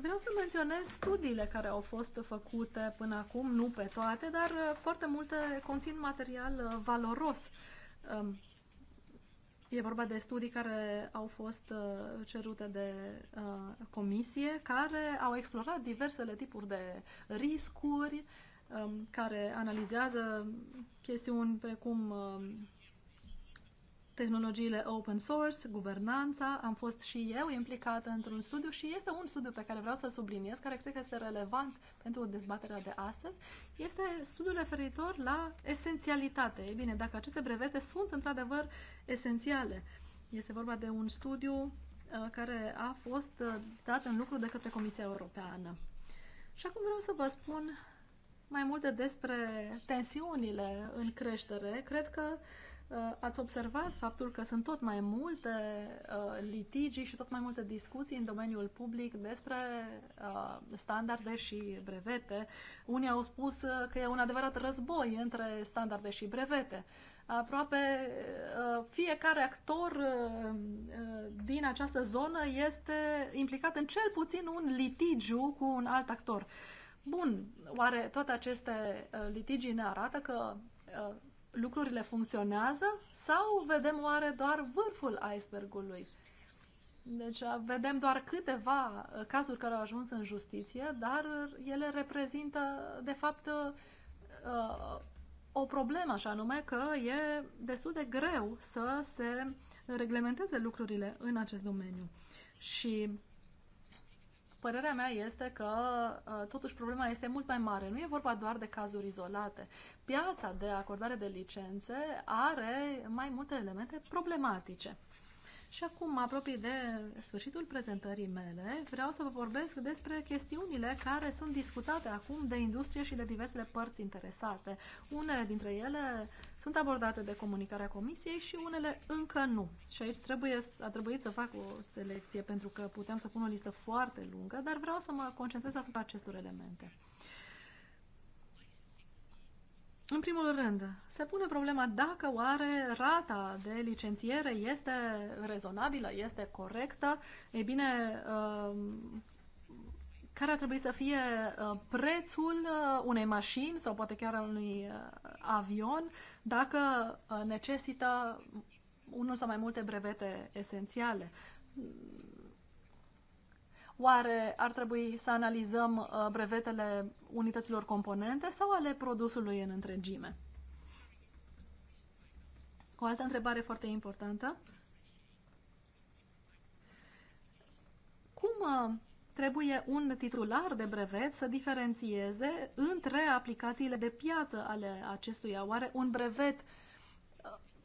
Vreau să menționez studiile care au fost făcute până acum, nu pe toate, dar uh, foarte multe conțin material uh, valoros. Um, e vorba de studii care au fost uh, cerute de comisie, care au explorat diversele tipuri de riscuri, um, care analizează chestiuni precum um, tehnologiile open source, guvernanța. Am fost și eu implicată într-un studiu și este un studiu pe care vreau să subliniez, care cred că este relevant pentru dezbaterea de astăzi. Este studiul referitor la esențialitate. Ei bine, dacă aceste brevete sunt într-adevăr esențiale. Este vorba de un studiu uh, care a fost uh, dat în lucru de către Comisia Europeană. Și acum vreau să vă spun mai multe despre tensiunile în creștere. Cred că uh, Uh, ați observat faptul că sunt tot mai multe uh, litigii și tot mai multe discuții în domeniul public despre uh, standarde și brevete. Unii au spus că e un adevărat război între standarde și brevete. Aproape fiecare actor din această zonă este implicat în cel puțin un litigiu cu un alt actor. Bun, oare toate aceste litigii ne arată că lucrurile funcționează sau vedem oare doar vârful icebergului? Deci vedem doar câteva cazuri care au ajuns în justiție, dar ele reprezintă, de fapt, o problemă, așa nume, că e destul de greu să se reglementeze lucrurile în acest domeniu. Și Părerea mea este că uh, totuși problema este mult mai mare. Nu e vorba doar de cazuri izolate. Piața de acordare de licențe are mai multe elemente problematice. Și acum, mă apropii de sfârșitul prezentării mele, vreau să vă vorbesc despre chestiunile care sunt discutate acum de industrie și de diversele părți interesate. Unele dintre ele sunt abordate de comunicarea comisiei și unele încă nu. Și aici trebuie, a trebuit să fac o selecție pentru că putem să pun o listă foarte lungă, dar vreau să mă concentrez asupra acestor elemente. În primul rând, se pune problema dacă oare rata de licențiere este rezonabilă, este corectă. E bine, um, care ar trebui să fie uh, prețul uh, unei mașini sau poate chiar al unui uh, avion dacă necesită unul sau mai multe brevete esențiale? Oare ar trebui să analizăm uh, brevetele unităților componente sau ale produsului în întregime? O altă întrebare foarte importantă. Cum uh, trebuie un titular de brevet să diferențieze între aplicațiile de piață ale acestuia? Oare un brevet uh,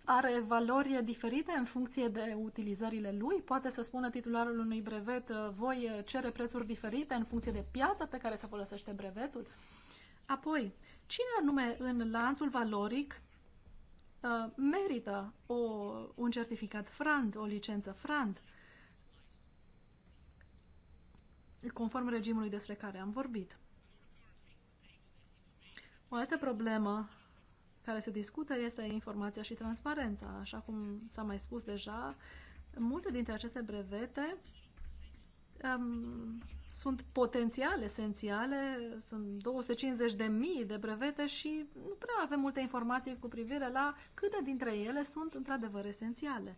are valori diferite în funcție de utilizările lui? Poate să spună titularul unui brevet, uh, voi cere prețuri diferite în funcție de piața pe care se folosește brevetul? Apoi, cine anume în lanțul valoric uh, merită o, un certificat FRAND, o licență FRAND, conform regimului despre care am vorbit? O altă problemă care se discută este informația și transparența. Așa cum s-a mai spus deja, multe dintre aceste brevete um, sunt potențial esențiale, sunt 250.000 de brevete și nu prea avem multe informații cu privire la câte dintre ele sunt într-adevăr esențiale.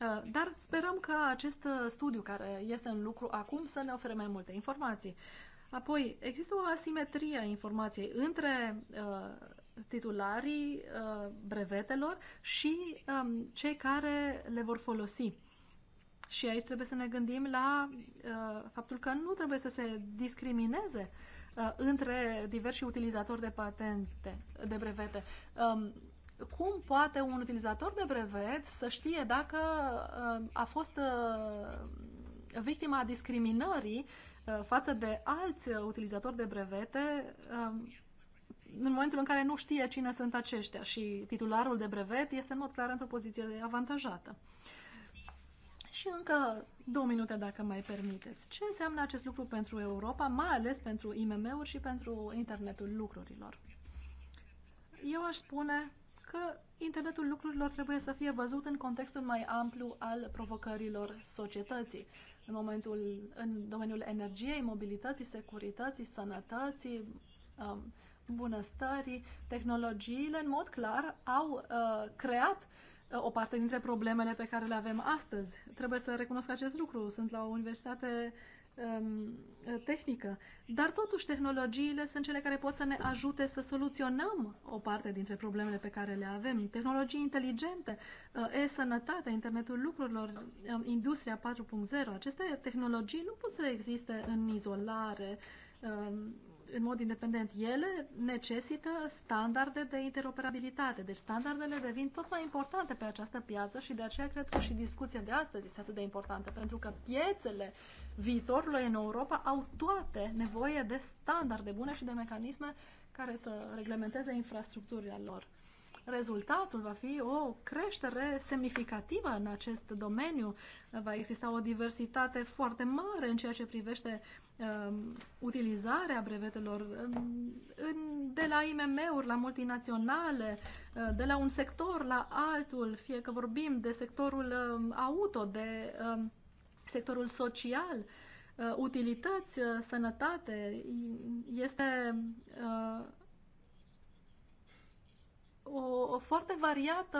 Uh, dar sperăm că acest studiu care este în lucru acum să ne ofere mai multe informații. Apoi, există o asimetrie a informației între uh, titularii uh, brevetelor și um, cei care le vor folosi. Și aici trebuie să ne gândim la uh, faptul că nu trebuie să se discrimineze uh, între diversi utilizatori de patente, de brevete. Um, cum poate un utilizator de brevet să știe dacă a fost victima discriminării față de alți utilizatori de brevete um, în momentul în care nu știe cine sunt aceștia și titularul de brevet este în mod clar într-o poziție avantajată. Și încă două minute, dacă mai permiteți. Ce înseamnă acest lucru pentru Europa, mai ales pentru IMM-uri și pentru internetul lucrurilor? Eu aș spune că internetul lucrurilor trebuie să fie văzut în contextul mai amplu al provocărilor societății. În, momentul, în domeniul energiei, mobilității, securității, sănătății, um, bunăstării, tehnologiile, în mod clar, au uh, creat uh, o parte dintre problemele pe care le avem astăzi. Trebuie să recunosc acest lucru. Sunt la o universitate um, tehnică. Dar totuși tehnologiile sunt cele care pot să ne ajute să soluționăm o parte dintre problemele pe care le avem. Tehnologii inteligente, uh, e-sănătate, internetul lucrurilor, um, industria 4.0, aceste tehnologii nu pot să existe în izolare. Um, în mod independent, ele necesită standarde de interoperabilitate. Deci standardele devin tot mai importante pe această piață și de aceea cred că și discuția de astăzi este atât de importantă, pentru că piețele viitorului în Europa au toate nevoie de standarde bune și de mecanisme care să reglementeze infrastructurile lor rezultatul va fi o creștere semnificativă în acest domeniu. Va exista o diversitate foarte mare în ceea ce privește uh, utilizarea brevetelor um, în, de la IMM-uri la multinaționale, uh, de la un sector la altul, fie că vorbim de sectorul uh, auto, de uh, sectorul social, uh, utilități, uh, sănătate. Este uh, o, o foarte variată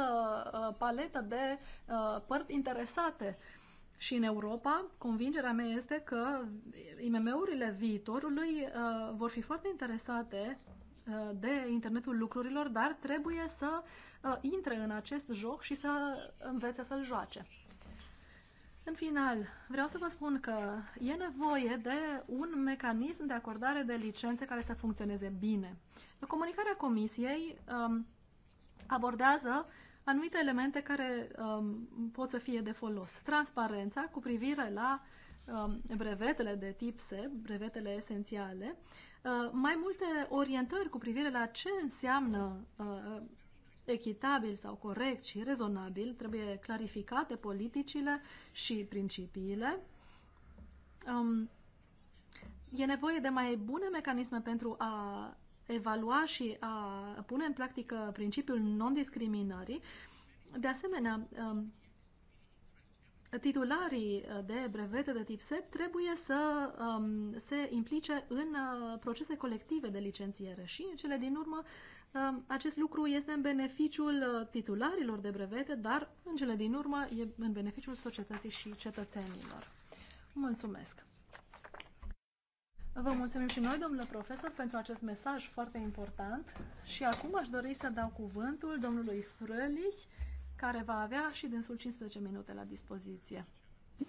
uh, paletă de uh, părți interesate. Și în Europa, convingerea mea este că IMM-urile viitorului uh, vor fi foarte interesate uh, de internetul lucrurilor, dar trebuie să uh, intre în acest joc și să învețe să-l joace. În final, vreau să vă spun că e nevoie de un mecanism de acordare de licențe care să funcționeze bine. Comunicarea Comisiei um, abordează anumite elemente care um, pot să fie de folos. Transparența cu privire la um, brevetele de tip SE, brevetele esențiale, uh, mai multe orientări cu privire la ce înseamnă uh, echitabil sau corect și rezonabil, trebuie clarificate politicile și principiile. Um, e nevoie de mai bune mecanisme pentru a evalua și a pune în practică principiul non-discriminării, de asemenea, um, titularii de brevete de tip SEP trebuie să um, se implice în uh, procese colective de licențiere și, în cele din urmă, um, acest lucru este în beneficiul uh, titularilor de brevete, dar, în cele din urmă, e în beneficiul societății și cetățenilor. Mulțumesc! Vă mulțumim și noi, domnule profesor, pentru acest mesaj foarte important și acum aș dori să dau cuvântul domnului Frălich, care va avea și dânsul 15 minute la dispoziție.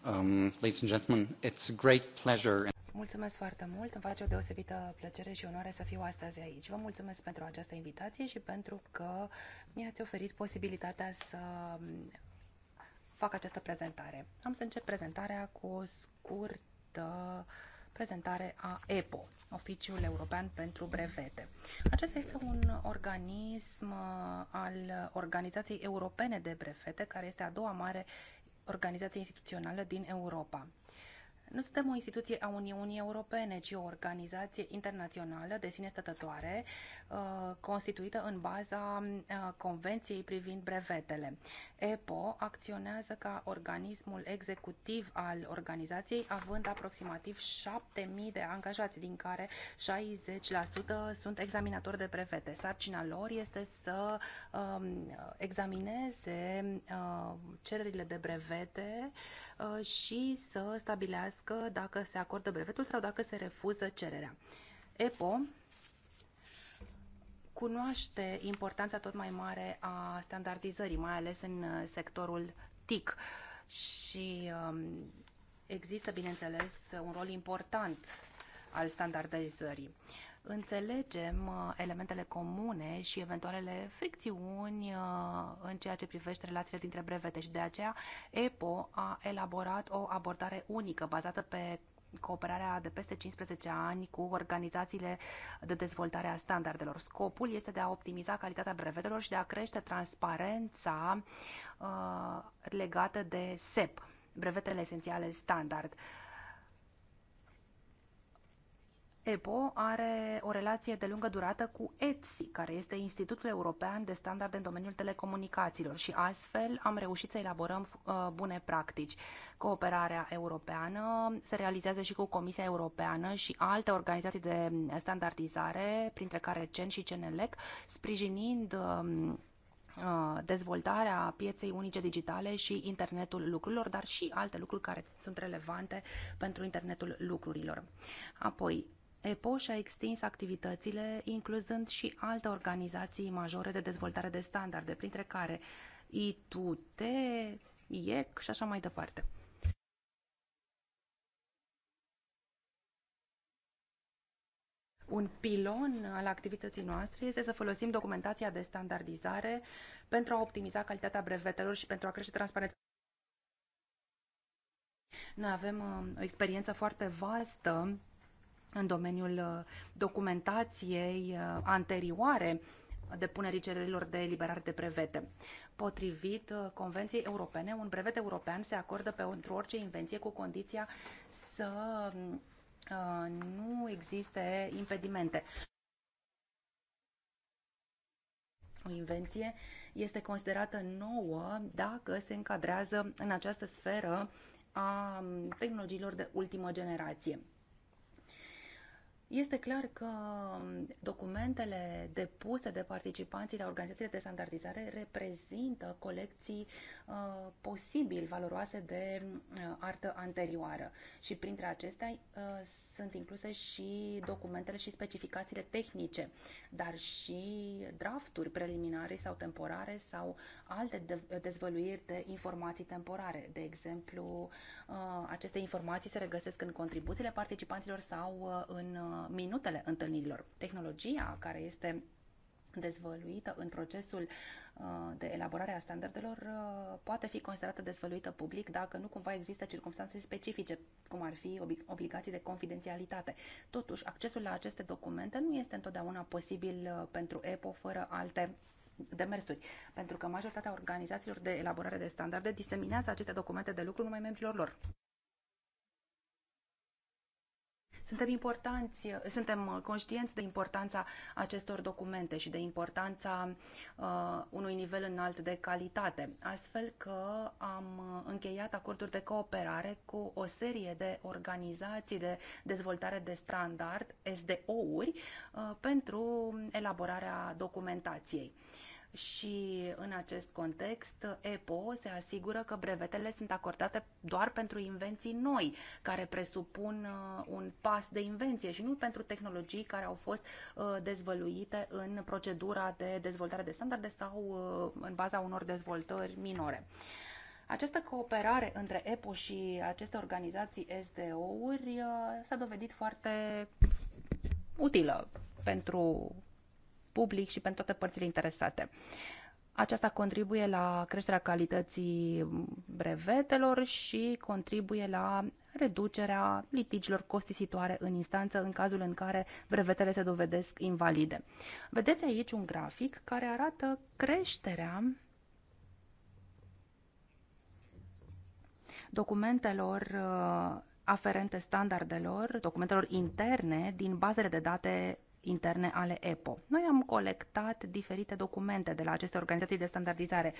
Um, ladies and gentlemen, it's a great pleasure. Mulțumesc foarte mult, îmi face o deosebită plăcere și onoare să fiu astăzi aici. Vă mulțumesc pentru această invitație și pentru că mi-ați oferit posibilitatea să um, fac această prezentare. Am să încep prezentarea cu o scurtă uh, prezentare a EPO, Oficiul European pentru Brevete. Acesta este un organism uh, al Organizației Europene de Brevete, care este a doua mare organizație instituțională din Europa. Nu suntem o instituție a Uniunii Europene, ci o organizație internațională de sine stătătoare, uh, constituită în baza uh, Convenției privind brevetele. EPO acționează ca organismul executiv al organizației, având aproximativ 7.000 de angajați, din care 60% sunt examinatori de brevete. Sarcina lor este să um, examineze uh, cererile de brevete uh, și să stabilească dacă se acordă brevetul sau dacă se refuză cererea. EPO cunoaște importanța tot mai mare a standardizării, mai ales în uh, sectorul TIC și um, există, bineînțeles, un rol important al standardizării. Înțelegem uh, elementele comune și eventualele fricțiuni uh, în ceea ce privește relațiile dintre brevete și de aceea EPO a elaborat o abordare unică bazată pe cooperarea de peste 15 ani cu organizațiile de dezvoltare a standardelor. Scopul este de a optimiza calitatea brevetelor și de a crește transparența uh, legată de SEP, brevetele esențiale standard. Uh, EPO are o relație de lungă durată cu ETSI, care este Institutul European de Standarde în domeniul telecomunicațiilor și astfel am reușit să elaborăm uh, bune practici. Cooperarea europeană se realizează și cu Comisia Europeană și alte organizații de standardizare, printre care CEN și CENELEC, sprijinind um, uh, dezvoltarea pieței unice digitale și internetul lucrurilor, dar și alte lucruri care sunt relevante pentru internetul lucrurilor. Apoi, EPO și-a extins activitățile, incluzând și alte organizații majore de dezvoltare de standarde, printre care ITUT, IEC și așa mai departe. Un pilon al activității noastre este să folosim documentația de standardizare pentru a optimiza calitatea brevetelor și pentru a crește transparența. Noi avem uh, o experiență foarte vastă în domeniul uh, documentației uh, anterioare depunerii cererilor de eliberare de brevete. Potrivit uh, Convenției Europene, un brevet european se acordă pentru orice invenție cu condiția să nu existe impedimente. O invenție este considerată nouă dacă se încadrează în această sferă a um, tehnologiilor de ultimă generație. Este clar că um, documentele depuse de participanții la organizațiile de standardizare reprezintă colecții uh, posibil valoroase de uh, artă anterioară și printre acestea uh, sunt incluse și documentele și specificațiile tehnice, dar și drafturi preliminare sau temporare sau alte dezvăluiri de informații temporare. De exemplu, uh, aceste informații se regăsesc în contribuțiile participanților sau uh, în uh, minutele întâlnirilor. Tehnologia care este dezvăluită în procesul uh, de elaborare a standardelor uh, poate fi considerată dezvăluită public dacă nu cumva există circunstanțe specifice, cum ar fi obligații de confidențialitate. Totuși, accesul la aceste documente nu este întotdeauna posibil uh, pentru EPO fără alte demersuri, pentru că majoritatea organizațiilor de elaborare de standarde diseminează aceste documente de lucru numai membrilor lor. Suntem, importanți, suntem uh, conștienți de importanța acestor documente și de importanța uh, unui nivel înalt de calitate, astfel că am uh, încheiat acorduri de cooperare cu o serie de organizații de dezvoltare de standard, SDO-uri, uh, pentru elaborarea documentației. Uh, și în acest context EPO se asigură că brevetele sunt acordate doar pentru invenții noi, care presupun uh, un pas de invenție și nu pentru tehnologii care au fost uh, dezvăluite în procedura de dezvoltare de standarde sau uh, în baza unor dezvoltări minore. Această cooperare între EPO și aceste organizații SDO-uri s-a dovedit foarte utilă pentru public și pentru toate părțile interesate. Aceasta contribuie la creșterea calității brevetelor și contribuie la reducerea litigilor costisitoare în instanță în cazul în care brevetele se dovedesc invalide. Vedeți aici un grafic care arată creșterea documentelor uh, aferente standardelor, documentelor interne din bazele de date interne ale EPO. Noi am colectat diferite documente de la aceste organizații de standardizare,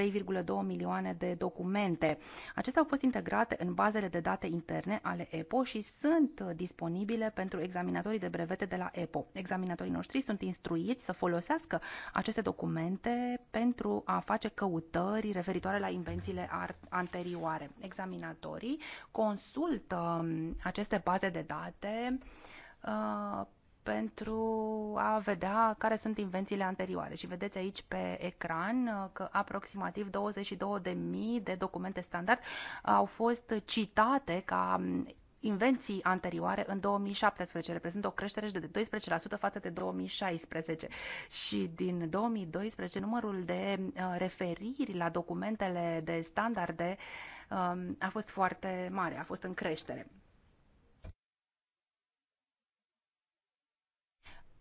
3,2 milioane de documente. Acestea au fost integrate în bazele de date interne ale EPO și sunt disponibile pentru examinatorii de brevete de la EPO. Examinatorii noștri sunt instruiți să folosească aceste documente pentru a face căutări referitoare la invențiile anterioare. Examinatorii consultă um, aceste baze de date uh, pentru a vedea care sunt invențiile anterioare. Și vedeți aici pe ecran uh, că aproximativ 22.000 de documente standard uh, au fost citate ca um, invenții anterioare în 2017 reprezintă o creștere de 12% față de 2016 și din 2012 numărul de uh, referiri la documentele de standarde um, a fost foarte mare, a fost în creștere.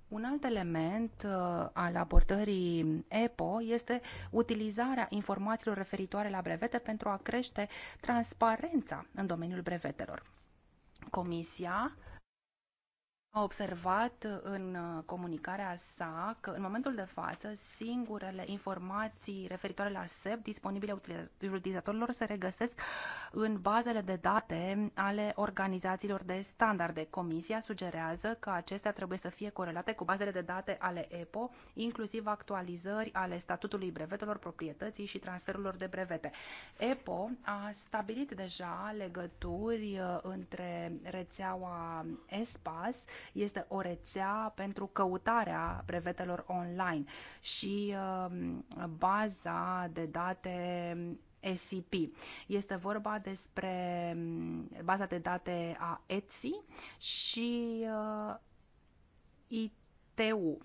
Un alt element uh, al abordării EPO este utilizarea informațiilor referitoare la brevete pentru a crește transparența în domeniul brevetelor. Comisia a observat uh, în uh, comunicarea sa că în momentul de față singurele informații referitoare la SEP disponibile utilizatorilor se regăsesc în bazele de date ale organizațiilor de standarde. Comisia sugerează că acestea trebuie să fie corelate cu bazele de date ale EPO, inclusiv actualizări ale statutului brevetelor, proprietății și transferurilor de brevete. EPO a stabilit deja legături uh, între rețeaua ESPAS este o rețea pentru căutarea brevetelor online și um, baza de date SCP. Este vorba despre um, baza de date a Etsy și uh, ITU.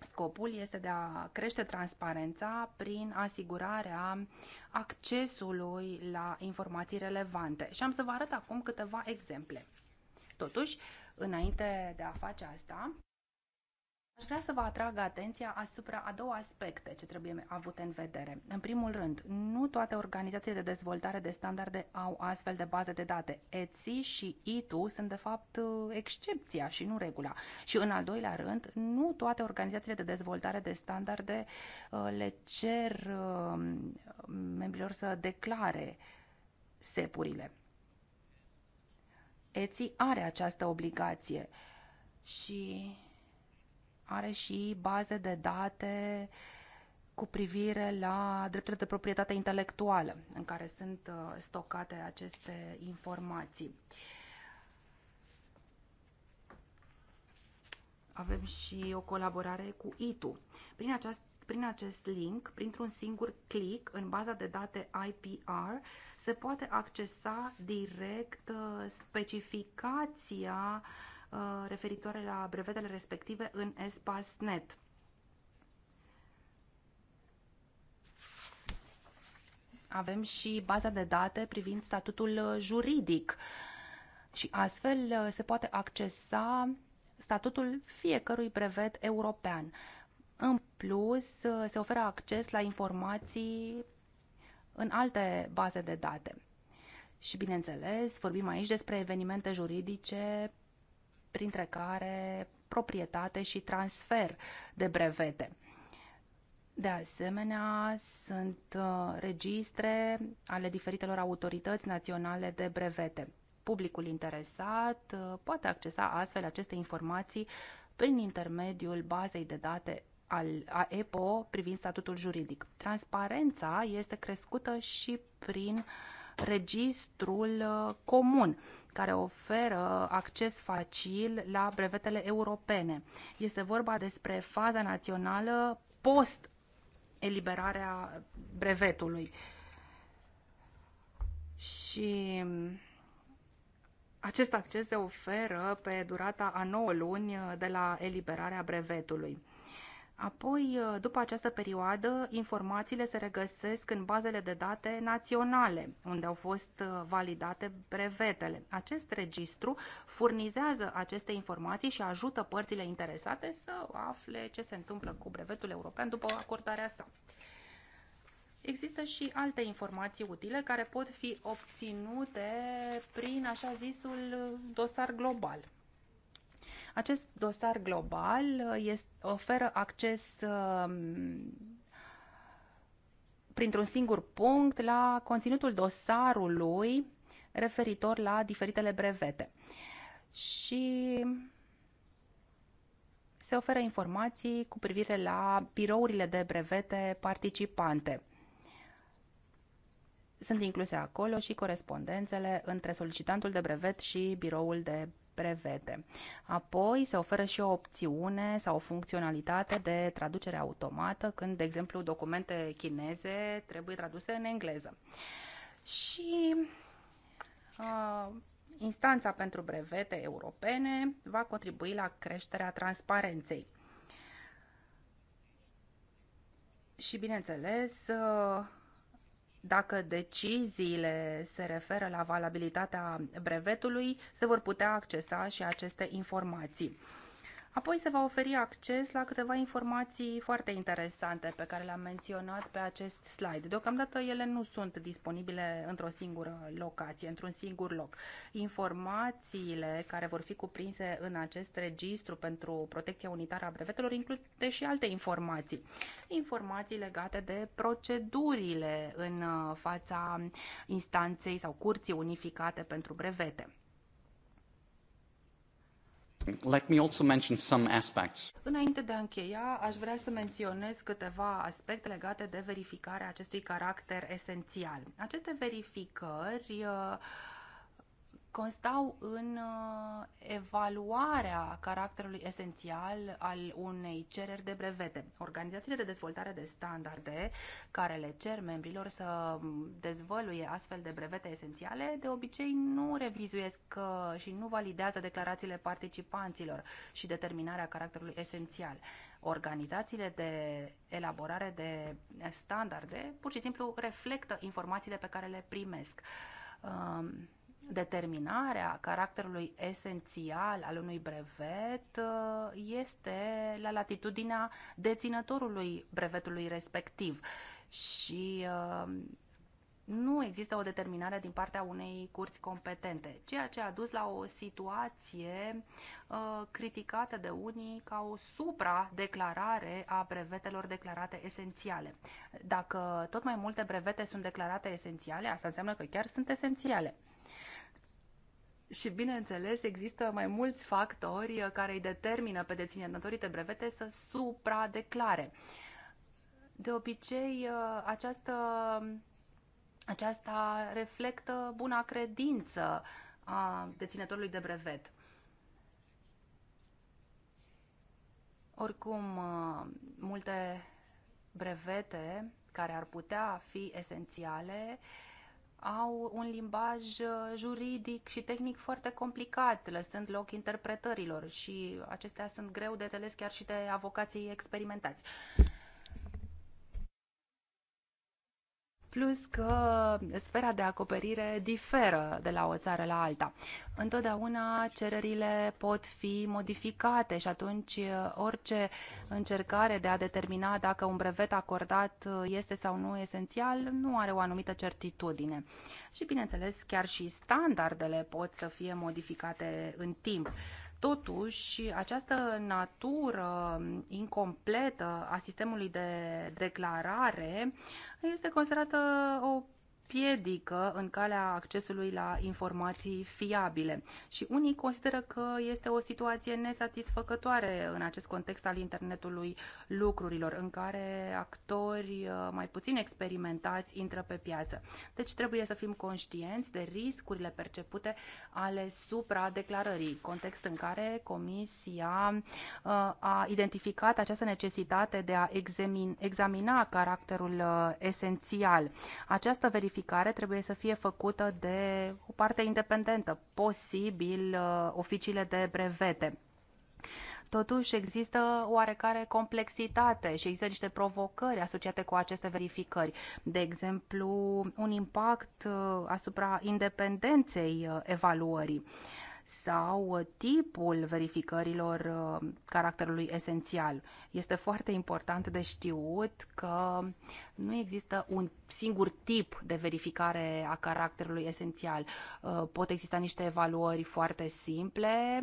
Scopul este de a crește transparența prin asigurarea accesului la informații relevante. Și am să vă arăt acum câteva exemple. Totuși, Înainte de a face asta, aș vrea să vă atrag atenția asupra a două aspecte ce trebuie avute în vedere. În primul rând, nu toate organizațiile de dezvoltare de standarde au astfel de baze de date. ETSI și ITU sunt de fapt excepția și nu regula. Și în al doilea rând, nu toate organizațiile de dezvoltare de standarde uh, le cer uh, membrilor să declare sepurile. ETSI are această obligație și are și baze de date cu privire la drepturile de proprietate intelectuală în care sunt uh, stocate aceste informații. Avem și o colaborare cu ITU. Prin această prin acest link, printr-un singur click în baza de date IPR, se poate accesa direct uh, specificația uh, referitoare la brevetele respective în ESPASnet. Avem și baza de date privind statutul uh, juridic și astfel se poate accesa statutul fiecărui brevet european plus uh, se oferă acces la informații în alte baze de date. Și, bineînțeles, vorbim aici despre evenimente juridice, printre care proprietate și transfer de brevete. De asemenea, sunt uh, registre ale diferitelor autorități naționale de brevete. Publicul interesat uh, poate accesa astfel aceste informații prin intermediul bazei de date al a EPO privind statutul juridic. Transparența este crescută și prin registrul uh, comun care oferă acces facil la brevetele europene. Este vorba despre faza națională post eliberarea brevetului. Și mm, acest acces se oferă pe durata a 9 luni uh, de la eliberarea brevetului. Apoi, uh, după această perioadă, informațiile se regăsesc în bazele de date naționale, unde au fost uh, validate brevetele. Acest registru furnizează aceste informații și ajută părțile interesate să afle ce se întâmplă cu brevetul european după acordarea sa. Există și alte informații utile care pot fi obținute prin așa zisul dosar global. Acest dosar global uh, este, oferă acces um, printr-un singur punct la conținutul dosarului referitor la diferitele brevete. Și se oferă informații cu privire la birourile de brevete participante. Sunt incluse acolo și corespondențele între solicitantul de brevet și biroul de brevete. Apoi se oferă și o opțiune sau o funcționalitate de traducere automată când, de exemplu, documente chineze trebuie traduse în engleză. Și uh, instanța pentru brevete europene va contribui la creșterea transparenței. Și, bineînțeles, uh, dacă deciziile se referă la valabilitatea brevetului, se vor putea accesa și aceste informații. Apoi se va oferi acces la câteva informații foarte interesante pe care le-am menționat pe acest slide. Deocamdată ele nu sunt disponibile într-o singură locație, într-un singur loc. Informațiile care vor fi cuprinse în acest registru pentru protecția unitară a brevetelor include și alte informații. Informații legate de procedurile în uh, fața instanței sau curții unificate pentru brevete. Let me also mention some aspects. Înainte de a încheia, aș vrea să menționez câteva aspecte legate de verificarea acestui caracter esențial. Aceste verificări uh, constau în uh, evaluarea caracterului esențial al unei cereri de brevete. Organizațiile de dezvoltare de standarde care le cer membrilor să dezvăluie astfel de brevete esențiale, de obicei nu revizuiesc uh, și nu validează declarațiile participanților și determinarea caracterului esențial. Organizațiile de elaborare de standarde pur și simplu reflectă informațiile pe care le primesc um, determinarea caracterului esențial al unui brevet uh, este la latitudinea deținătorului brevetului respectiv și uh, nu există o determinare din partea unei curți competente, ceea ce a dus la o situație uh, criticată de unii ca o supra-declarare a brevetelor declarate esențiale. Dacă tot mai multe brevete sunt declarate esențiale, asta înseamnă că chiar sunt esențiale. Și, bineînțeles, există mai mulți factori care îi determină pe deținătorii de brevete să supradeclare. De obicei, uh, această, aceasta reflectă buna credință a deținătorului de brevet. Oricum, uh, multe brevete care ar putea fi esențiale uh, au un limbaj uh, juridic și tehnic foarte complicat, lăsând loc interpretărilor și acestea sunt greu de înțeles chiar și de avocații experimentați. plus că sfera de acoperire diferă de la o țară la alta. Întotdeauna cererile pot fi modificate și atunci uh, orice încercare de a determina dacă un brevet acordat uh, este sau nu esențial nu are o anumită certitudine. Și bineînțeles, chiar și standardele pot să fie modificate în timp. Totuși, această natură incompletă a sistemului de declarare este considerată o piedică în calea accesului la informații fiabile și unii consideră că este o situație nesatisfăcătoare în acest context al internetului lucrurilor, în care actori uh, mai puțin experimentați intră pe piață. Deci trebuie să fim conștienți de riscurile percepute ale supra-declarării, context în care Comisia uh, a identificat această necesitate de a examina caracterul uh, esențial. Această verificare verificare trebuie să fie făcută de o parte independentă, posibil uh, oficiile de brevete. Totuși există oarecare complexitate și există niște provocări asociate cu aceste verificări. De exemplu, un impact uh, asupra independenței uh, evaluării sau uh, tipul verificărilor uh, caracterului esențial. Este foarte important de știut că nu există un singur tip de verificare a caracterului esențial. Uh, pot exista niște evaluări foarte simple,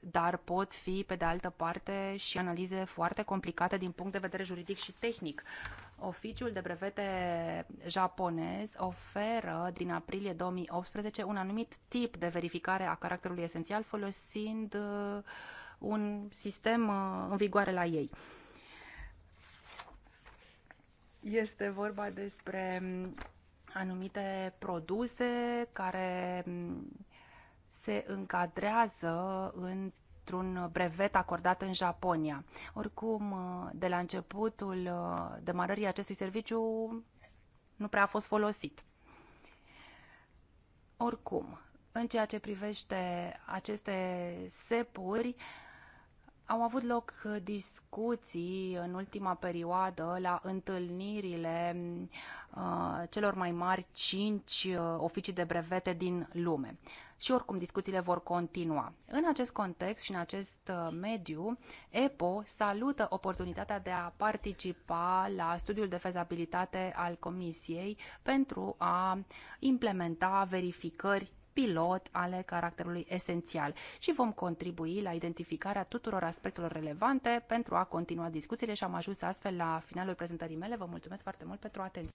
dar pot fi, pe de altă parte, și analize foarte complicate din punct de vedere juridic și tehnic. Oficiul de brevete japonez oferă din aprilie 2018 un anumit tip de verificare a caracterului esențial folosind uh, un sistem uh, în vigoare la ei. Este vorba despre um, anumite produse care um, se încadrează în printr un brevet acordat în Japonia. Oricum, de la începutul uh, demarării acestui serviciu nu prea a fost folosit. Oricum, în ceea ce privește aceste sepuri, uh, au avut loc uh, discuții în ultima perioadă la întâlnirile uh, celor mai mari cinci uh, oficii de brevete din lume. Și oricum discuțiile vor continua. În acest context și în acest mediu, EPO salută oportunitatea de a participa la studiul de fezabilitate al Comisiei pentru a implementa verificări pilot ale caracterului esențial și vom contribui la identificarea tuturor aspectelor relevante pentru a continua discuțiile și am ajuns astfel la finalul prezentării mele. Vă mulțumesc foarte mult pentru atenție.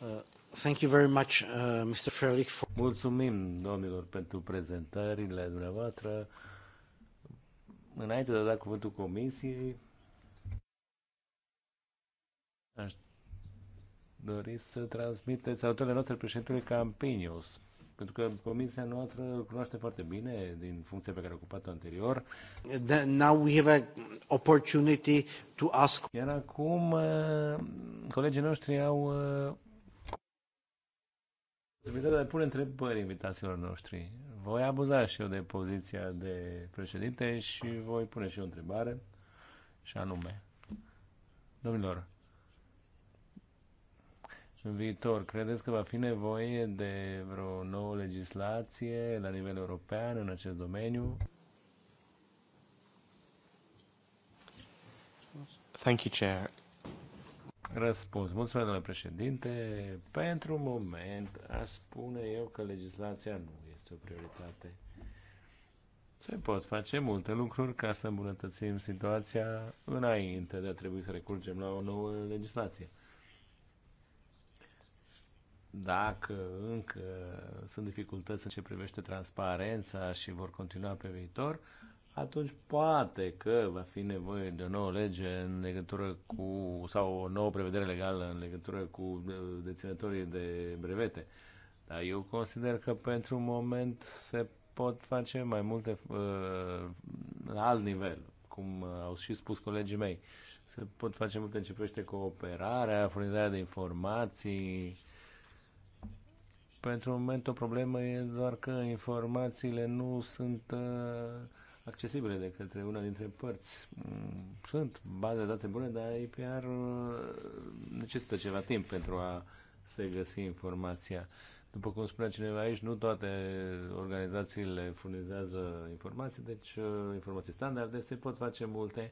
Uh, thank you very much, uh, Mr. Frelich, For... Mulțumim, domnilor, pentru prezentările dumneavoastră. Înainte de a da cuvântul comisiei, Aș dori să transmiteți autorele noastre președintele Campinius, pentru că comisia noastră cunoaște foarte bine din funcția pe care a ocupat-o anterior. The, now we have a opportunity to ask... Iar acum uh, colegii noștri au uh, posibilitatea de a pune întrebări invitațiilor noștri. Voi abuza și eu de poziția de președinte și voi pune și eu o întrebare, și anume. Domnilor, în viitor? Credeți că va fi nevoie de vreo nouă legislație la nivel european în acest domeniu? Thank you, Chair. Răspuns. Mulțumesc, domnule președinte. Pentru moment, aș spune eu că legislația nu este o prioritate. Se pot face multe lucruri ca să îmbunătățim situația înainte de a trebui să recurgem la o nouă legislație dacă încă sunt dificultăți în ce privește transparența și vor continua pe viitor, atunci poate că va fi nevoie de o nouă lege în legătură cu, sau o nouă prevedere legală în legătură cu uh, deținătorii de brevete. Dar eu consider că pentru un moment se pot face mai multe uh, la alt nivel, cum uh, au și spus colegii mei. Se pot face multe în ce privește cooperarea, furnizarea de informații, pentru moment o problemă e doar că informațiile nu sunt uh, accesibile de către una dintre părți. Mm, sunt baze de date bune, dar IPR uh, necesită ceva timp pentru a se găsi informația. După cum spunea cineva aici, nu toate organizațiile furnizează informații, deci uh, informații standarde deci se pot face multe.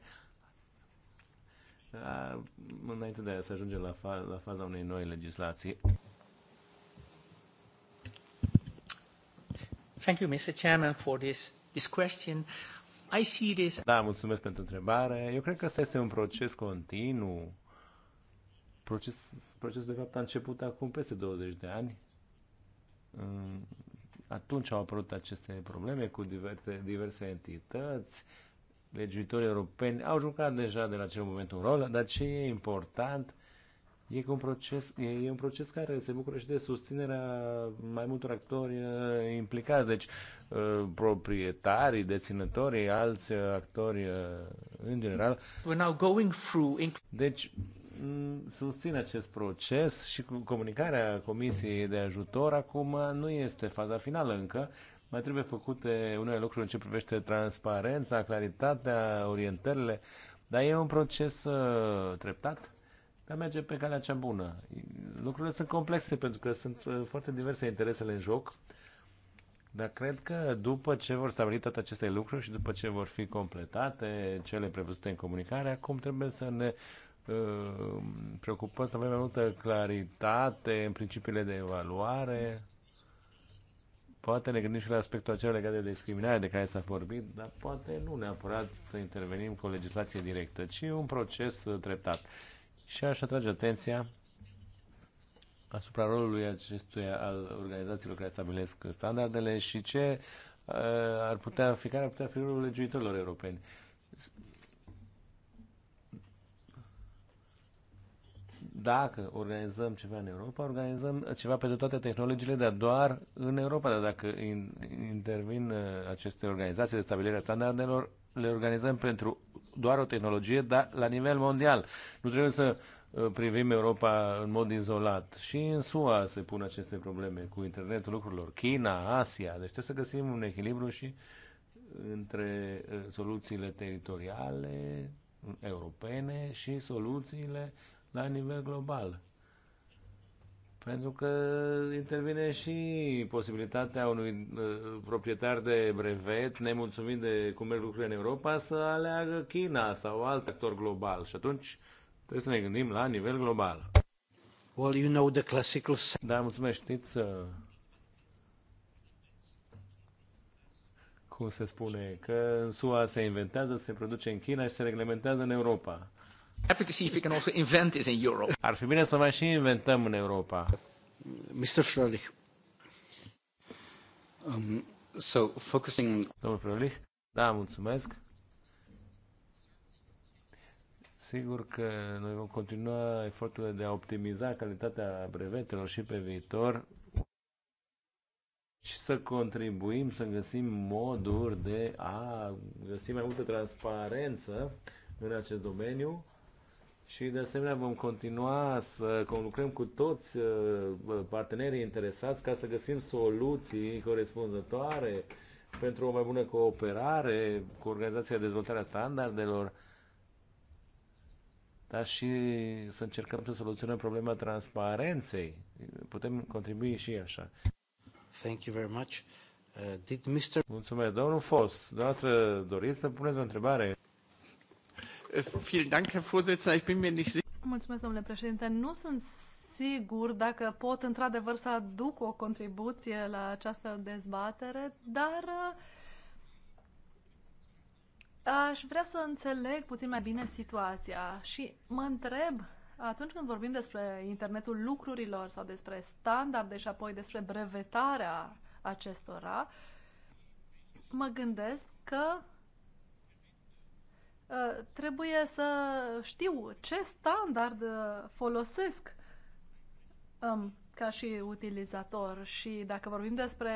Uh, înainte de a se ajunge la, fa- la faza unei noi legislații. Thank you, Mr. Chairman, for this, this question. I see this... Da, mulțumesc pentru întrebare. Eu cred că asta este un proces continuu. Proces, procesul, de fapt, a început acum peste 20 de ani. Mm, atunci au apărut aceste probleme cu diverse, diverse entități. Legiuitorii europeni au jucat deja de la acel moment un rol, dar ce e important E un, proces, e un proces care se bucură și de susținerea mai multor actori implicați, deci proprietarii, deținătorii, alți actori în general. We're now going through... Deci susțin acest proces și cu comunicarea Comisiei de Ajutor acum nu este faza finală încă. Mai trebuie făcute unele lucruri în ce privește transparența, claritatea, orientările, dar e un proces treptat dar merge pe calea cea bună. Lucrurile sunt complexe pentru că sunt uh, foarte diverse interesele în joc, dar cred că după ce vor stabili toate aceste lucruri și după ce vor fi completate cele prevăzute în comunicare, acum trebuie să ne uh, preocupăm să avem mai multă claritate în principiile de evaluare. Poate ne gândim și la aspectul acela legat de discriminare de care s-a vorbit, dar poate nu neapărat să intervenim cu o legislație directă, ci un proces uh, treptat. Și aș atrage atenția asupra rolului acestuia al organizațiilor care stabilesc standardele și ce uh, ar putea fi, care ar putea fi rolul legiuitorilor europeni. Dacă organizăm ceva în Europa, organizăm ceva pentru toate tehnologiile, dar doar în Europa. Dar dacă intervin uh, aceste organizații de stabilire a standardelor, le organizăm pentru doar o tehnologie, dar la nivel mondial. Nu trebuie să uh, privim Europa în mod izolat. Și în SUA se pun aceste probleme cu internetul lucrurilor, China, Asia. Deci trebuie să găsim un echilibru și între uh, soluțiile teritoriale europene și soluțiile la nivel global. Pentru că intervine și posibilitatea unui uh, proprietar de brevet, nemulțumit de cum merg lucrurile în Europa, să aleagă China sau alt actor global. Și atunci trebuie să ne gândim la nivel global. Well, you know the classical... Da, mulțumesc, știți uh, cum se spune, că în SUA se inventează, se produce în China și se reglementează în Europa. Ar fi bine să mai și inventăm în Europa. Mr. Frölich. Um, so, focusing... Domnul Frölich? Da, mulțumesc. Sigur că noi vom continua eforturile de a optimiza calitatea brevetelor și pe viitor și să contribuim să găsim moduri de a găsi mai multă transparență în acest domeniu și de asemenea vom continua să conlucrăm cu toți uh, partenerii interesați ca să găsim soluții corespunzătoare pentru o mai bună cooperare cu Organizația de Dezvoltare a Standardelor, dar și să încercăm să soluționăm problema transparenței. Putem contribui și așa. Thank you very much. Uh, did Mr. Mulțumesc. Domnul Fos, dumneavoastră doriți să puneți o întrebare? domnule președinte. Nu sunt sigur dacă pot într-adevăr să aduc o contribuție la această dezbatere, dar uh, aș vrea să înțeleg puțin mai bine situația și mă întreb atunci când vorbim despre internetul lucrurilor sau despre standarde și apoi despre brevetarea acestora, mă gândesc că Ă, trebuie să știu ce standard folosesc um, ca și utilizator și dacă vorbim despre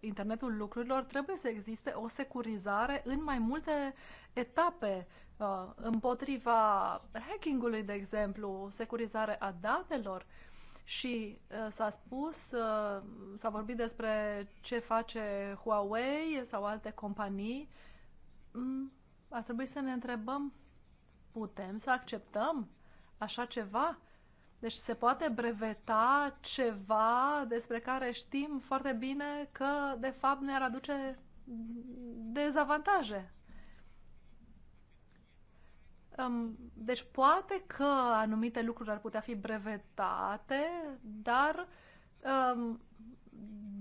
internetul lucrurilor, trebuie să existe o securizare în mai multe etape uh, împotriva hackingului, de exemplu, securizare a datelor și uh, s-a spus, uh, s-a vorbit despre ce face Huawei sau alte companii. Mm ar trebui să ne întrebăm, putem să acceptăm așa ceva? Deci se poate breveta ceva despre care știm foarte bine că, de fapt, ne-ar aduce dezavantaje. Deci poate că anumite lucruri ar putea fi brevetate, dar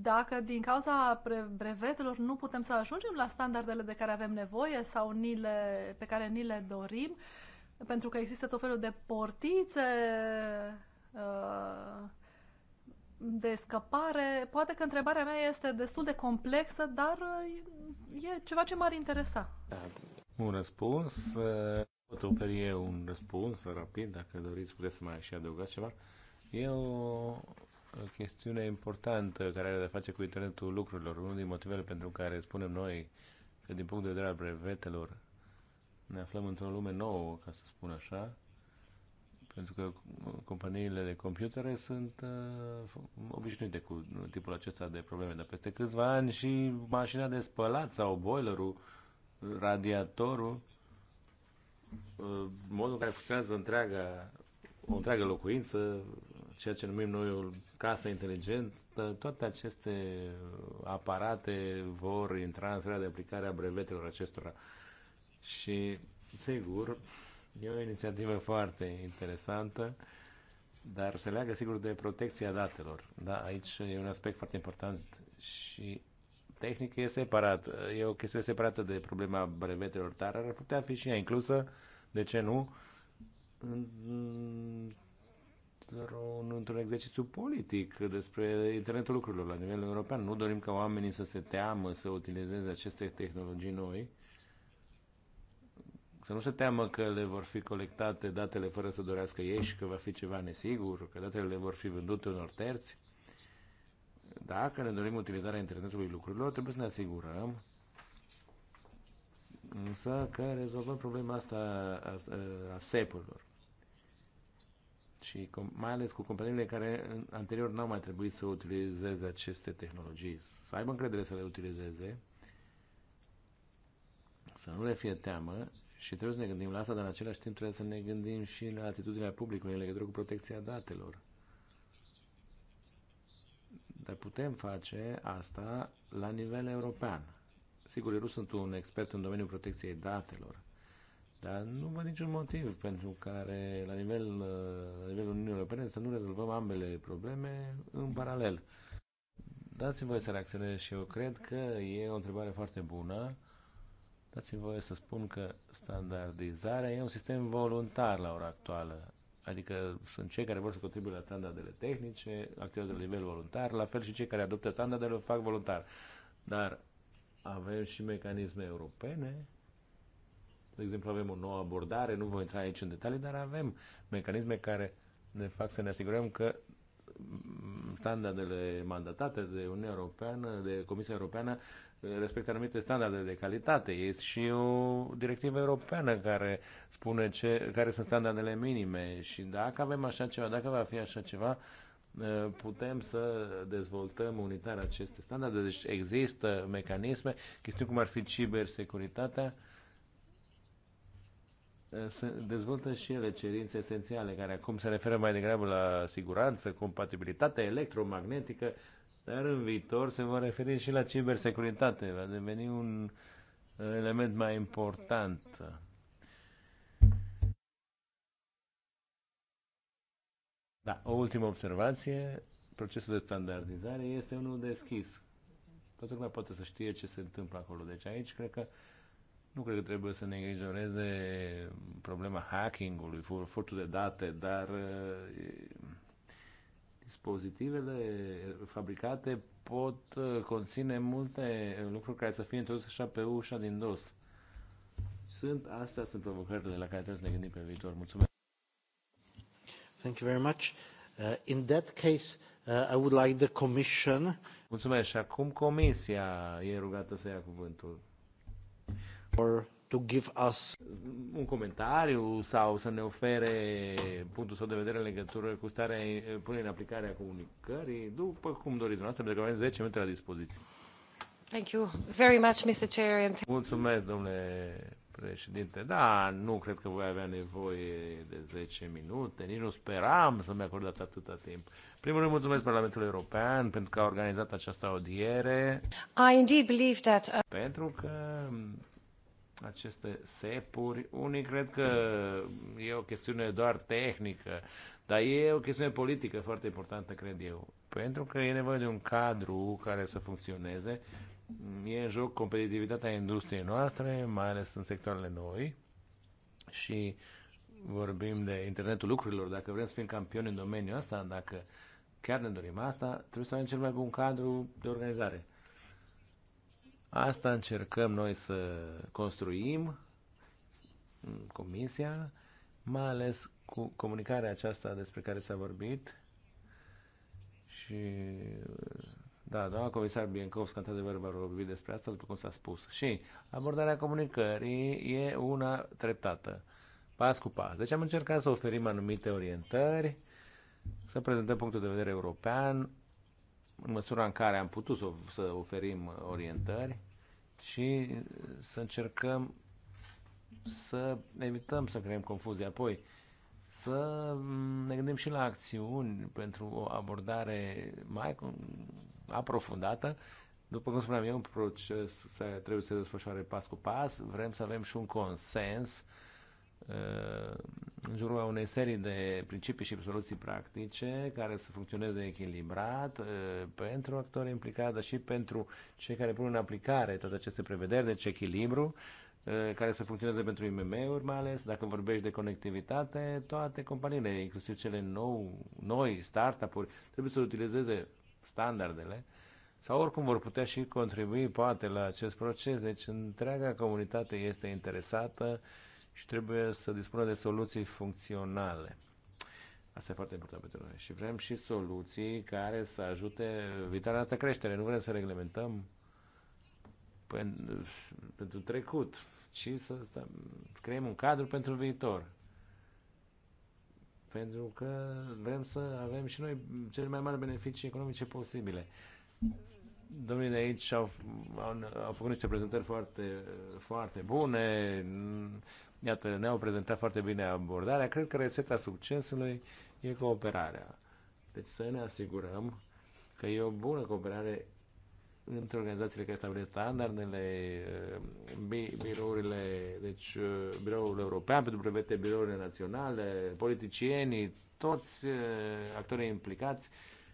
dacă din cauza brevetelor nu putem să ajungem la standardele de care avem nevoie sau ni le, pe care ni le dorim, pentru că există tot felul de portițe uh, de scăpare, poate că întrebarea mea este destul de complexă, dar uh, e ceva ce m-ar interesa. Un răspuns, uh, pot oferi eu un răspuns rapid, dacă doriți puteți să mai și adăugați ceva. Eu chestiune importantă care are de face cu internetul lucrurilor. Unul din motivele pentru care spunem noi că din punct de vedere al brevetelor ne aflăm într-o lume nouă, ca să spun așa, pentru că companiile de computere sunt uh, obișnuite cu tipul acesta de probleme, dar peste câțiva ani și mașina de spălat sau boilerul, radiatorul, uh, modul în care funcționează întreaga, o întreagă locuință, ceea ce numim noi o casă inteligentă, toate aceste aparate vor intra în sfera de aplicare a brevetelor acestora. Și, sigur, e o inițiativă foarte interesantă, dar se leagă, sigur, de protecția datelor. Da, aici e un aspect foarte important și tehnic e separat. E o chestiune separată de problema brevetelor, dar ar putea fi și ea inclusă, de ce nu, un, într-un exercițiu politic despre internetul lucrurilor la nivel european. Nu dorim ca oamenii să se teamă să utilizeze aceste tehnologii noi, să nu se teamă că le vor fi colectate datele fără să dorească ei și că va fi ceva nesigur, că datele le vor fi vândute unor terți. Dacă ne dorim utilizarea internetului lucrurilor, trebuie să ne asigurăm însă că rezolvăm problema asta a, a, a sep-urilor și mai ales cu companiile care anterior n-au mai trebuit să utilizeze aceste tehnologii, să aibă încredere să le utilizeze, să nu le fie teamă și trebuie să ne gândim la asta, dar în același timp trebuie să ne gândim și la atitudinea publicului în legătură cu protecția datelor. Dar putem face asta la nivel european. Sigur, eu nu sunt un expert în domeniul protecției datelor, dar nu văd niciun motiv pentru care, la, nivel, la nivelul Uniunii Europene, să nu rezolvăm ambele probleme în paralel. Dați-mi voie să reacționez și eu cred că e o întrebare foarte bună. Dați-mi voie să spun că standardizarea e un sistem voluntar la ora actuală. Adică sunt cei care vor să contribuie la standardele tehnice, activează la nivel voluntar, la fel și cei care adoptă standardele o fac voluntar. Dar avem și mecanisme europene de exemplu, avem o nouă abordare, nu voi intra aici în detalii, dar avem mecanisme care ne fac să ne asigurăm că standardele mandatate de Uniunea Europeană, de Comisia Europeană, respectă anumite standarde de calitate. Este și o directivă europeană care spune ce, care sunt standardele minime și dacă avem așa ceva, dacă va fi așa ceva, putem să dezvoltăm unitar aceste standarde. Deci există mecanisme, chestiuni cum ar fi cibersecuritatea, Eh, dezvoltă și ele cerințe esențiale, care acum se referă mai degrabă la siguranță, compatibilitate electromagnetică, dar în viitor se va referi și la cibersecuritate, va deveni un eh, element mai important. Da, o ultimă observație, procesul de standardizare este unul deschis. Toată lumea poate să știe ce se întâmplă acolo. Deci aici cred că uh, nu cred că trebuie să ne îngrijoreze problema hackingului, ului furtul de date, dar dispozitivele fabricate pot conține multe lucruri care să fie introduse așa pe ușa din dos. Sunt, astea sunt provocările la care trebuie să ne gândim pe viitor. Mulțumesc! Thank you very much. Uh, in that case, uh, I would like the Commission... Mulțumesc. Și acum Comisia e rugată să ia cuvântul. Or to give us un comentariu sau să ne ofere punctul său de vedere în legătură cu starea punerii în aplicare a comunicării, după cum doriți dumneavoastră, pentru că avem 10 minute la dispoziție. Thank you very much, Mr. Chair. Mulțumesc, domnule președinte. Da, nu cred că voi avea nevoie de 10 minute, nici nu speram să-mi acordați atâta timp. Primul rând, mulțumesc Parlamentului European pentru că a organizat această audiere. I indeed believe that... Uh, pentru că aceste sepuri. Unii cred că e o chestiune doar tehnică, dar e o chestiune politică foarte importantă, cred eu. Pentru că e nevoie de un cadru care să funcționeze. E în joc competitivitatea industriei noastre, mai ales în sectoarele noi. Și vorbim de internetul lucrurilor, dacă vrem să fim campioni în domeniul ăsta, dacă chiar ne dorim asta, trebuie să avem cel mai bun cadru de organizare. Asta încercăm noi să construim comisia, mai ales cu comunicarea aceasta despre care s-a vorbit și da, doamna comisar Biencovska într-adevăr va vorbi despre asta, după cum s-a spus. Și abordarea comunicării e una treptată, pas cu pas. Deci am încercat să oferim anumite orientări, să prezentăm punctul de vedere european, în măsura în care am putut să oferim orientări și să încercăm să evităm să creăm confuzii. Apoi, să ne gândim și la acțiuni pentru o abordare mai aprofundată. După cum spuneam, e un proces, trebuie să se desfășoare pas cu pas. Vrem să avem și un consens Uh, în jurul a unei serii de principii și soluții practice care să funcționeze echilibrat uh, pentru actorii implicați, dar și pentru cei care pun în aplicare toate aceste prevederi, deci echilibru uh, care să funcționeze pentru IMM-uri mai ales, dacă vorbești de conectivitate, toate companiile, inclusiv cele nou, noi, startup-uri, trebuie să utilizeze standardele sau oricum vor putea și contribui poate la acest proces. Deci întreaga comunitate este interesată uh, și trebuie să dispună de soluții funcționale. Asta e foarte important pentru noi. Și vrem și soluții care să ajute viitoarea noastră creștere. Nu vrem să reglementăm pentru trecut, ci să, să creăm un cadru pentru viitor. Pentru că vrem să avem și noi cele mai mari beneficii economice posibile. Domnii de aici au, au, au făcut niște prezentări foarte, foarte bune, Iată, ne-au prezentat foarte bine abordarea. Cred că rețeta succesului e cooperarea. Deci să ne asigurăm că e o bună cooperare între organizațiile care stabilesc standardele, birourile, deci uh, biroul european pentru brevete, birourile naționale, politicienii, toți uh, actorii implicați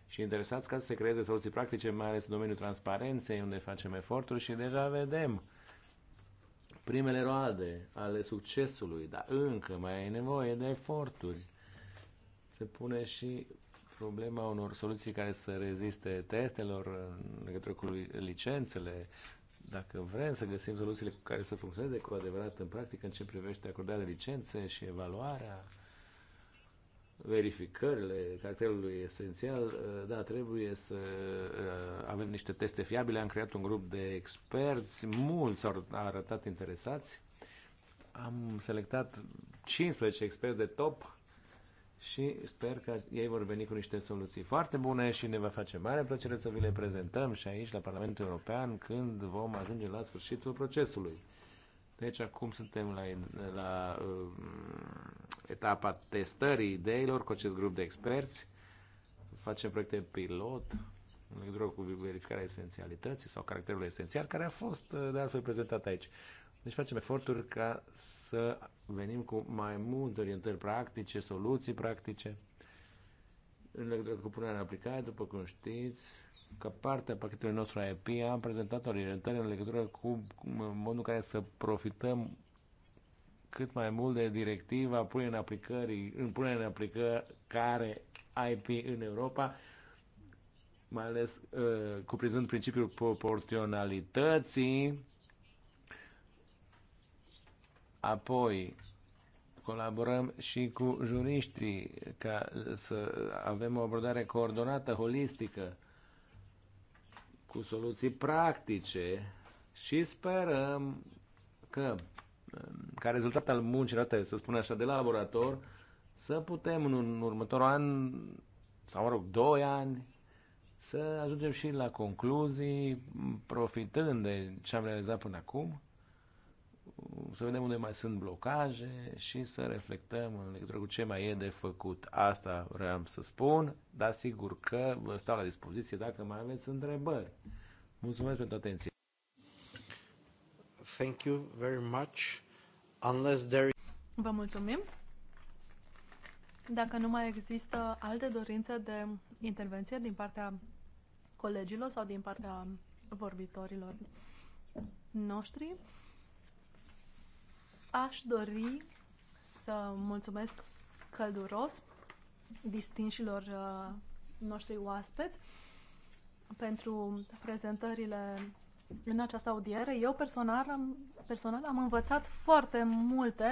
și interesați ca să se creeze soluții practice, mai ales în domeniul transparenței, unde facem eforturi și deja vedem primele roade ale succesului, dar încă mai e nevoie de eforturi. Se pune și problema unor soluții care să reziste testelor în legătură cu licențele. Dacă vrem să găsim soluțiile care să funcționeze cu adevărat în practică în ce privește acordarea de licențe și evaluarea, verificările caracterului esențial, uh, da, trebuie să uh, avem niște teste fiabile. Am creat un grup de experți, mulți s-au arătat interesați. Am selectat 15 experți de top și sper că ei vor veni cu niște soluții foarte bune și ne va face mare plăcere să vi le prezentăm și aici la Parlamentul European când vom ajunge la sfârșitul procesului. Deci acum suntem la, la uh, etapa testării ideilor cu acest grup de experți. Facem proiecte pilot în legătură cu verificarea esențialității sau caracterului esențial, care a fost uh, de altfel prezentat aici. Deci facem eforturi ca să venim cu mai multe orientări practice, soluții practice în legătură cu punerea în aplicare, după cum știți, ca parte a pachetului nostru AEP, am prezentat orientări în legătură cu modul în care să profităm cât mai mult de directiva pune în, aplicări, în pune în aplicare IP în Europa, mai ales uh, cuprinzând principiul proporționalității, apoi colaborăm și cu juriștii ca să avem o abordare coordonată, holistică cu soluții practice și sperăm că ca rezultat al muncii noastre, să spun așa, de la laborator, să putem în următorul an sau, mă rog, doi ani, să ajungem și la concluzii, profitând de ce am realizat până acum să vedem unde mai sunt blocaje și să reflectăm în legătură cu ce mai e de făcut. Asta vreau să spun, dar sigur că vă stau la dispoziție dacă mai aveți întrebări. Mulțumesc pentru atenție. Thank you very much. Unless there... Vă mulțumim. Dacă nu mai există alte dorințe de intervenție din partea colegilor sau din partea vorbitorilor noștri, Aș dori să mulțumesc călduros distinșilor uh, noștri oaspeți pentru prezentările în această audiere. Eu personal am, personal am învățat foarte multe.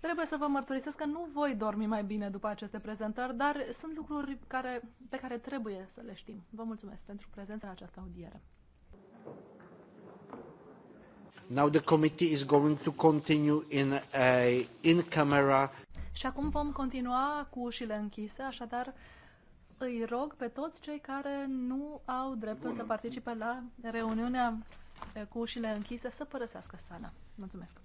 Trebuie să vă mărturisesc că nu voi dormi mai bine după aceste prezentări, dar sunt lucruri care, pe care trebuie să le știm. Vă mulțumesc pentru prezența în această audiere. Now the committee is going to continue in a in camera. Și acum vom continua cu ușile închise, așadar îi rog pe toți cei care nu au dreptul să participe la reuniunea eh, cu ușile închise să părăsească sala. Mulțumesc.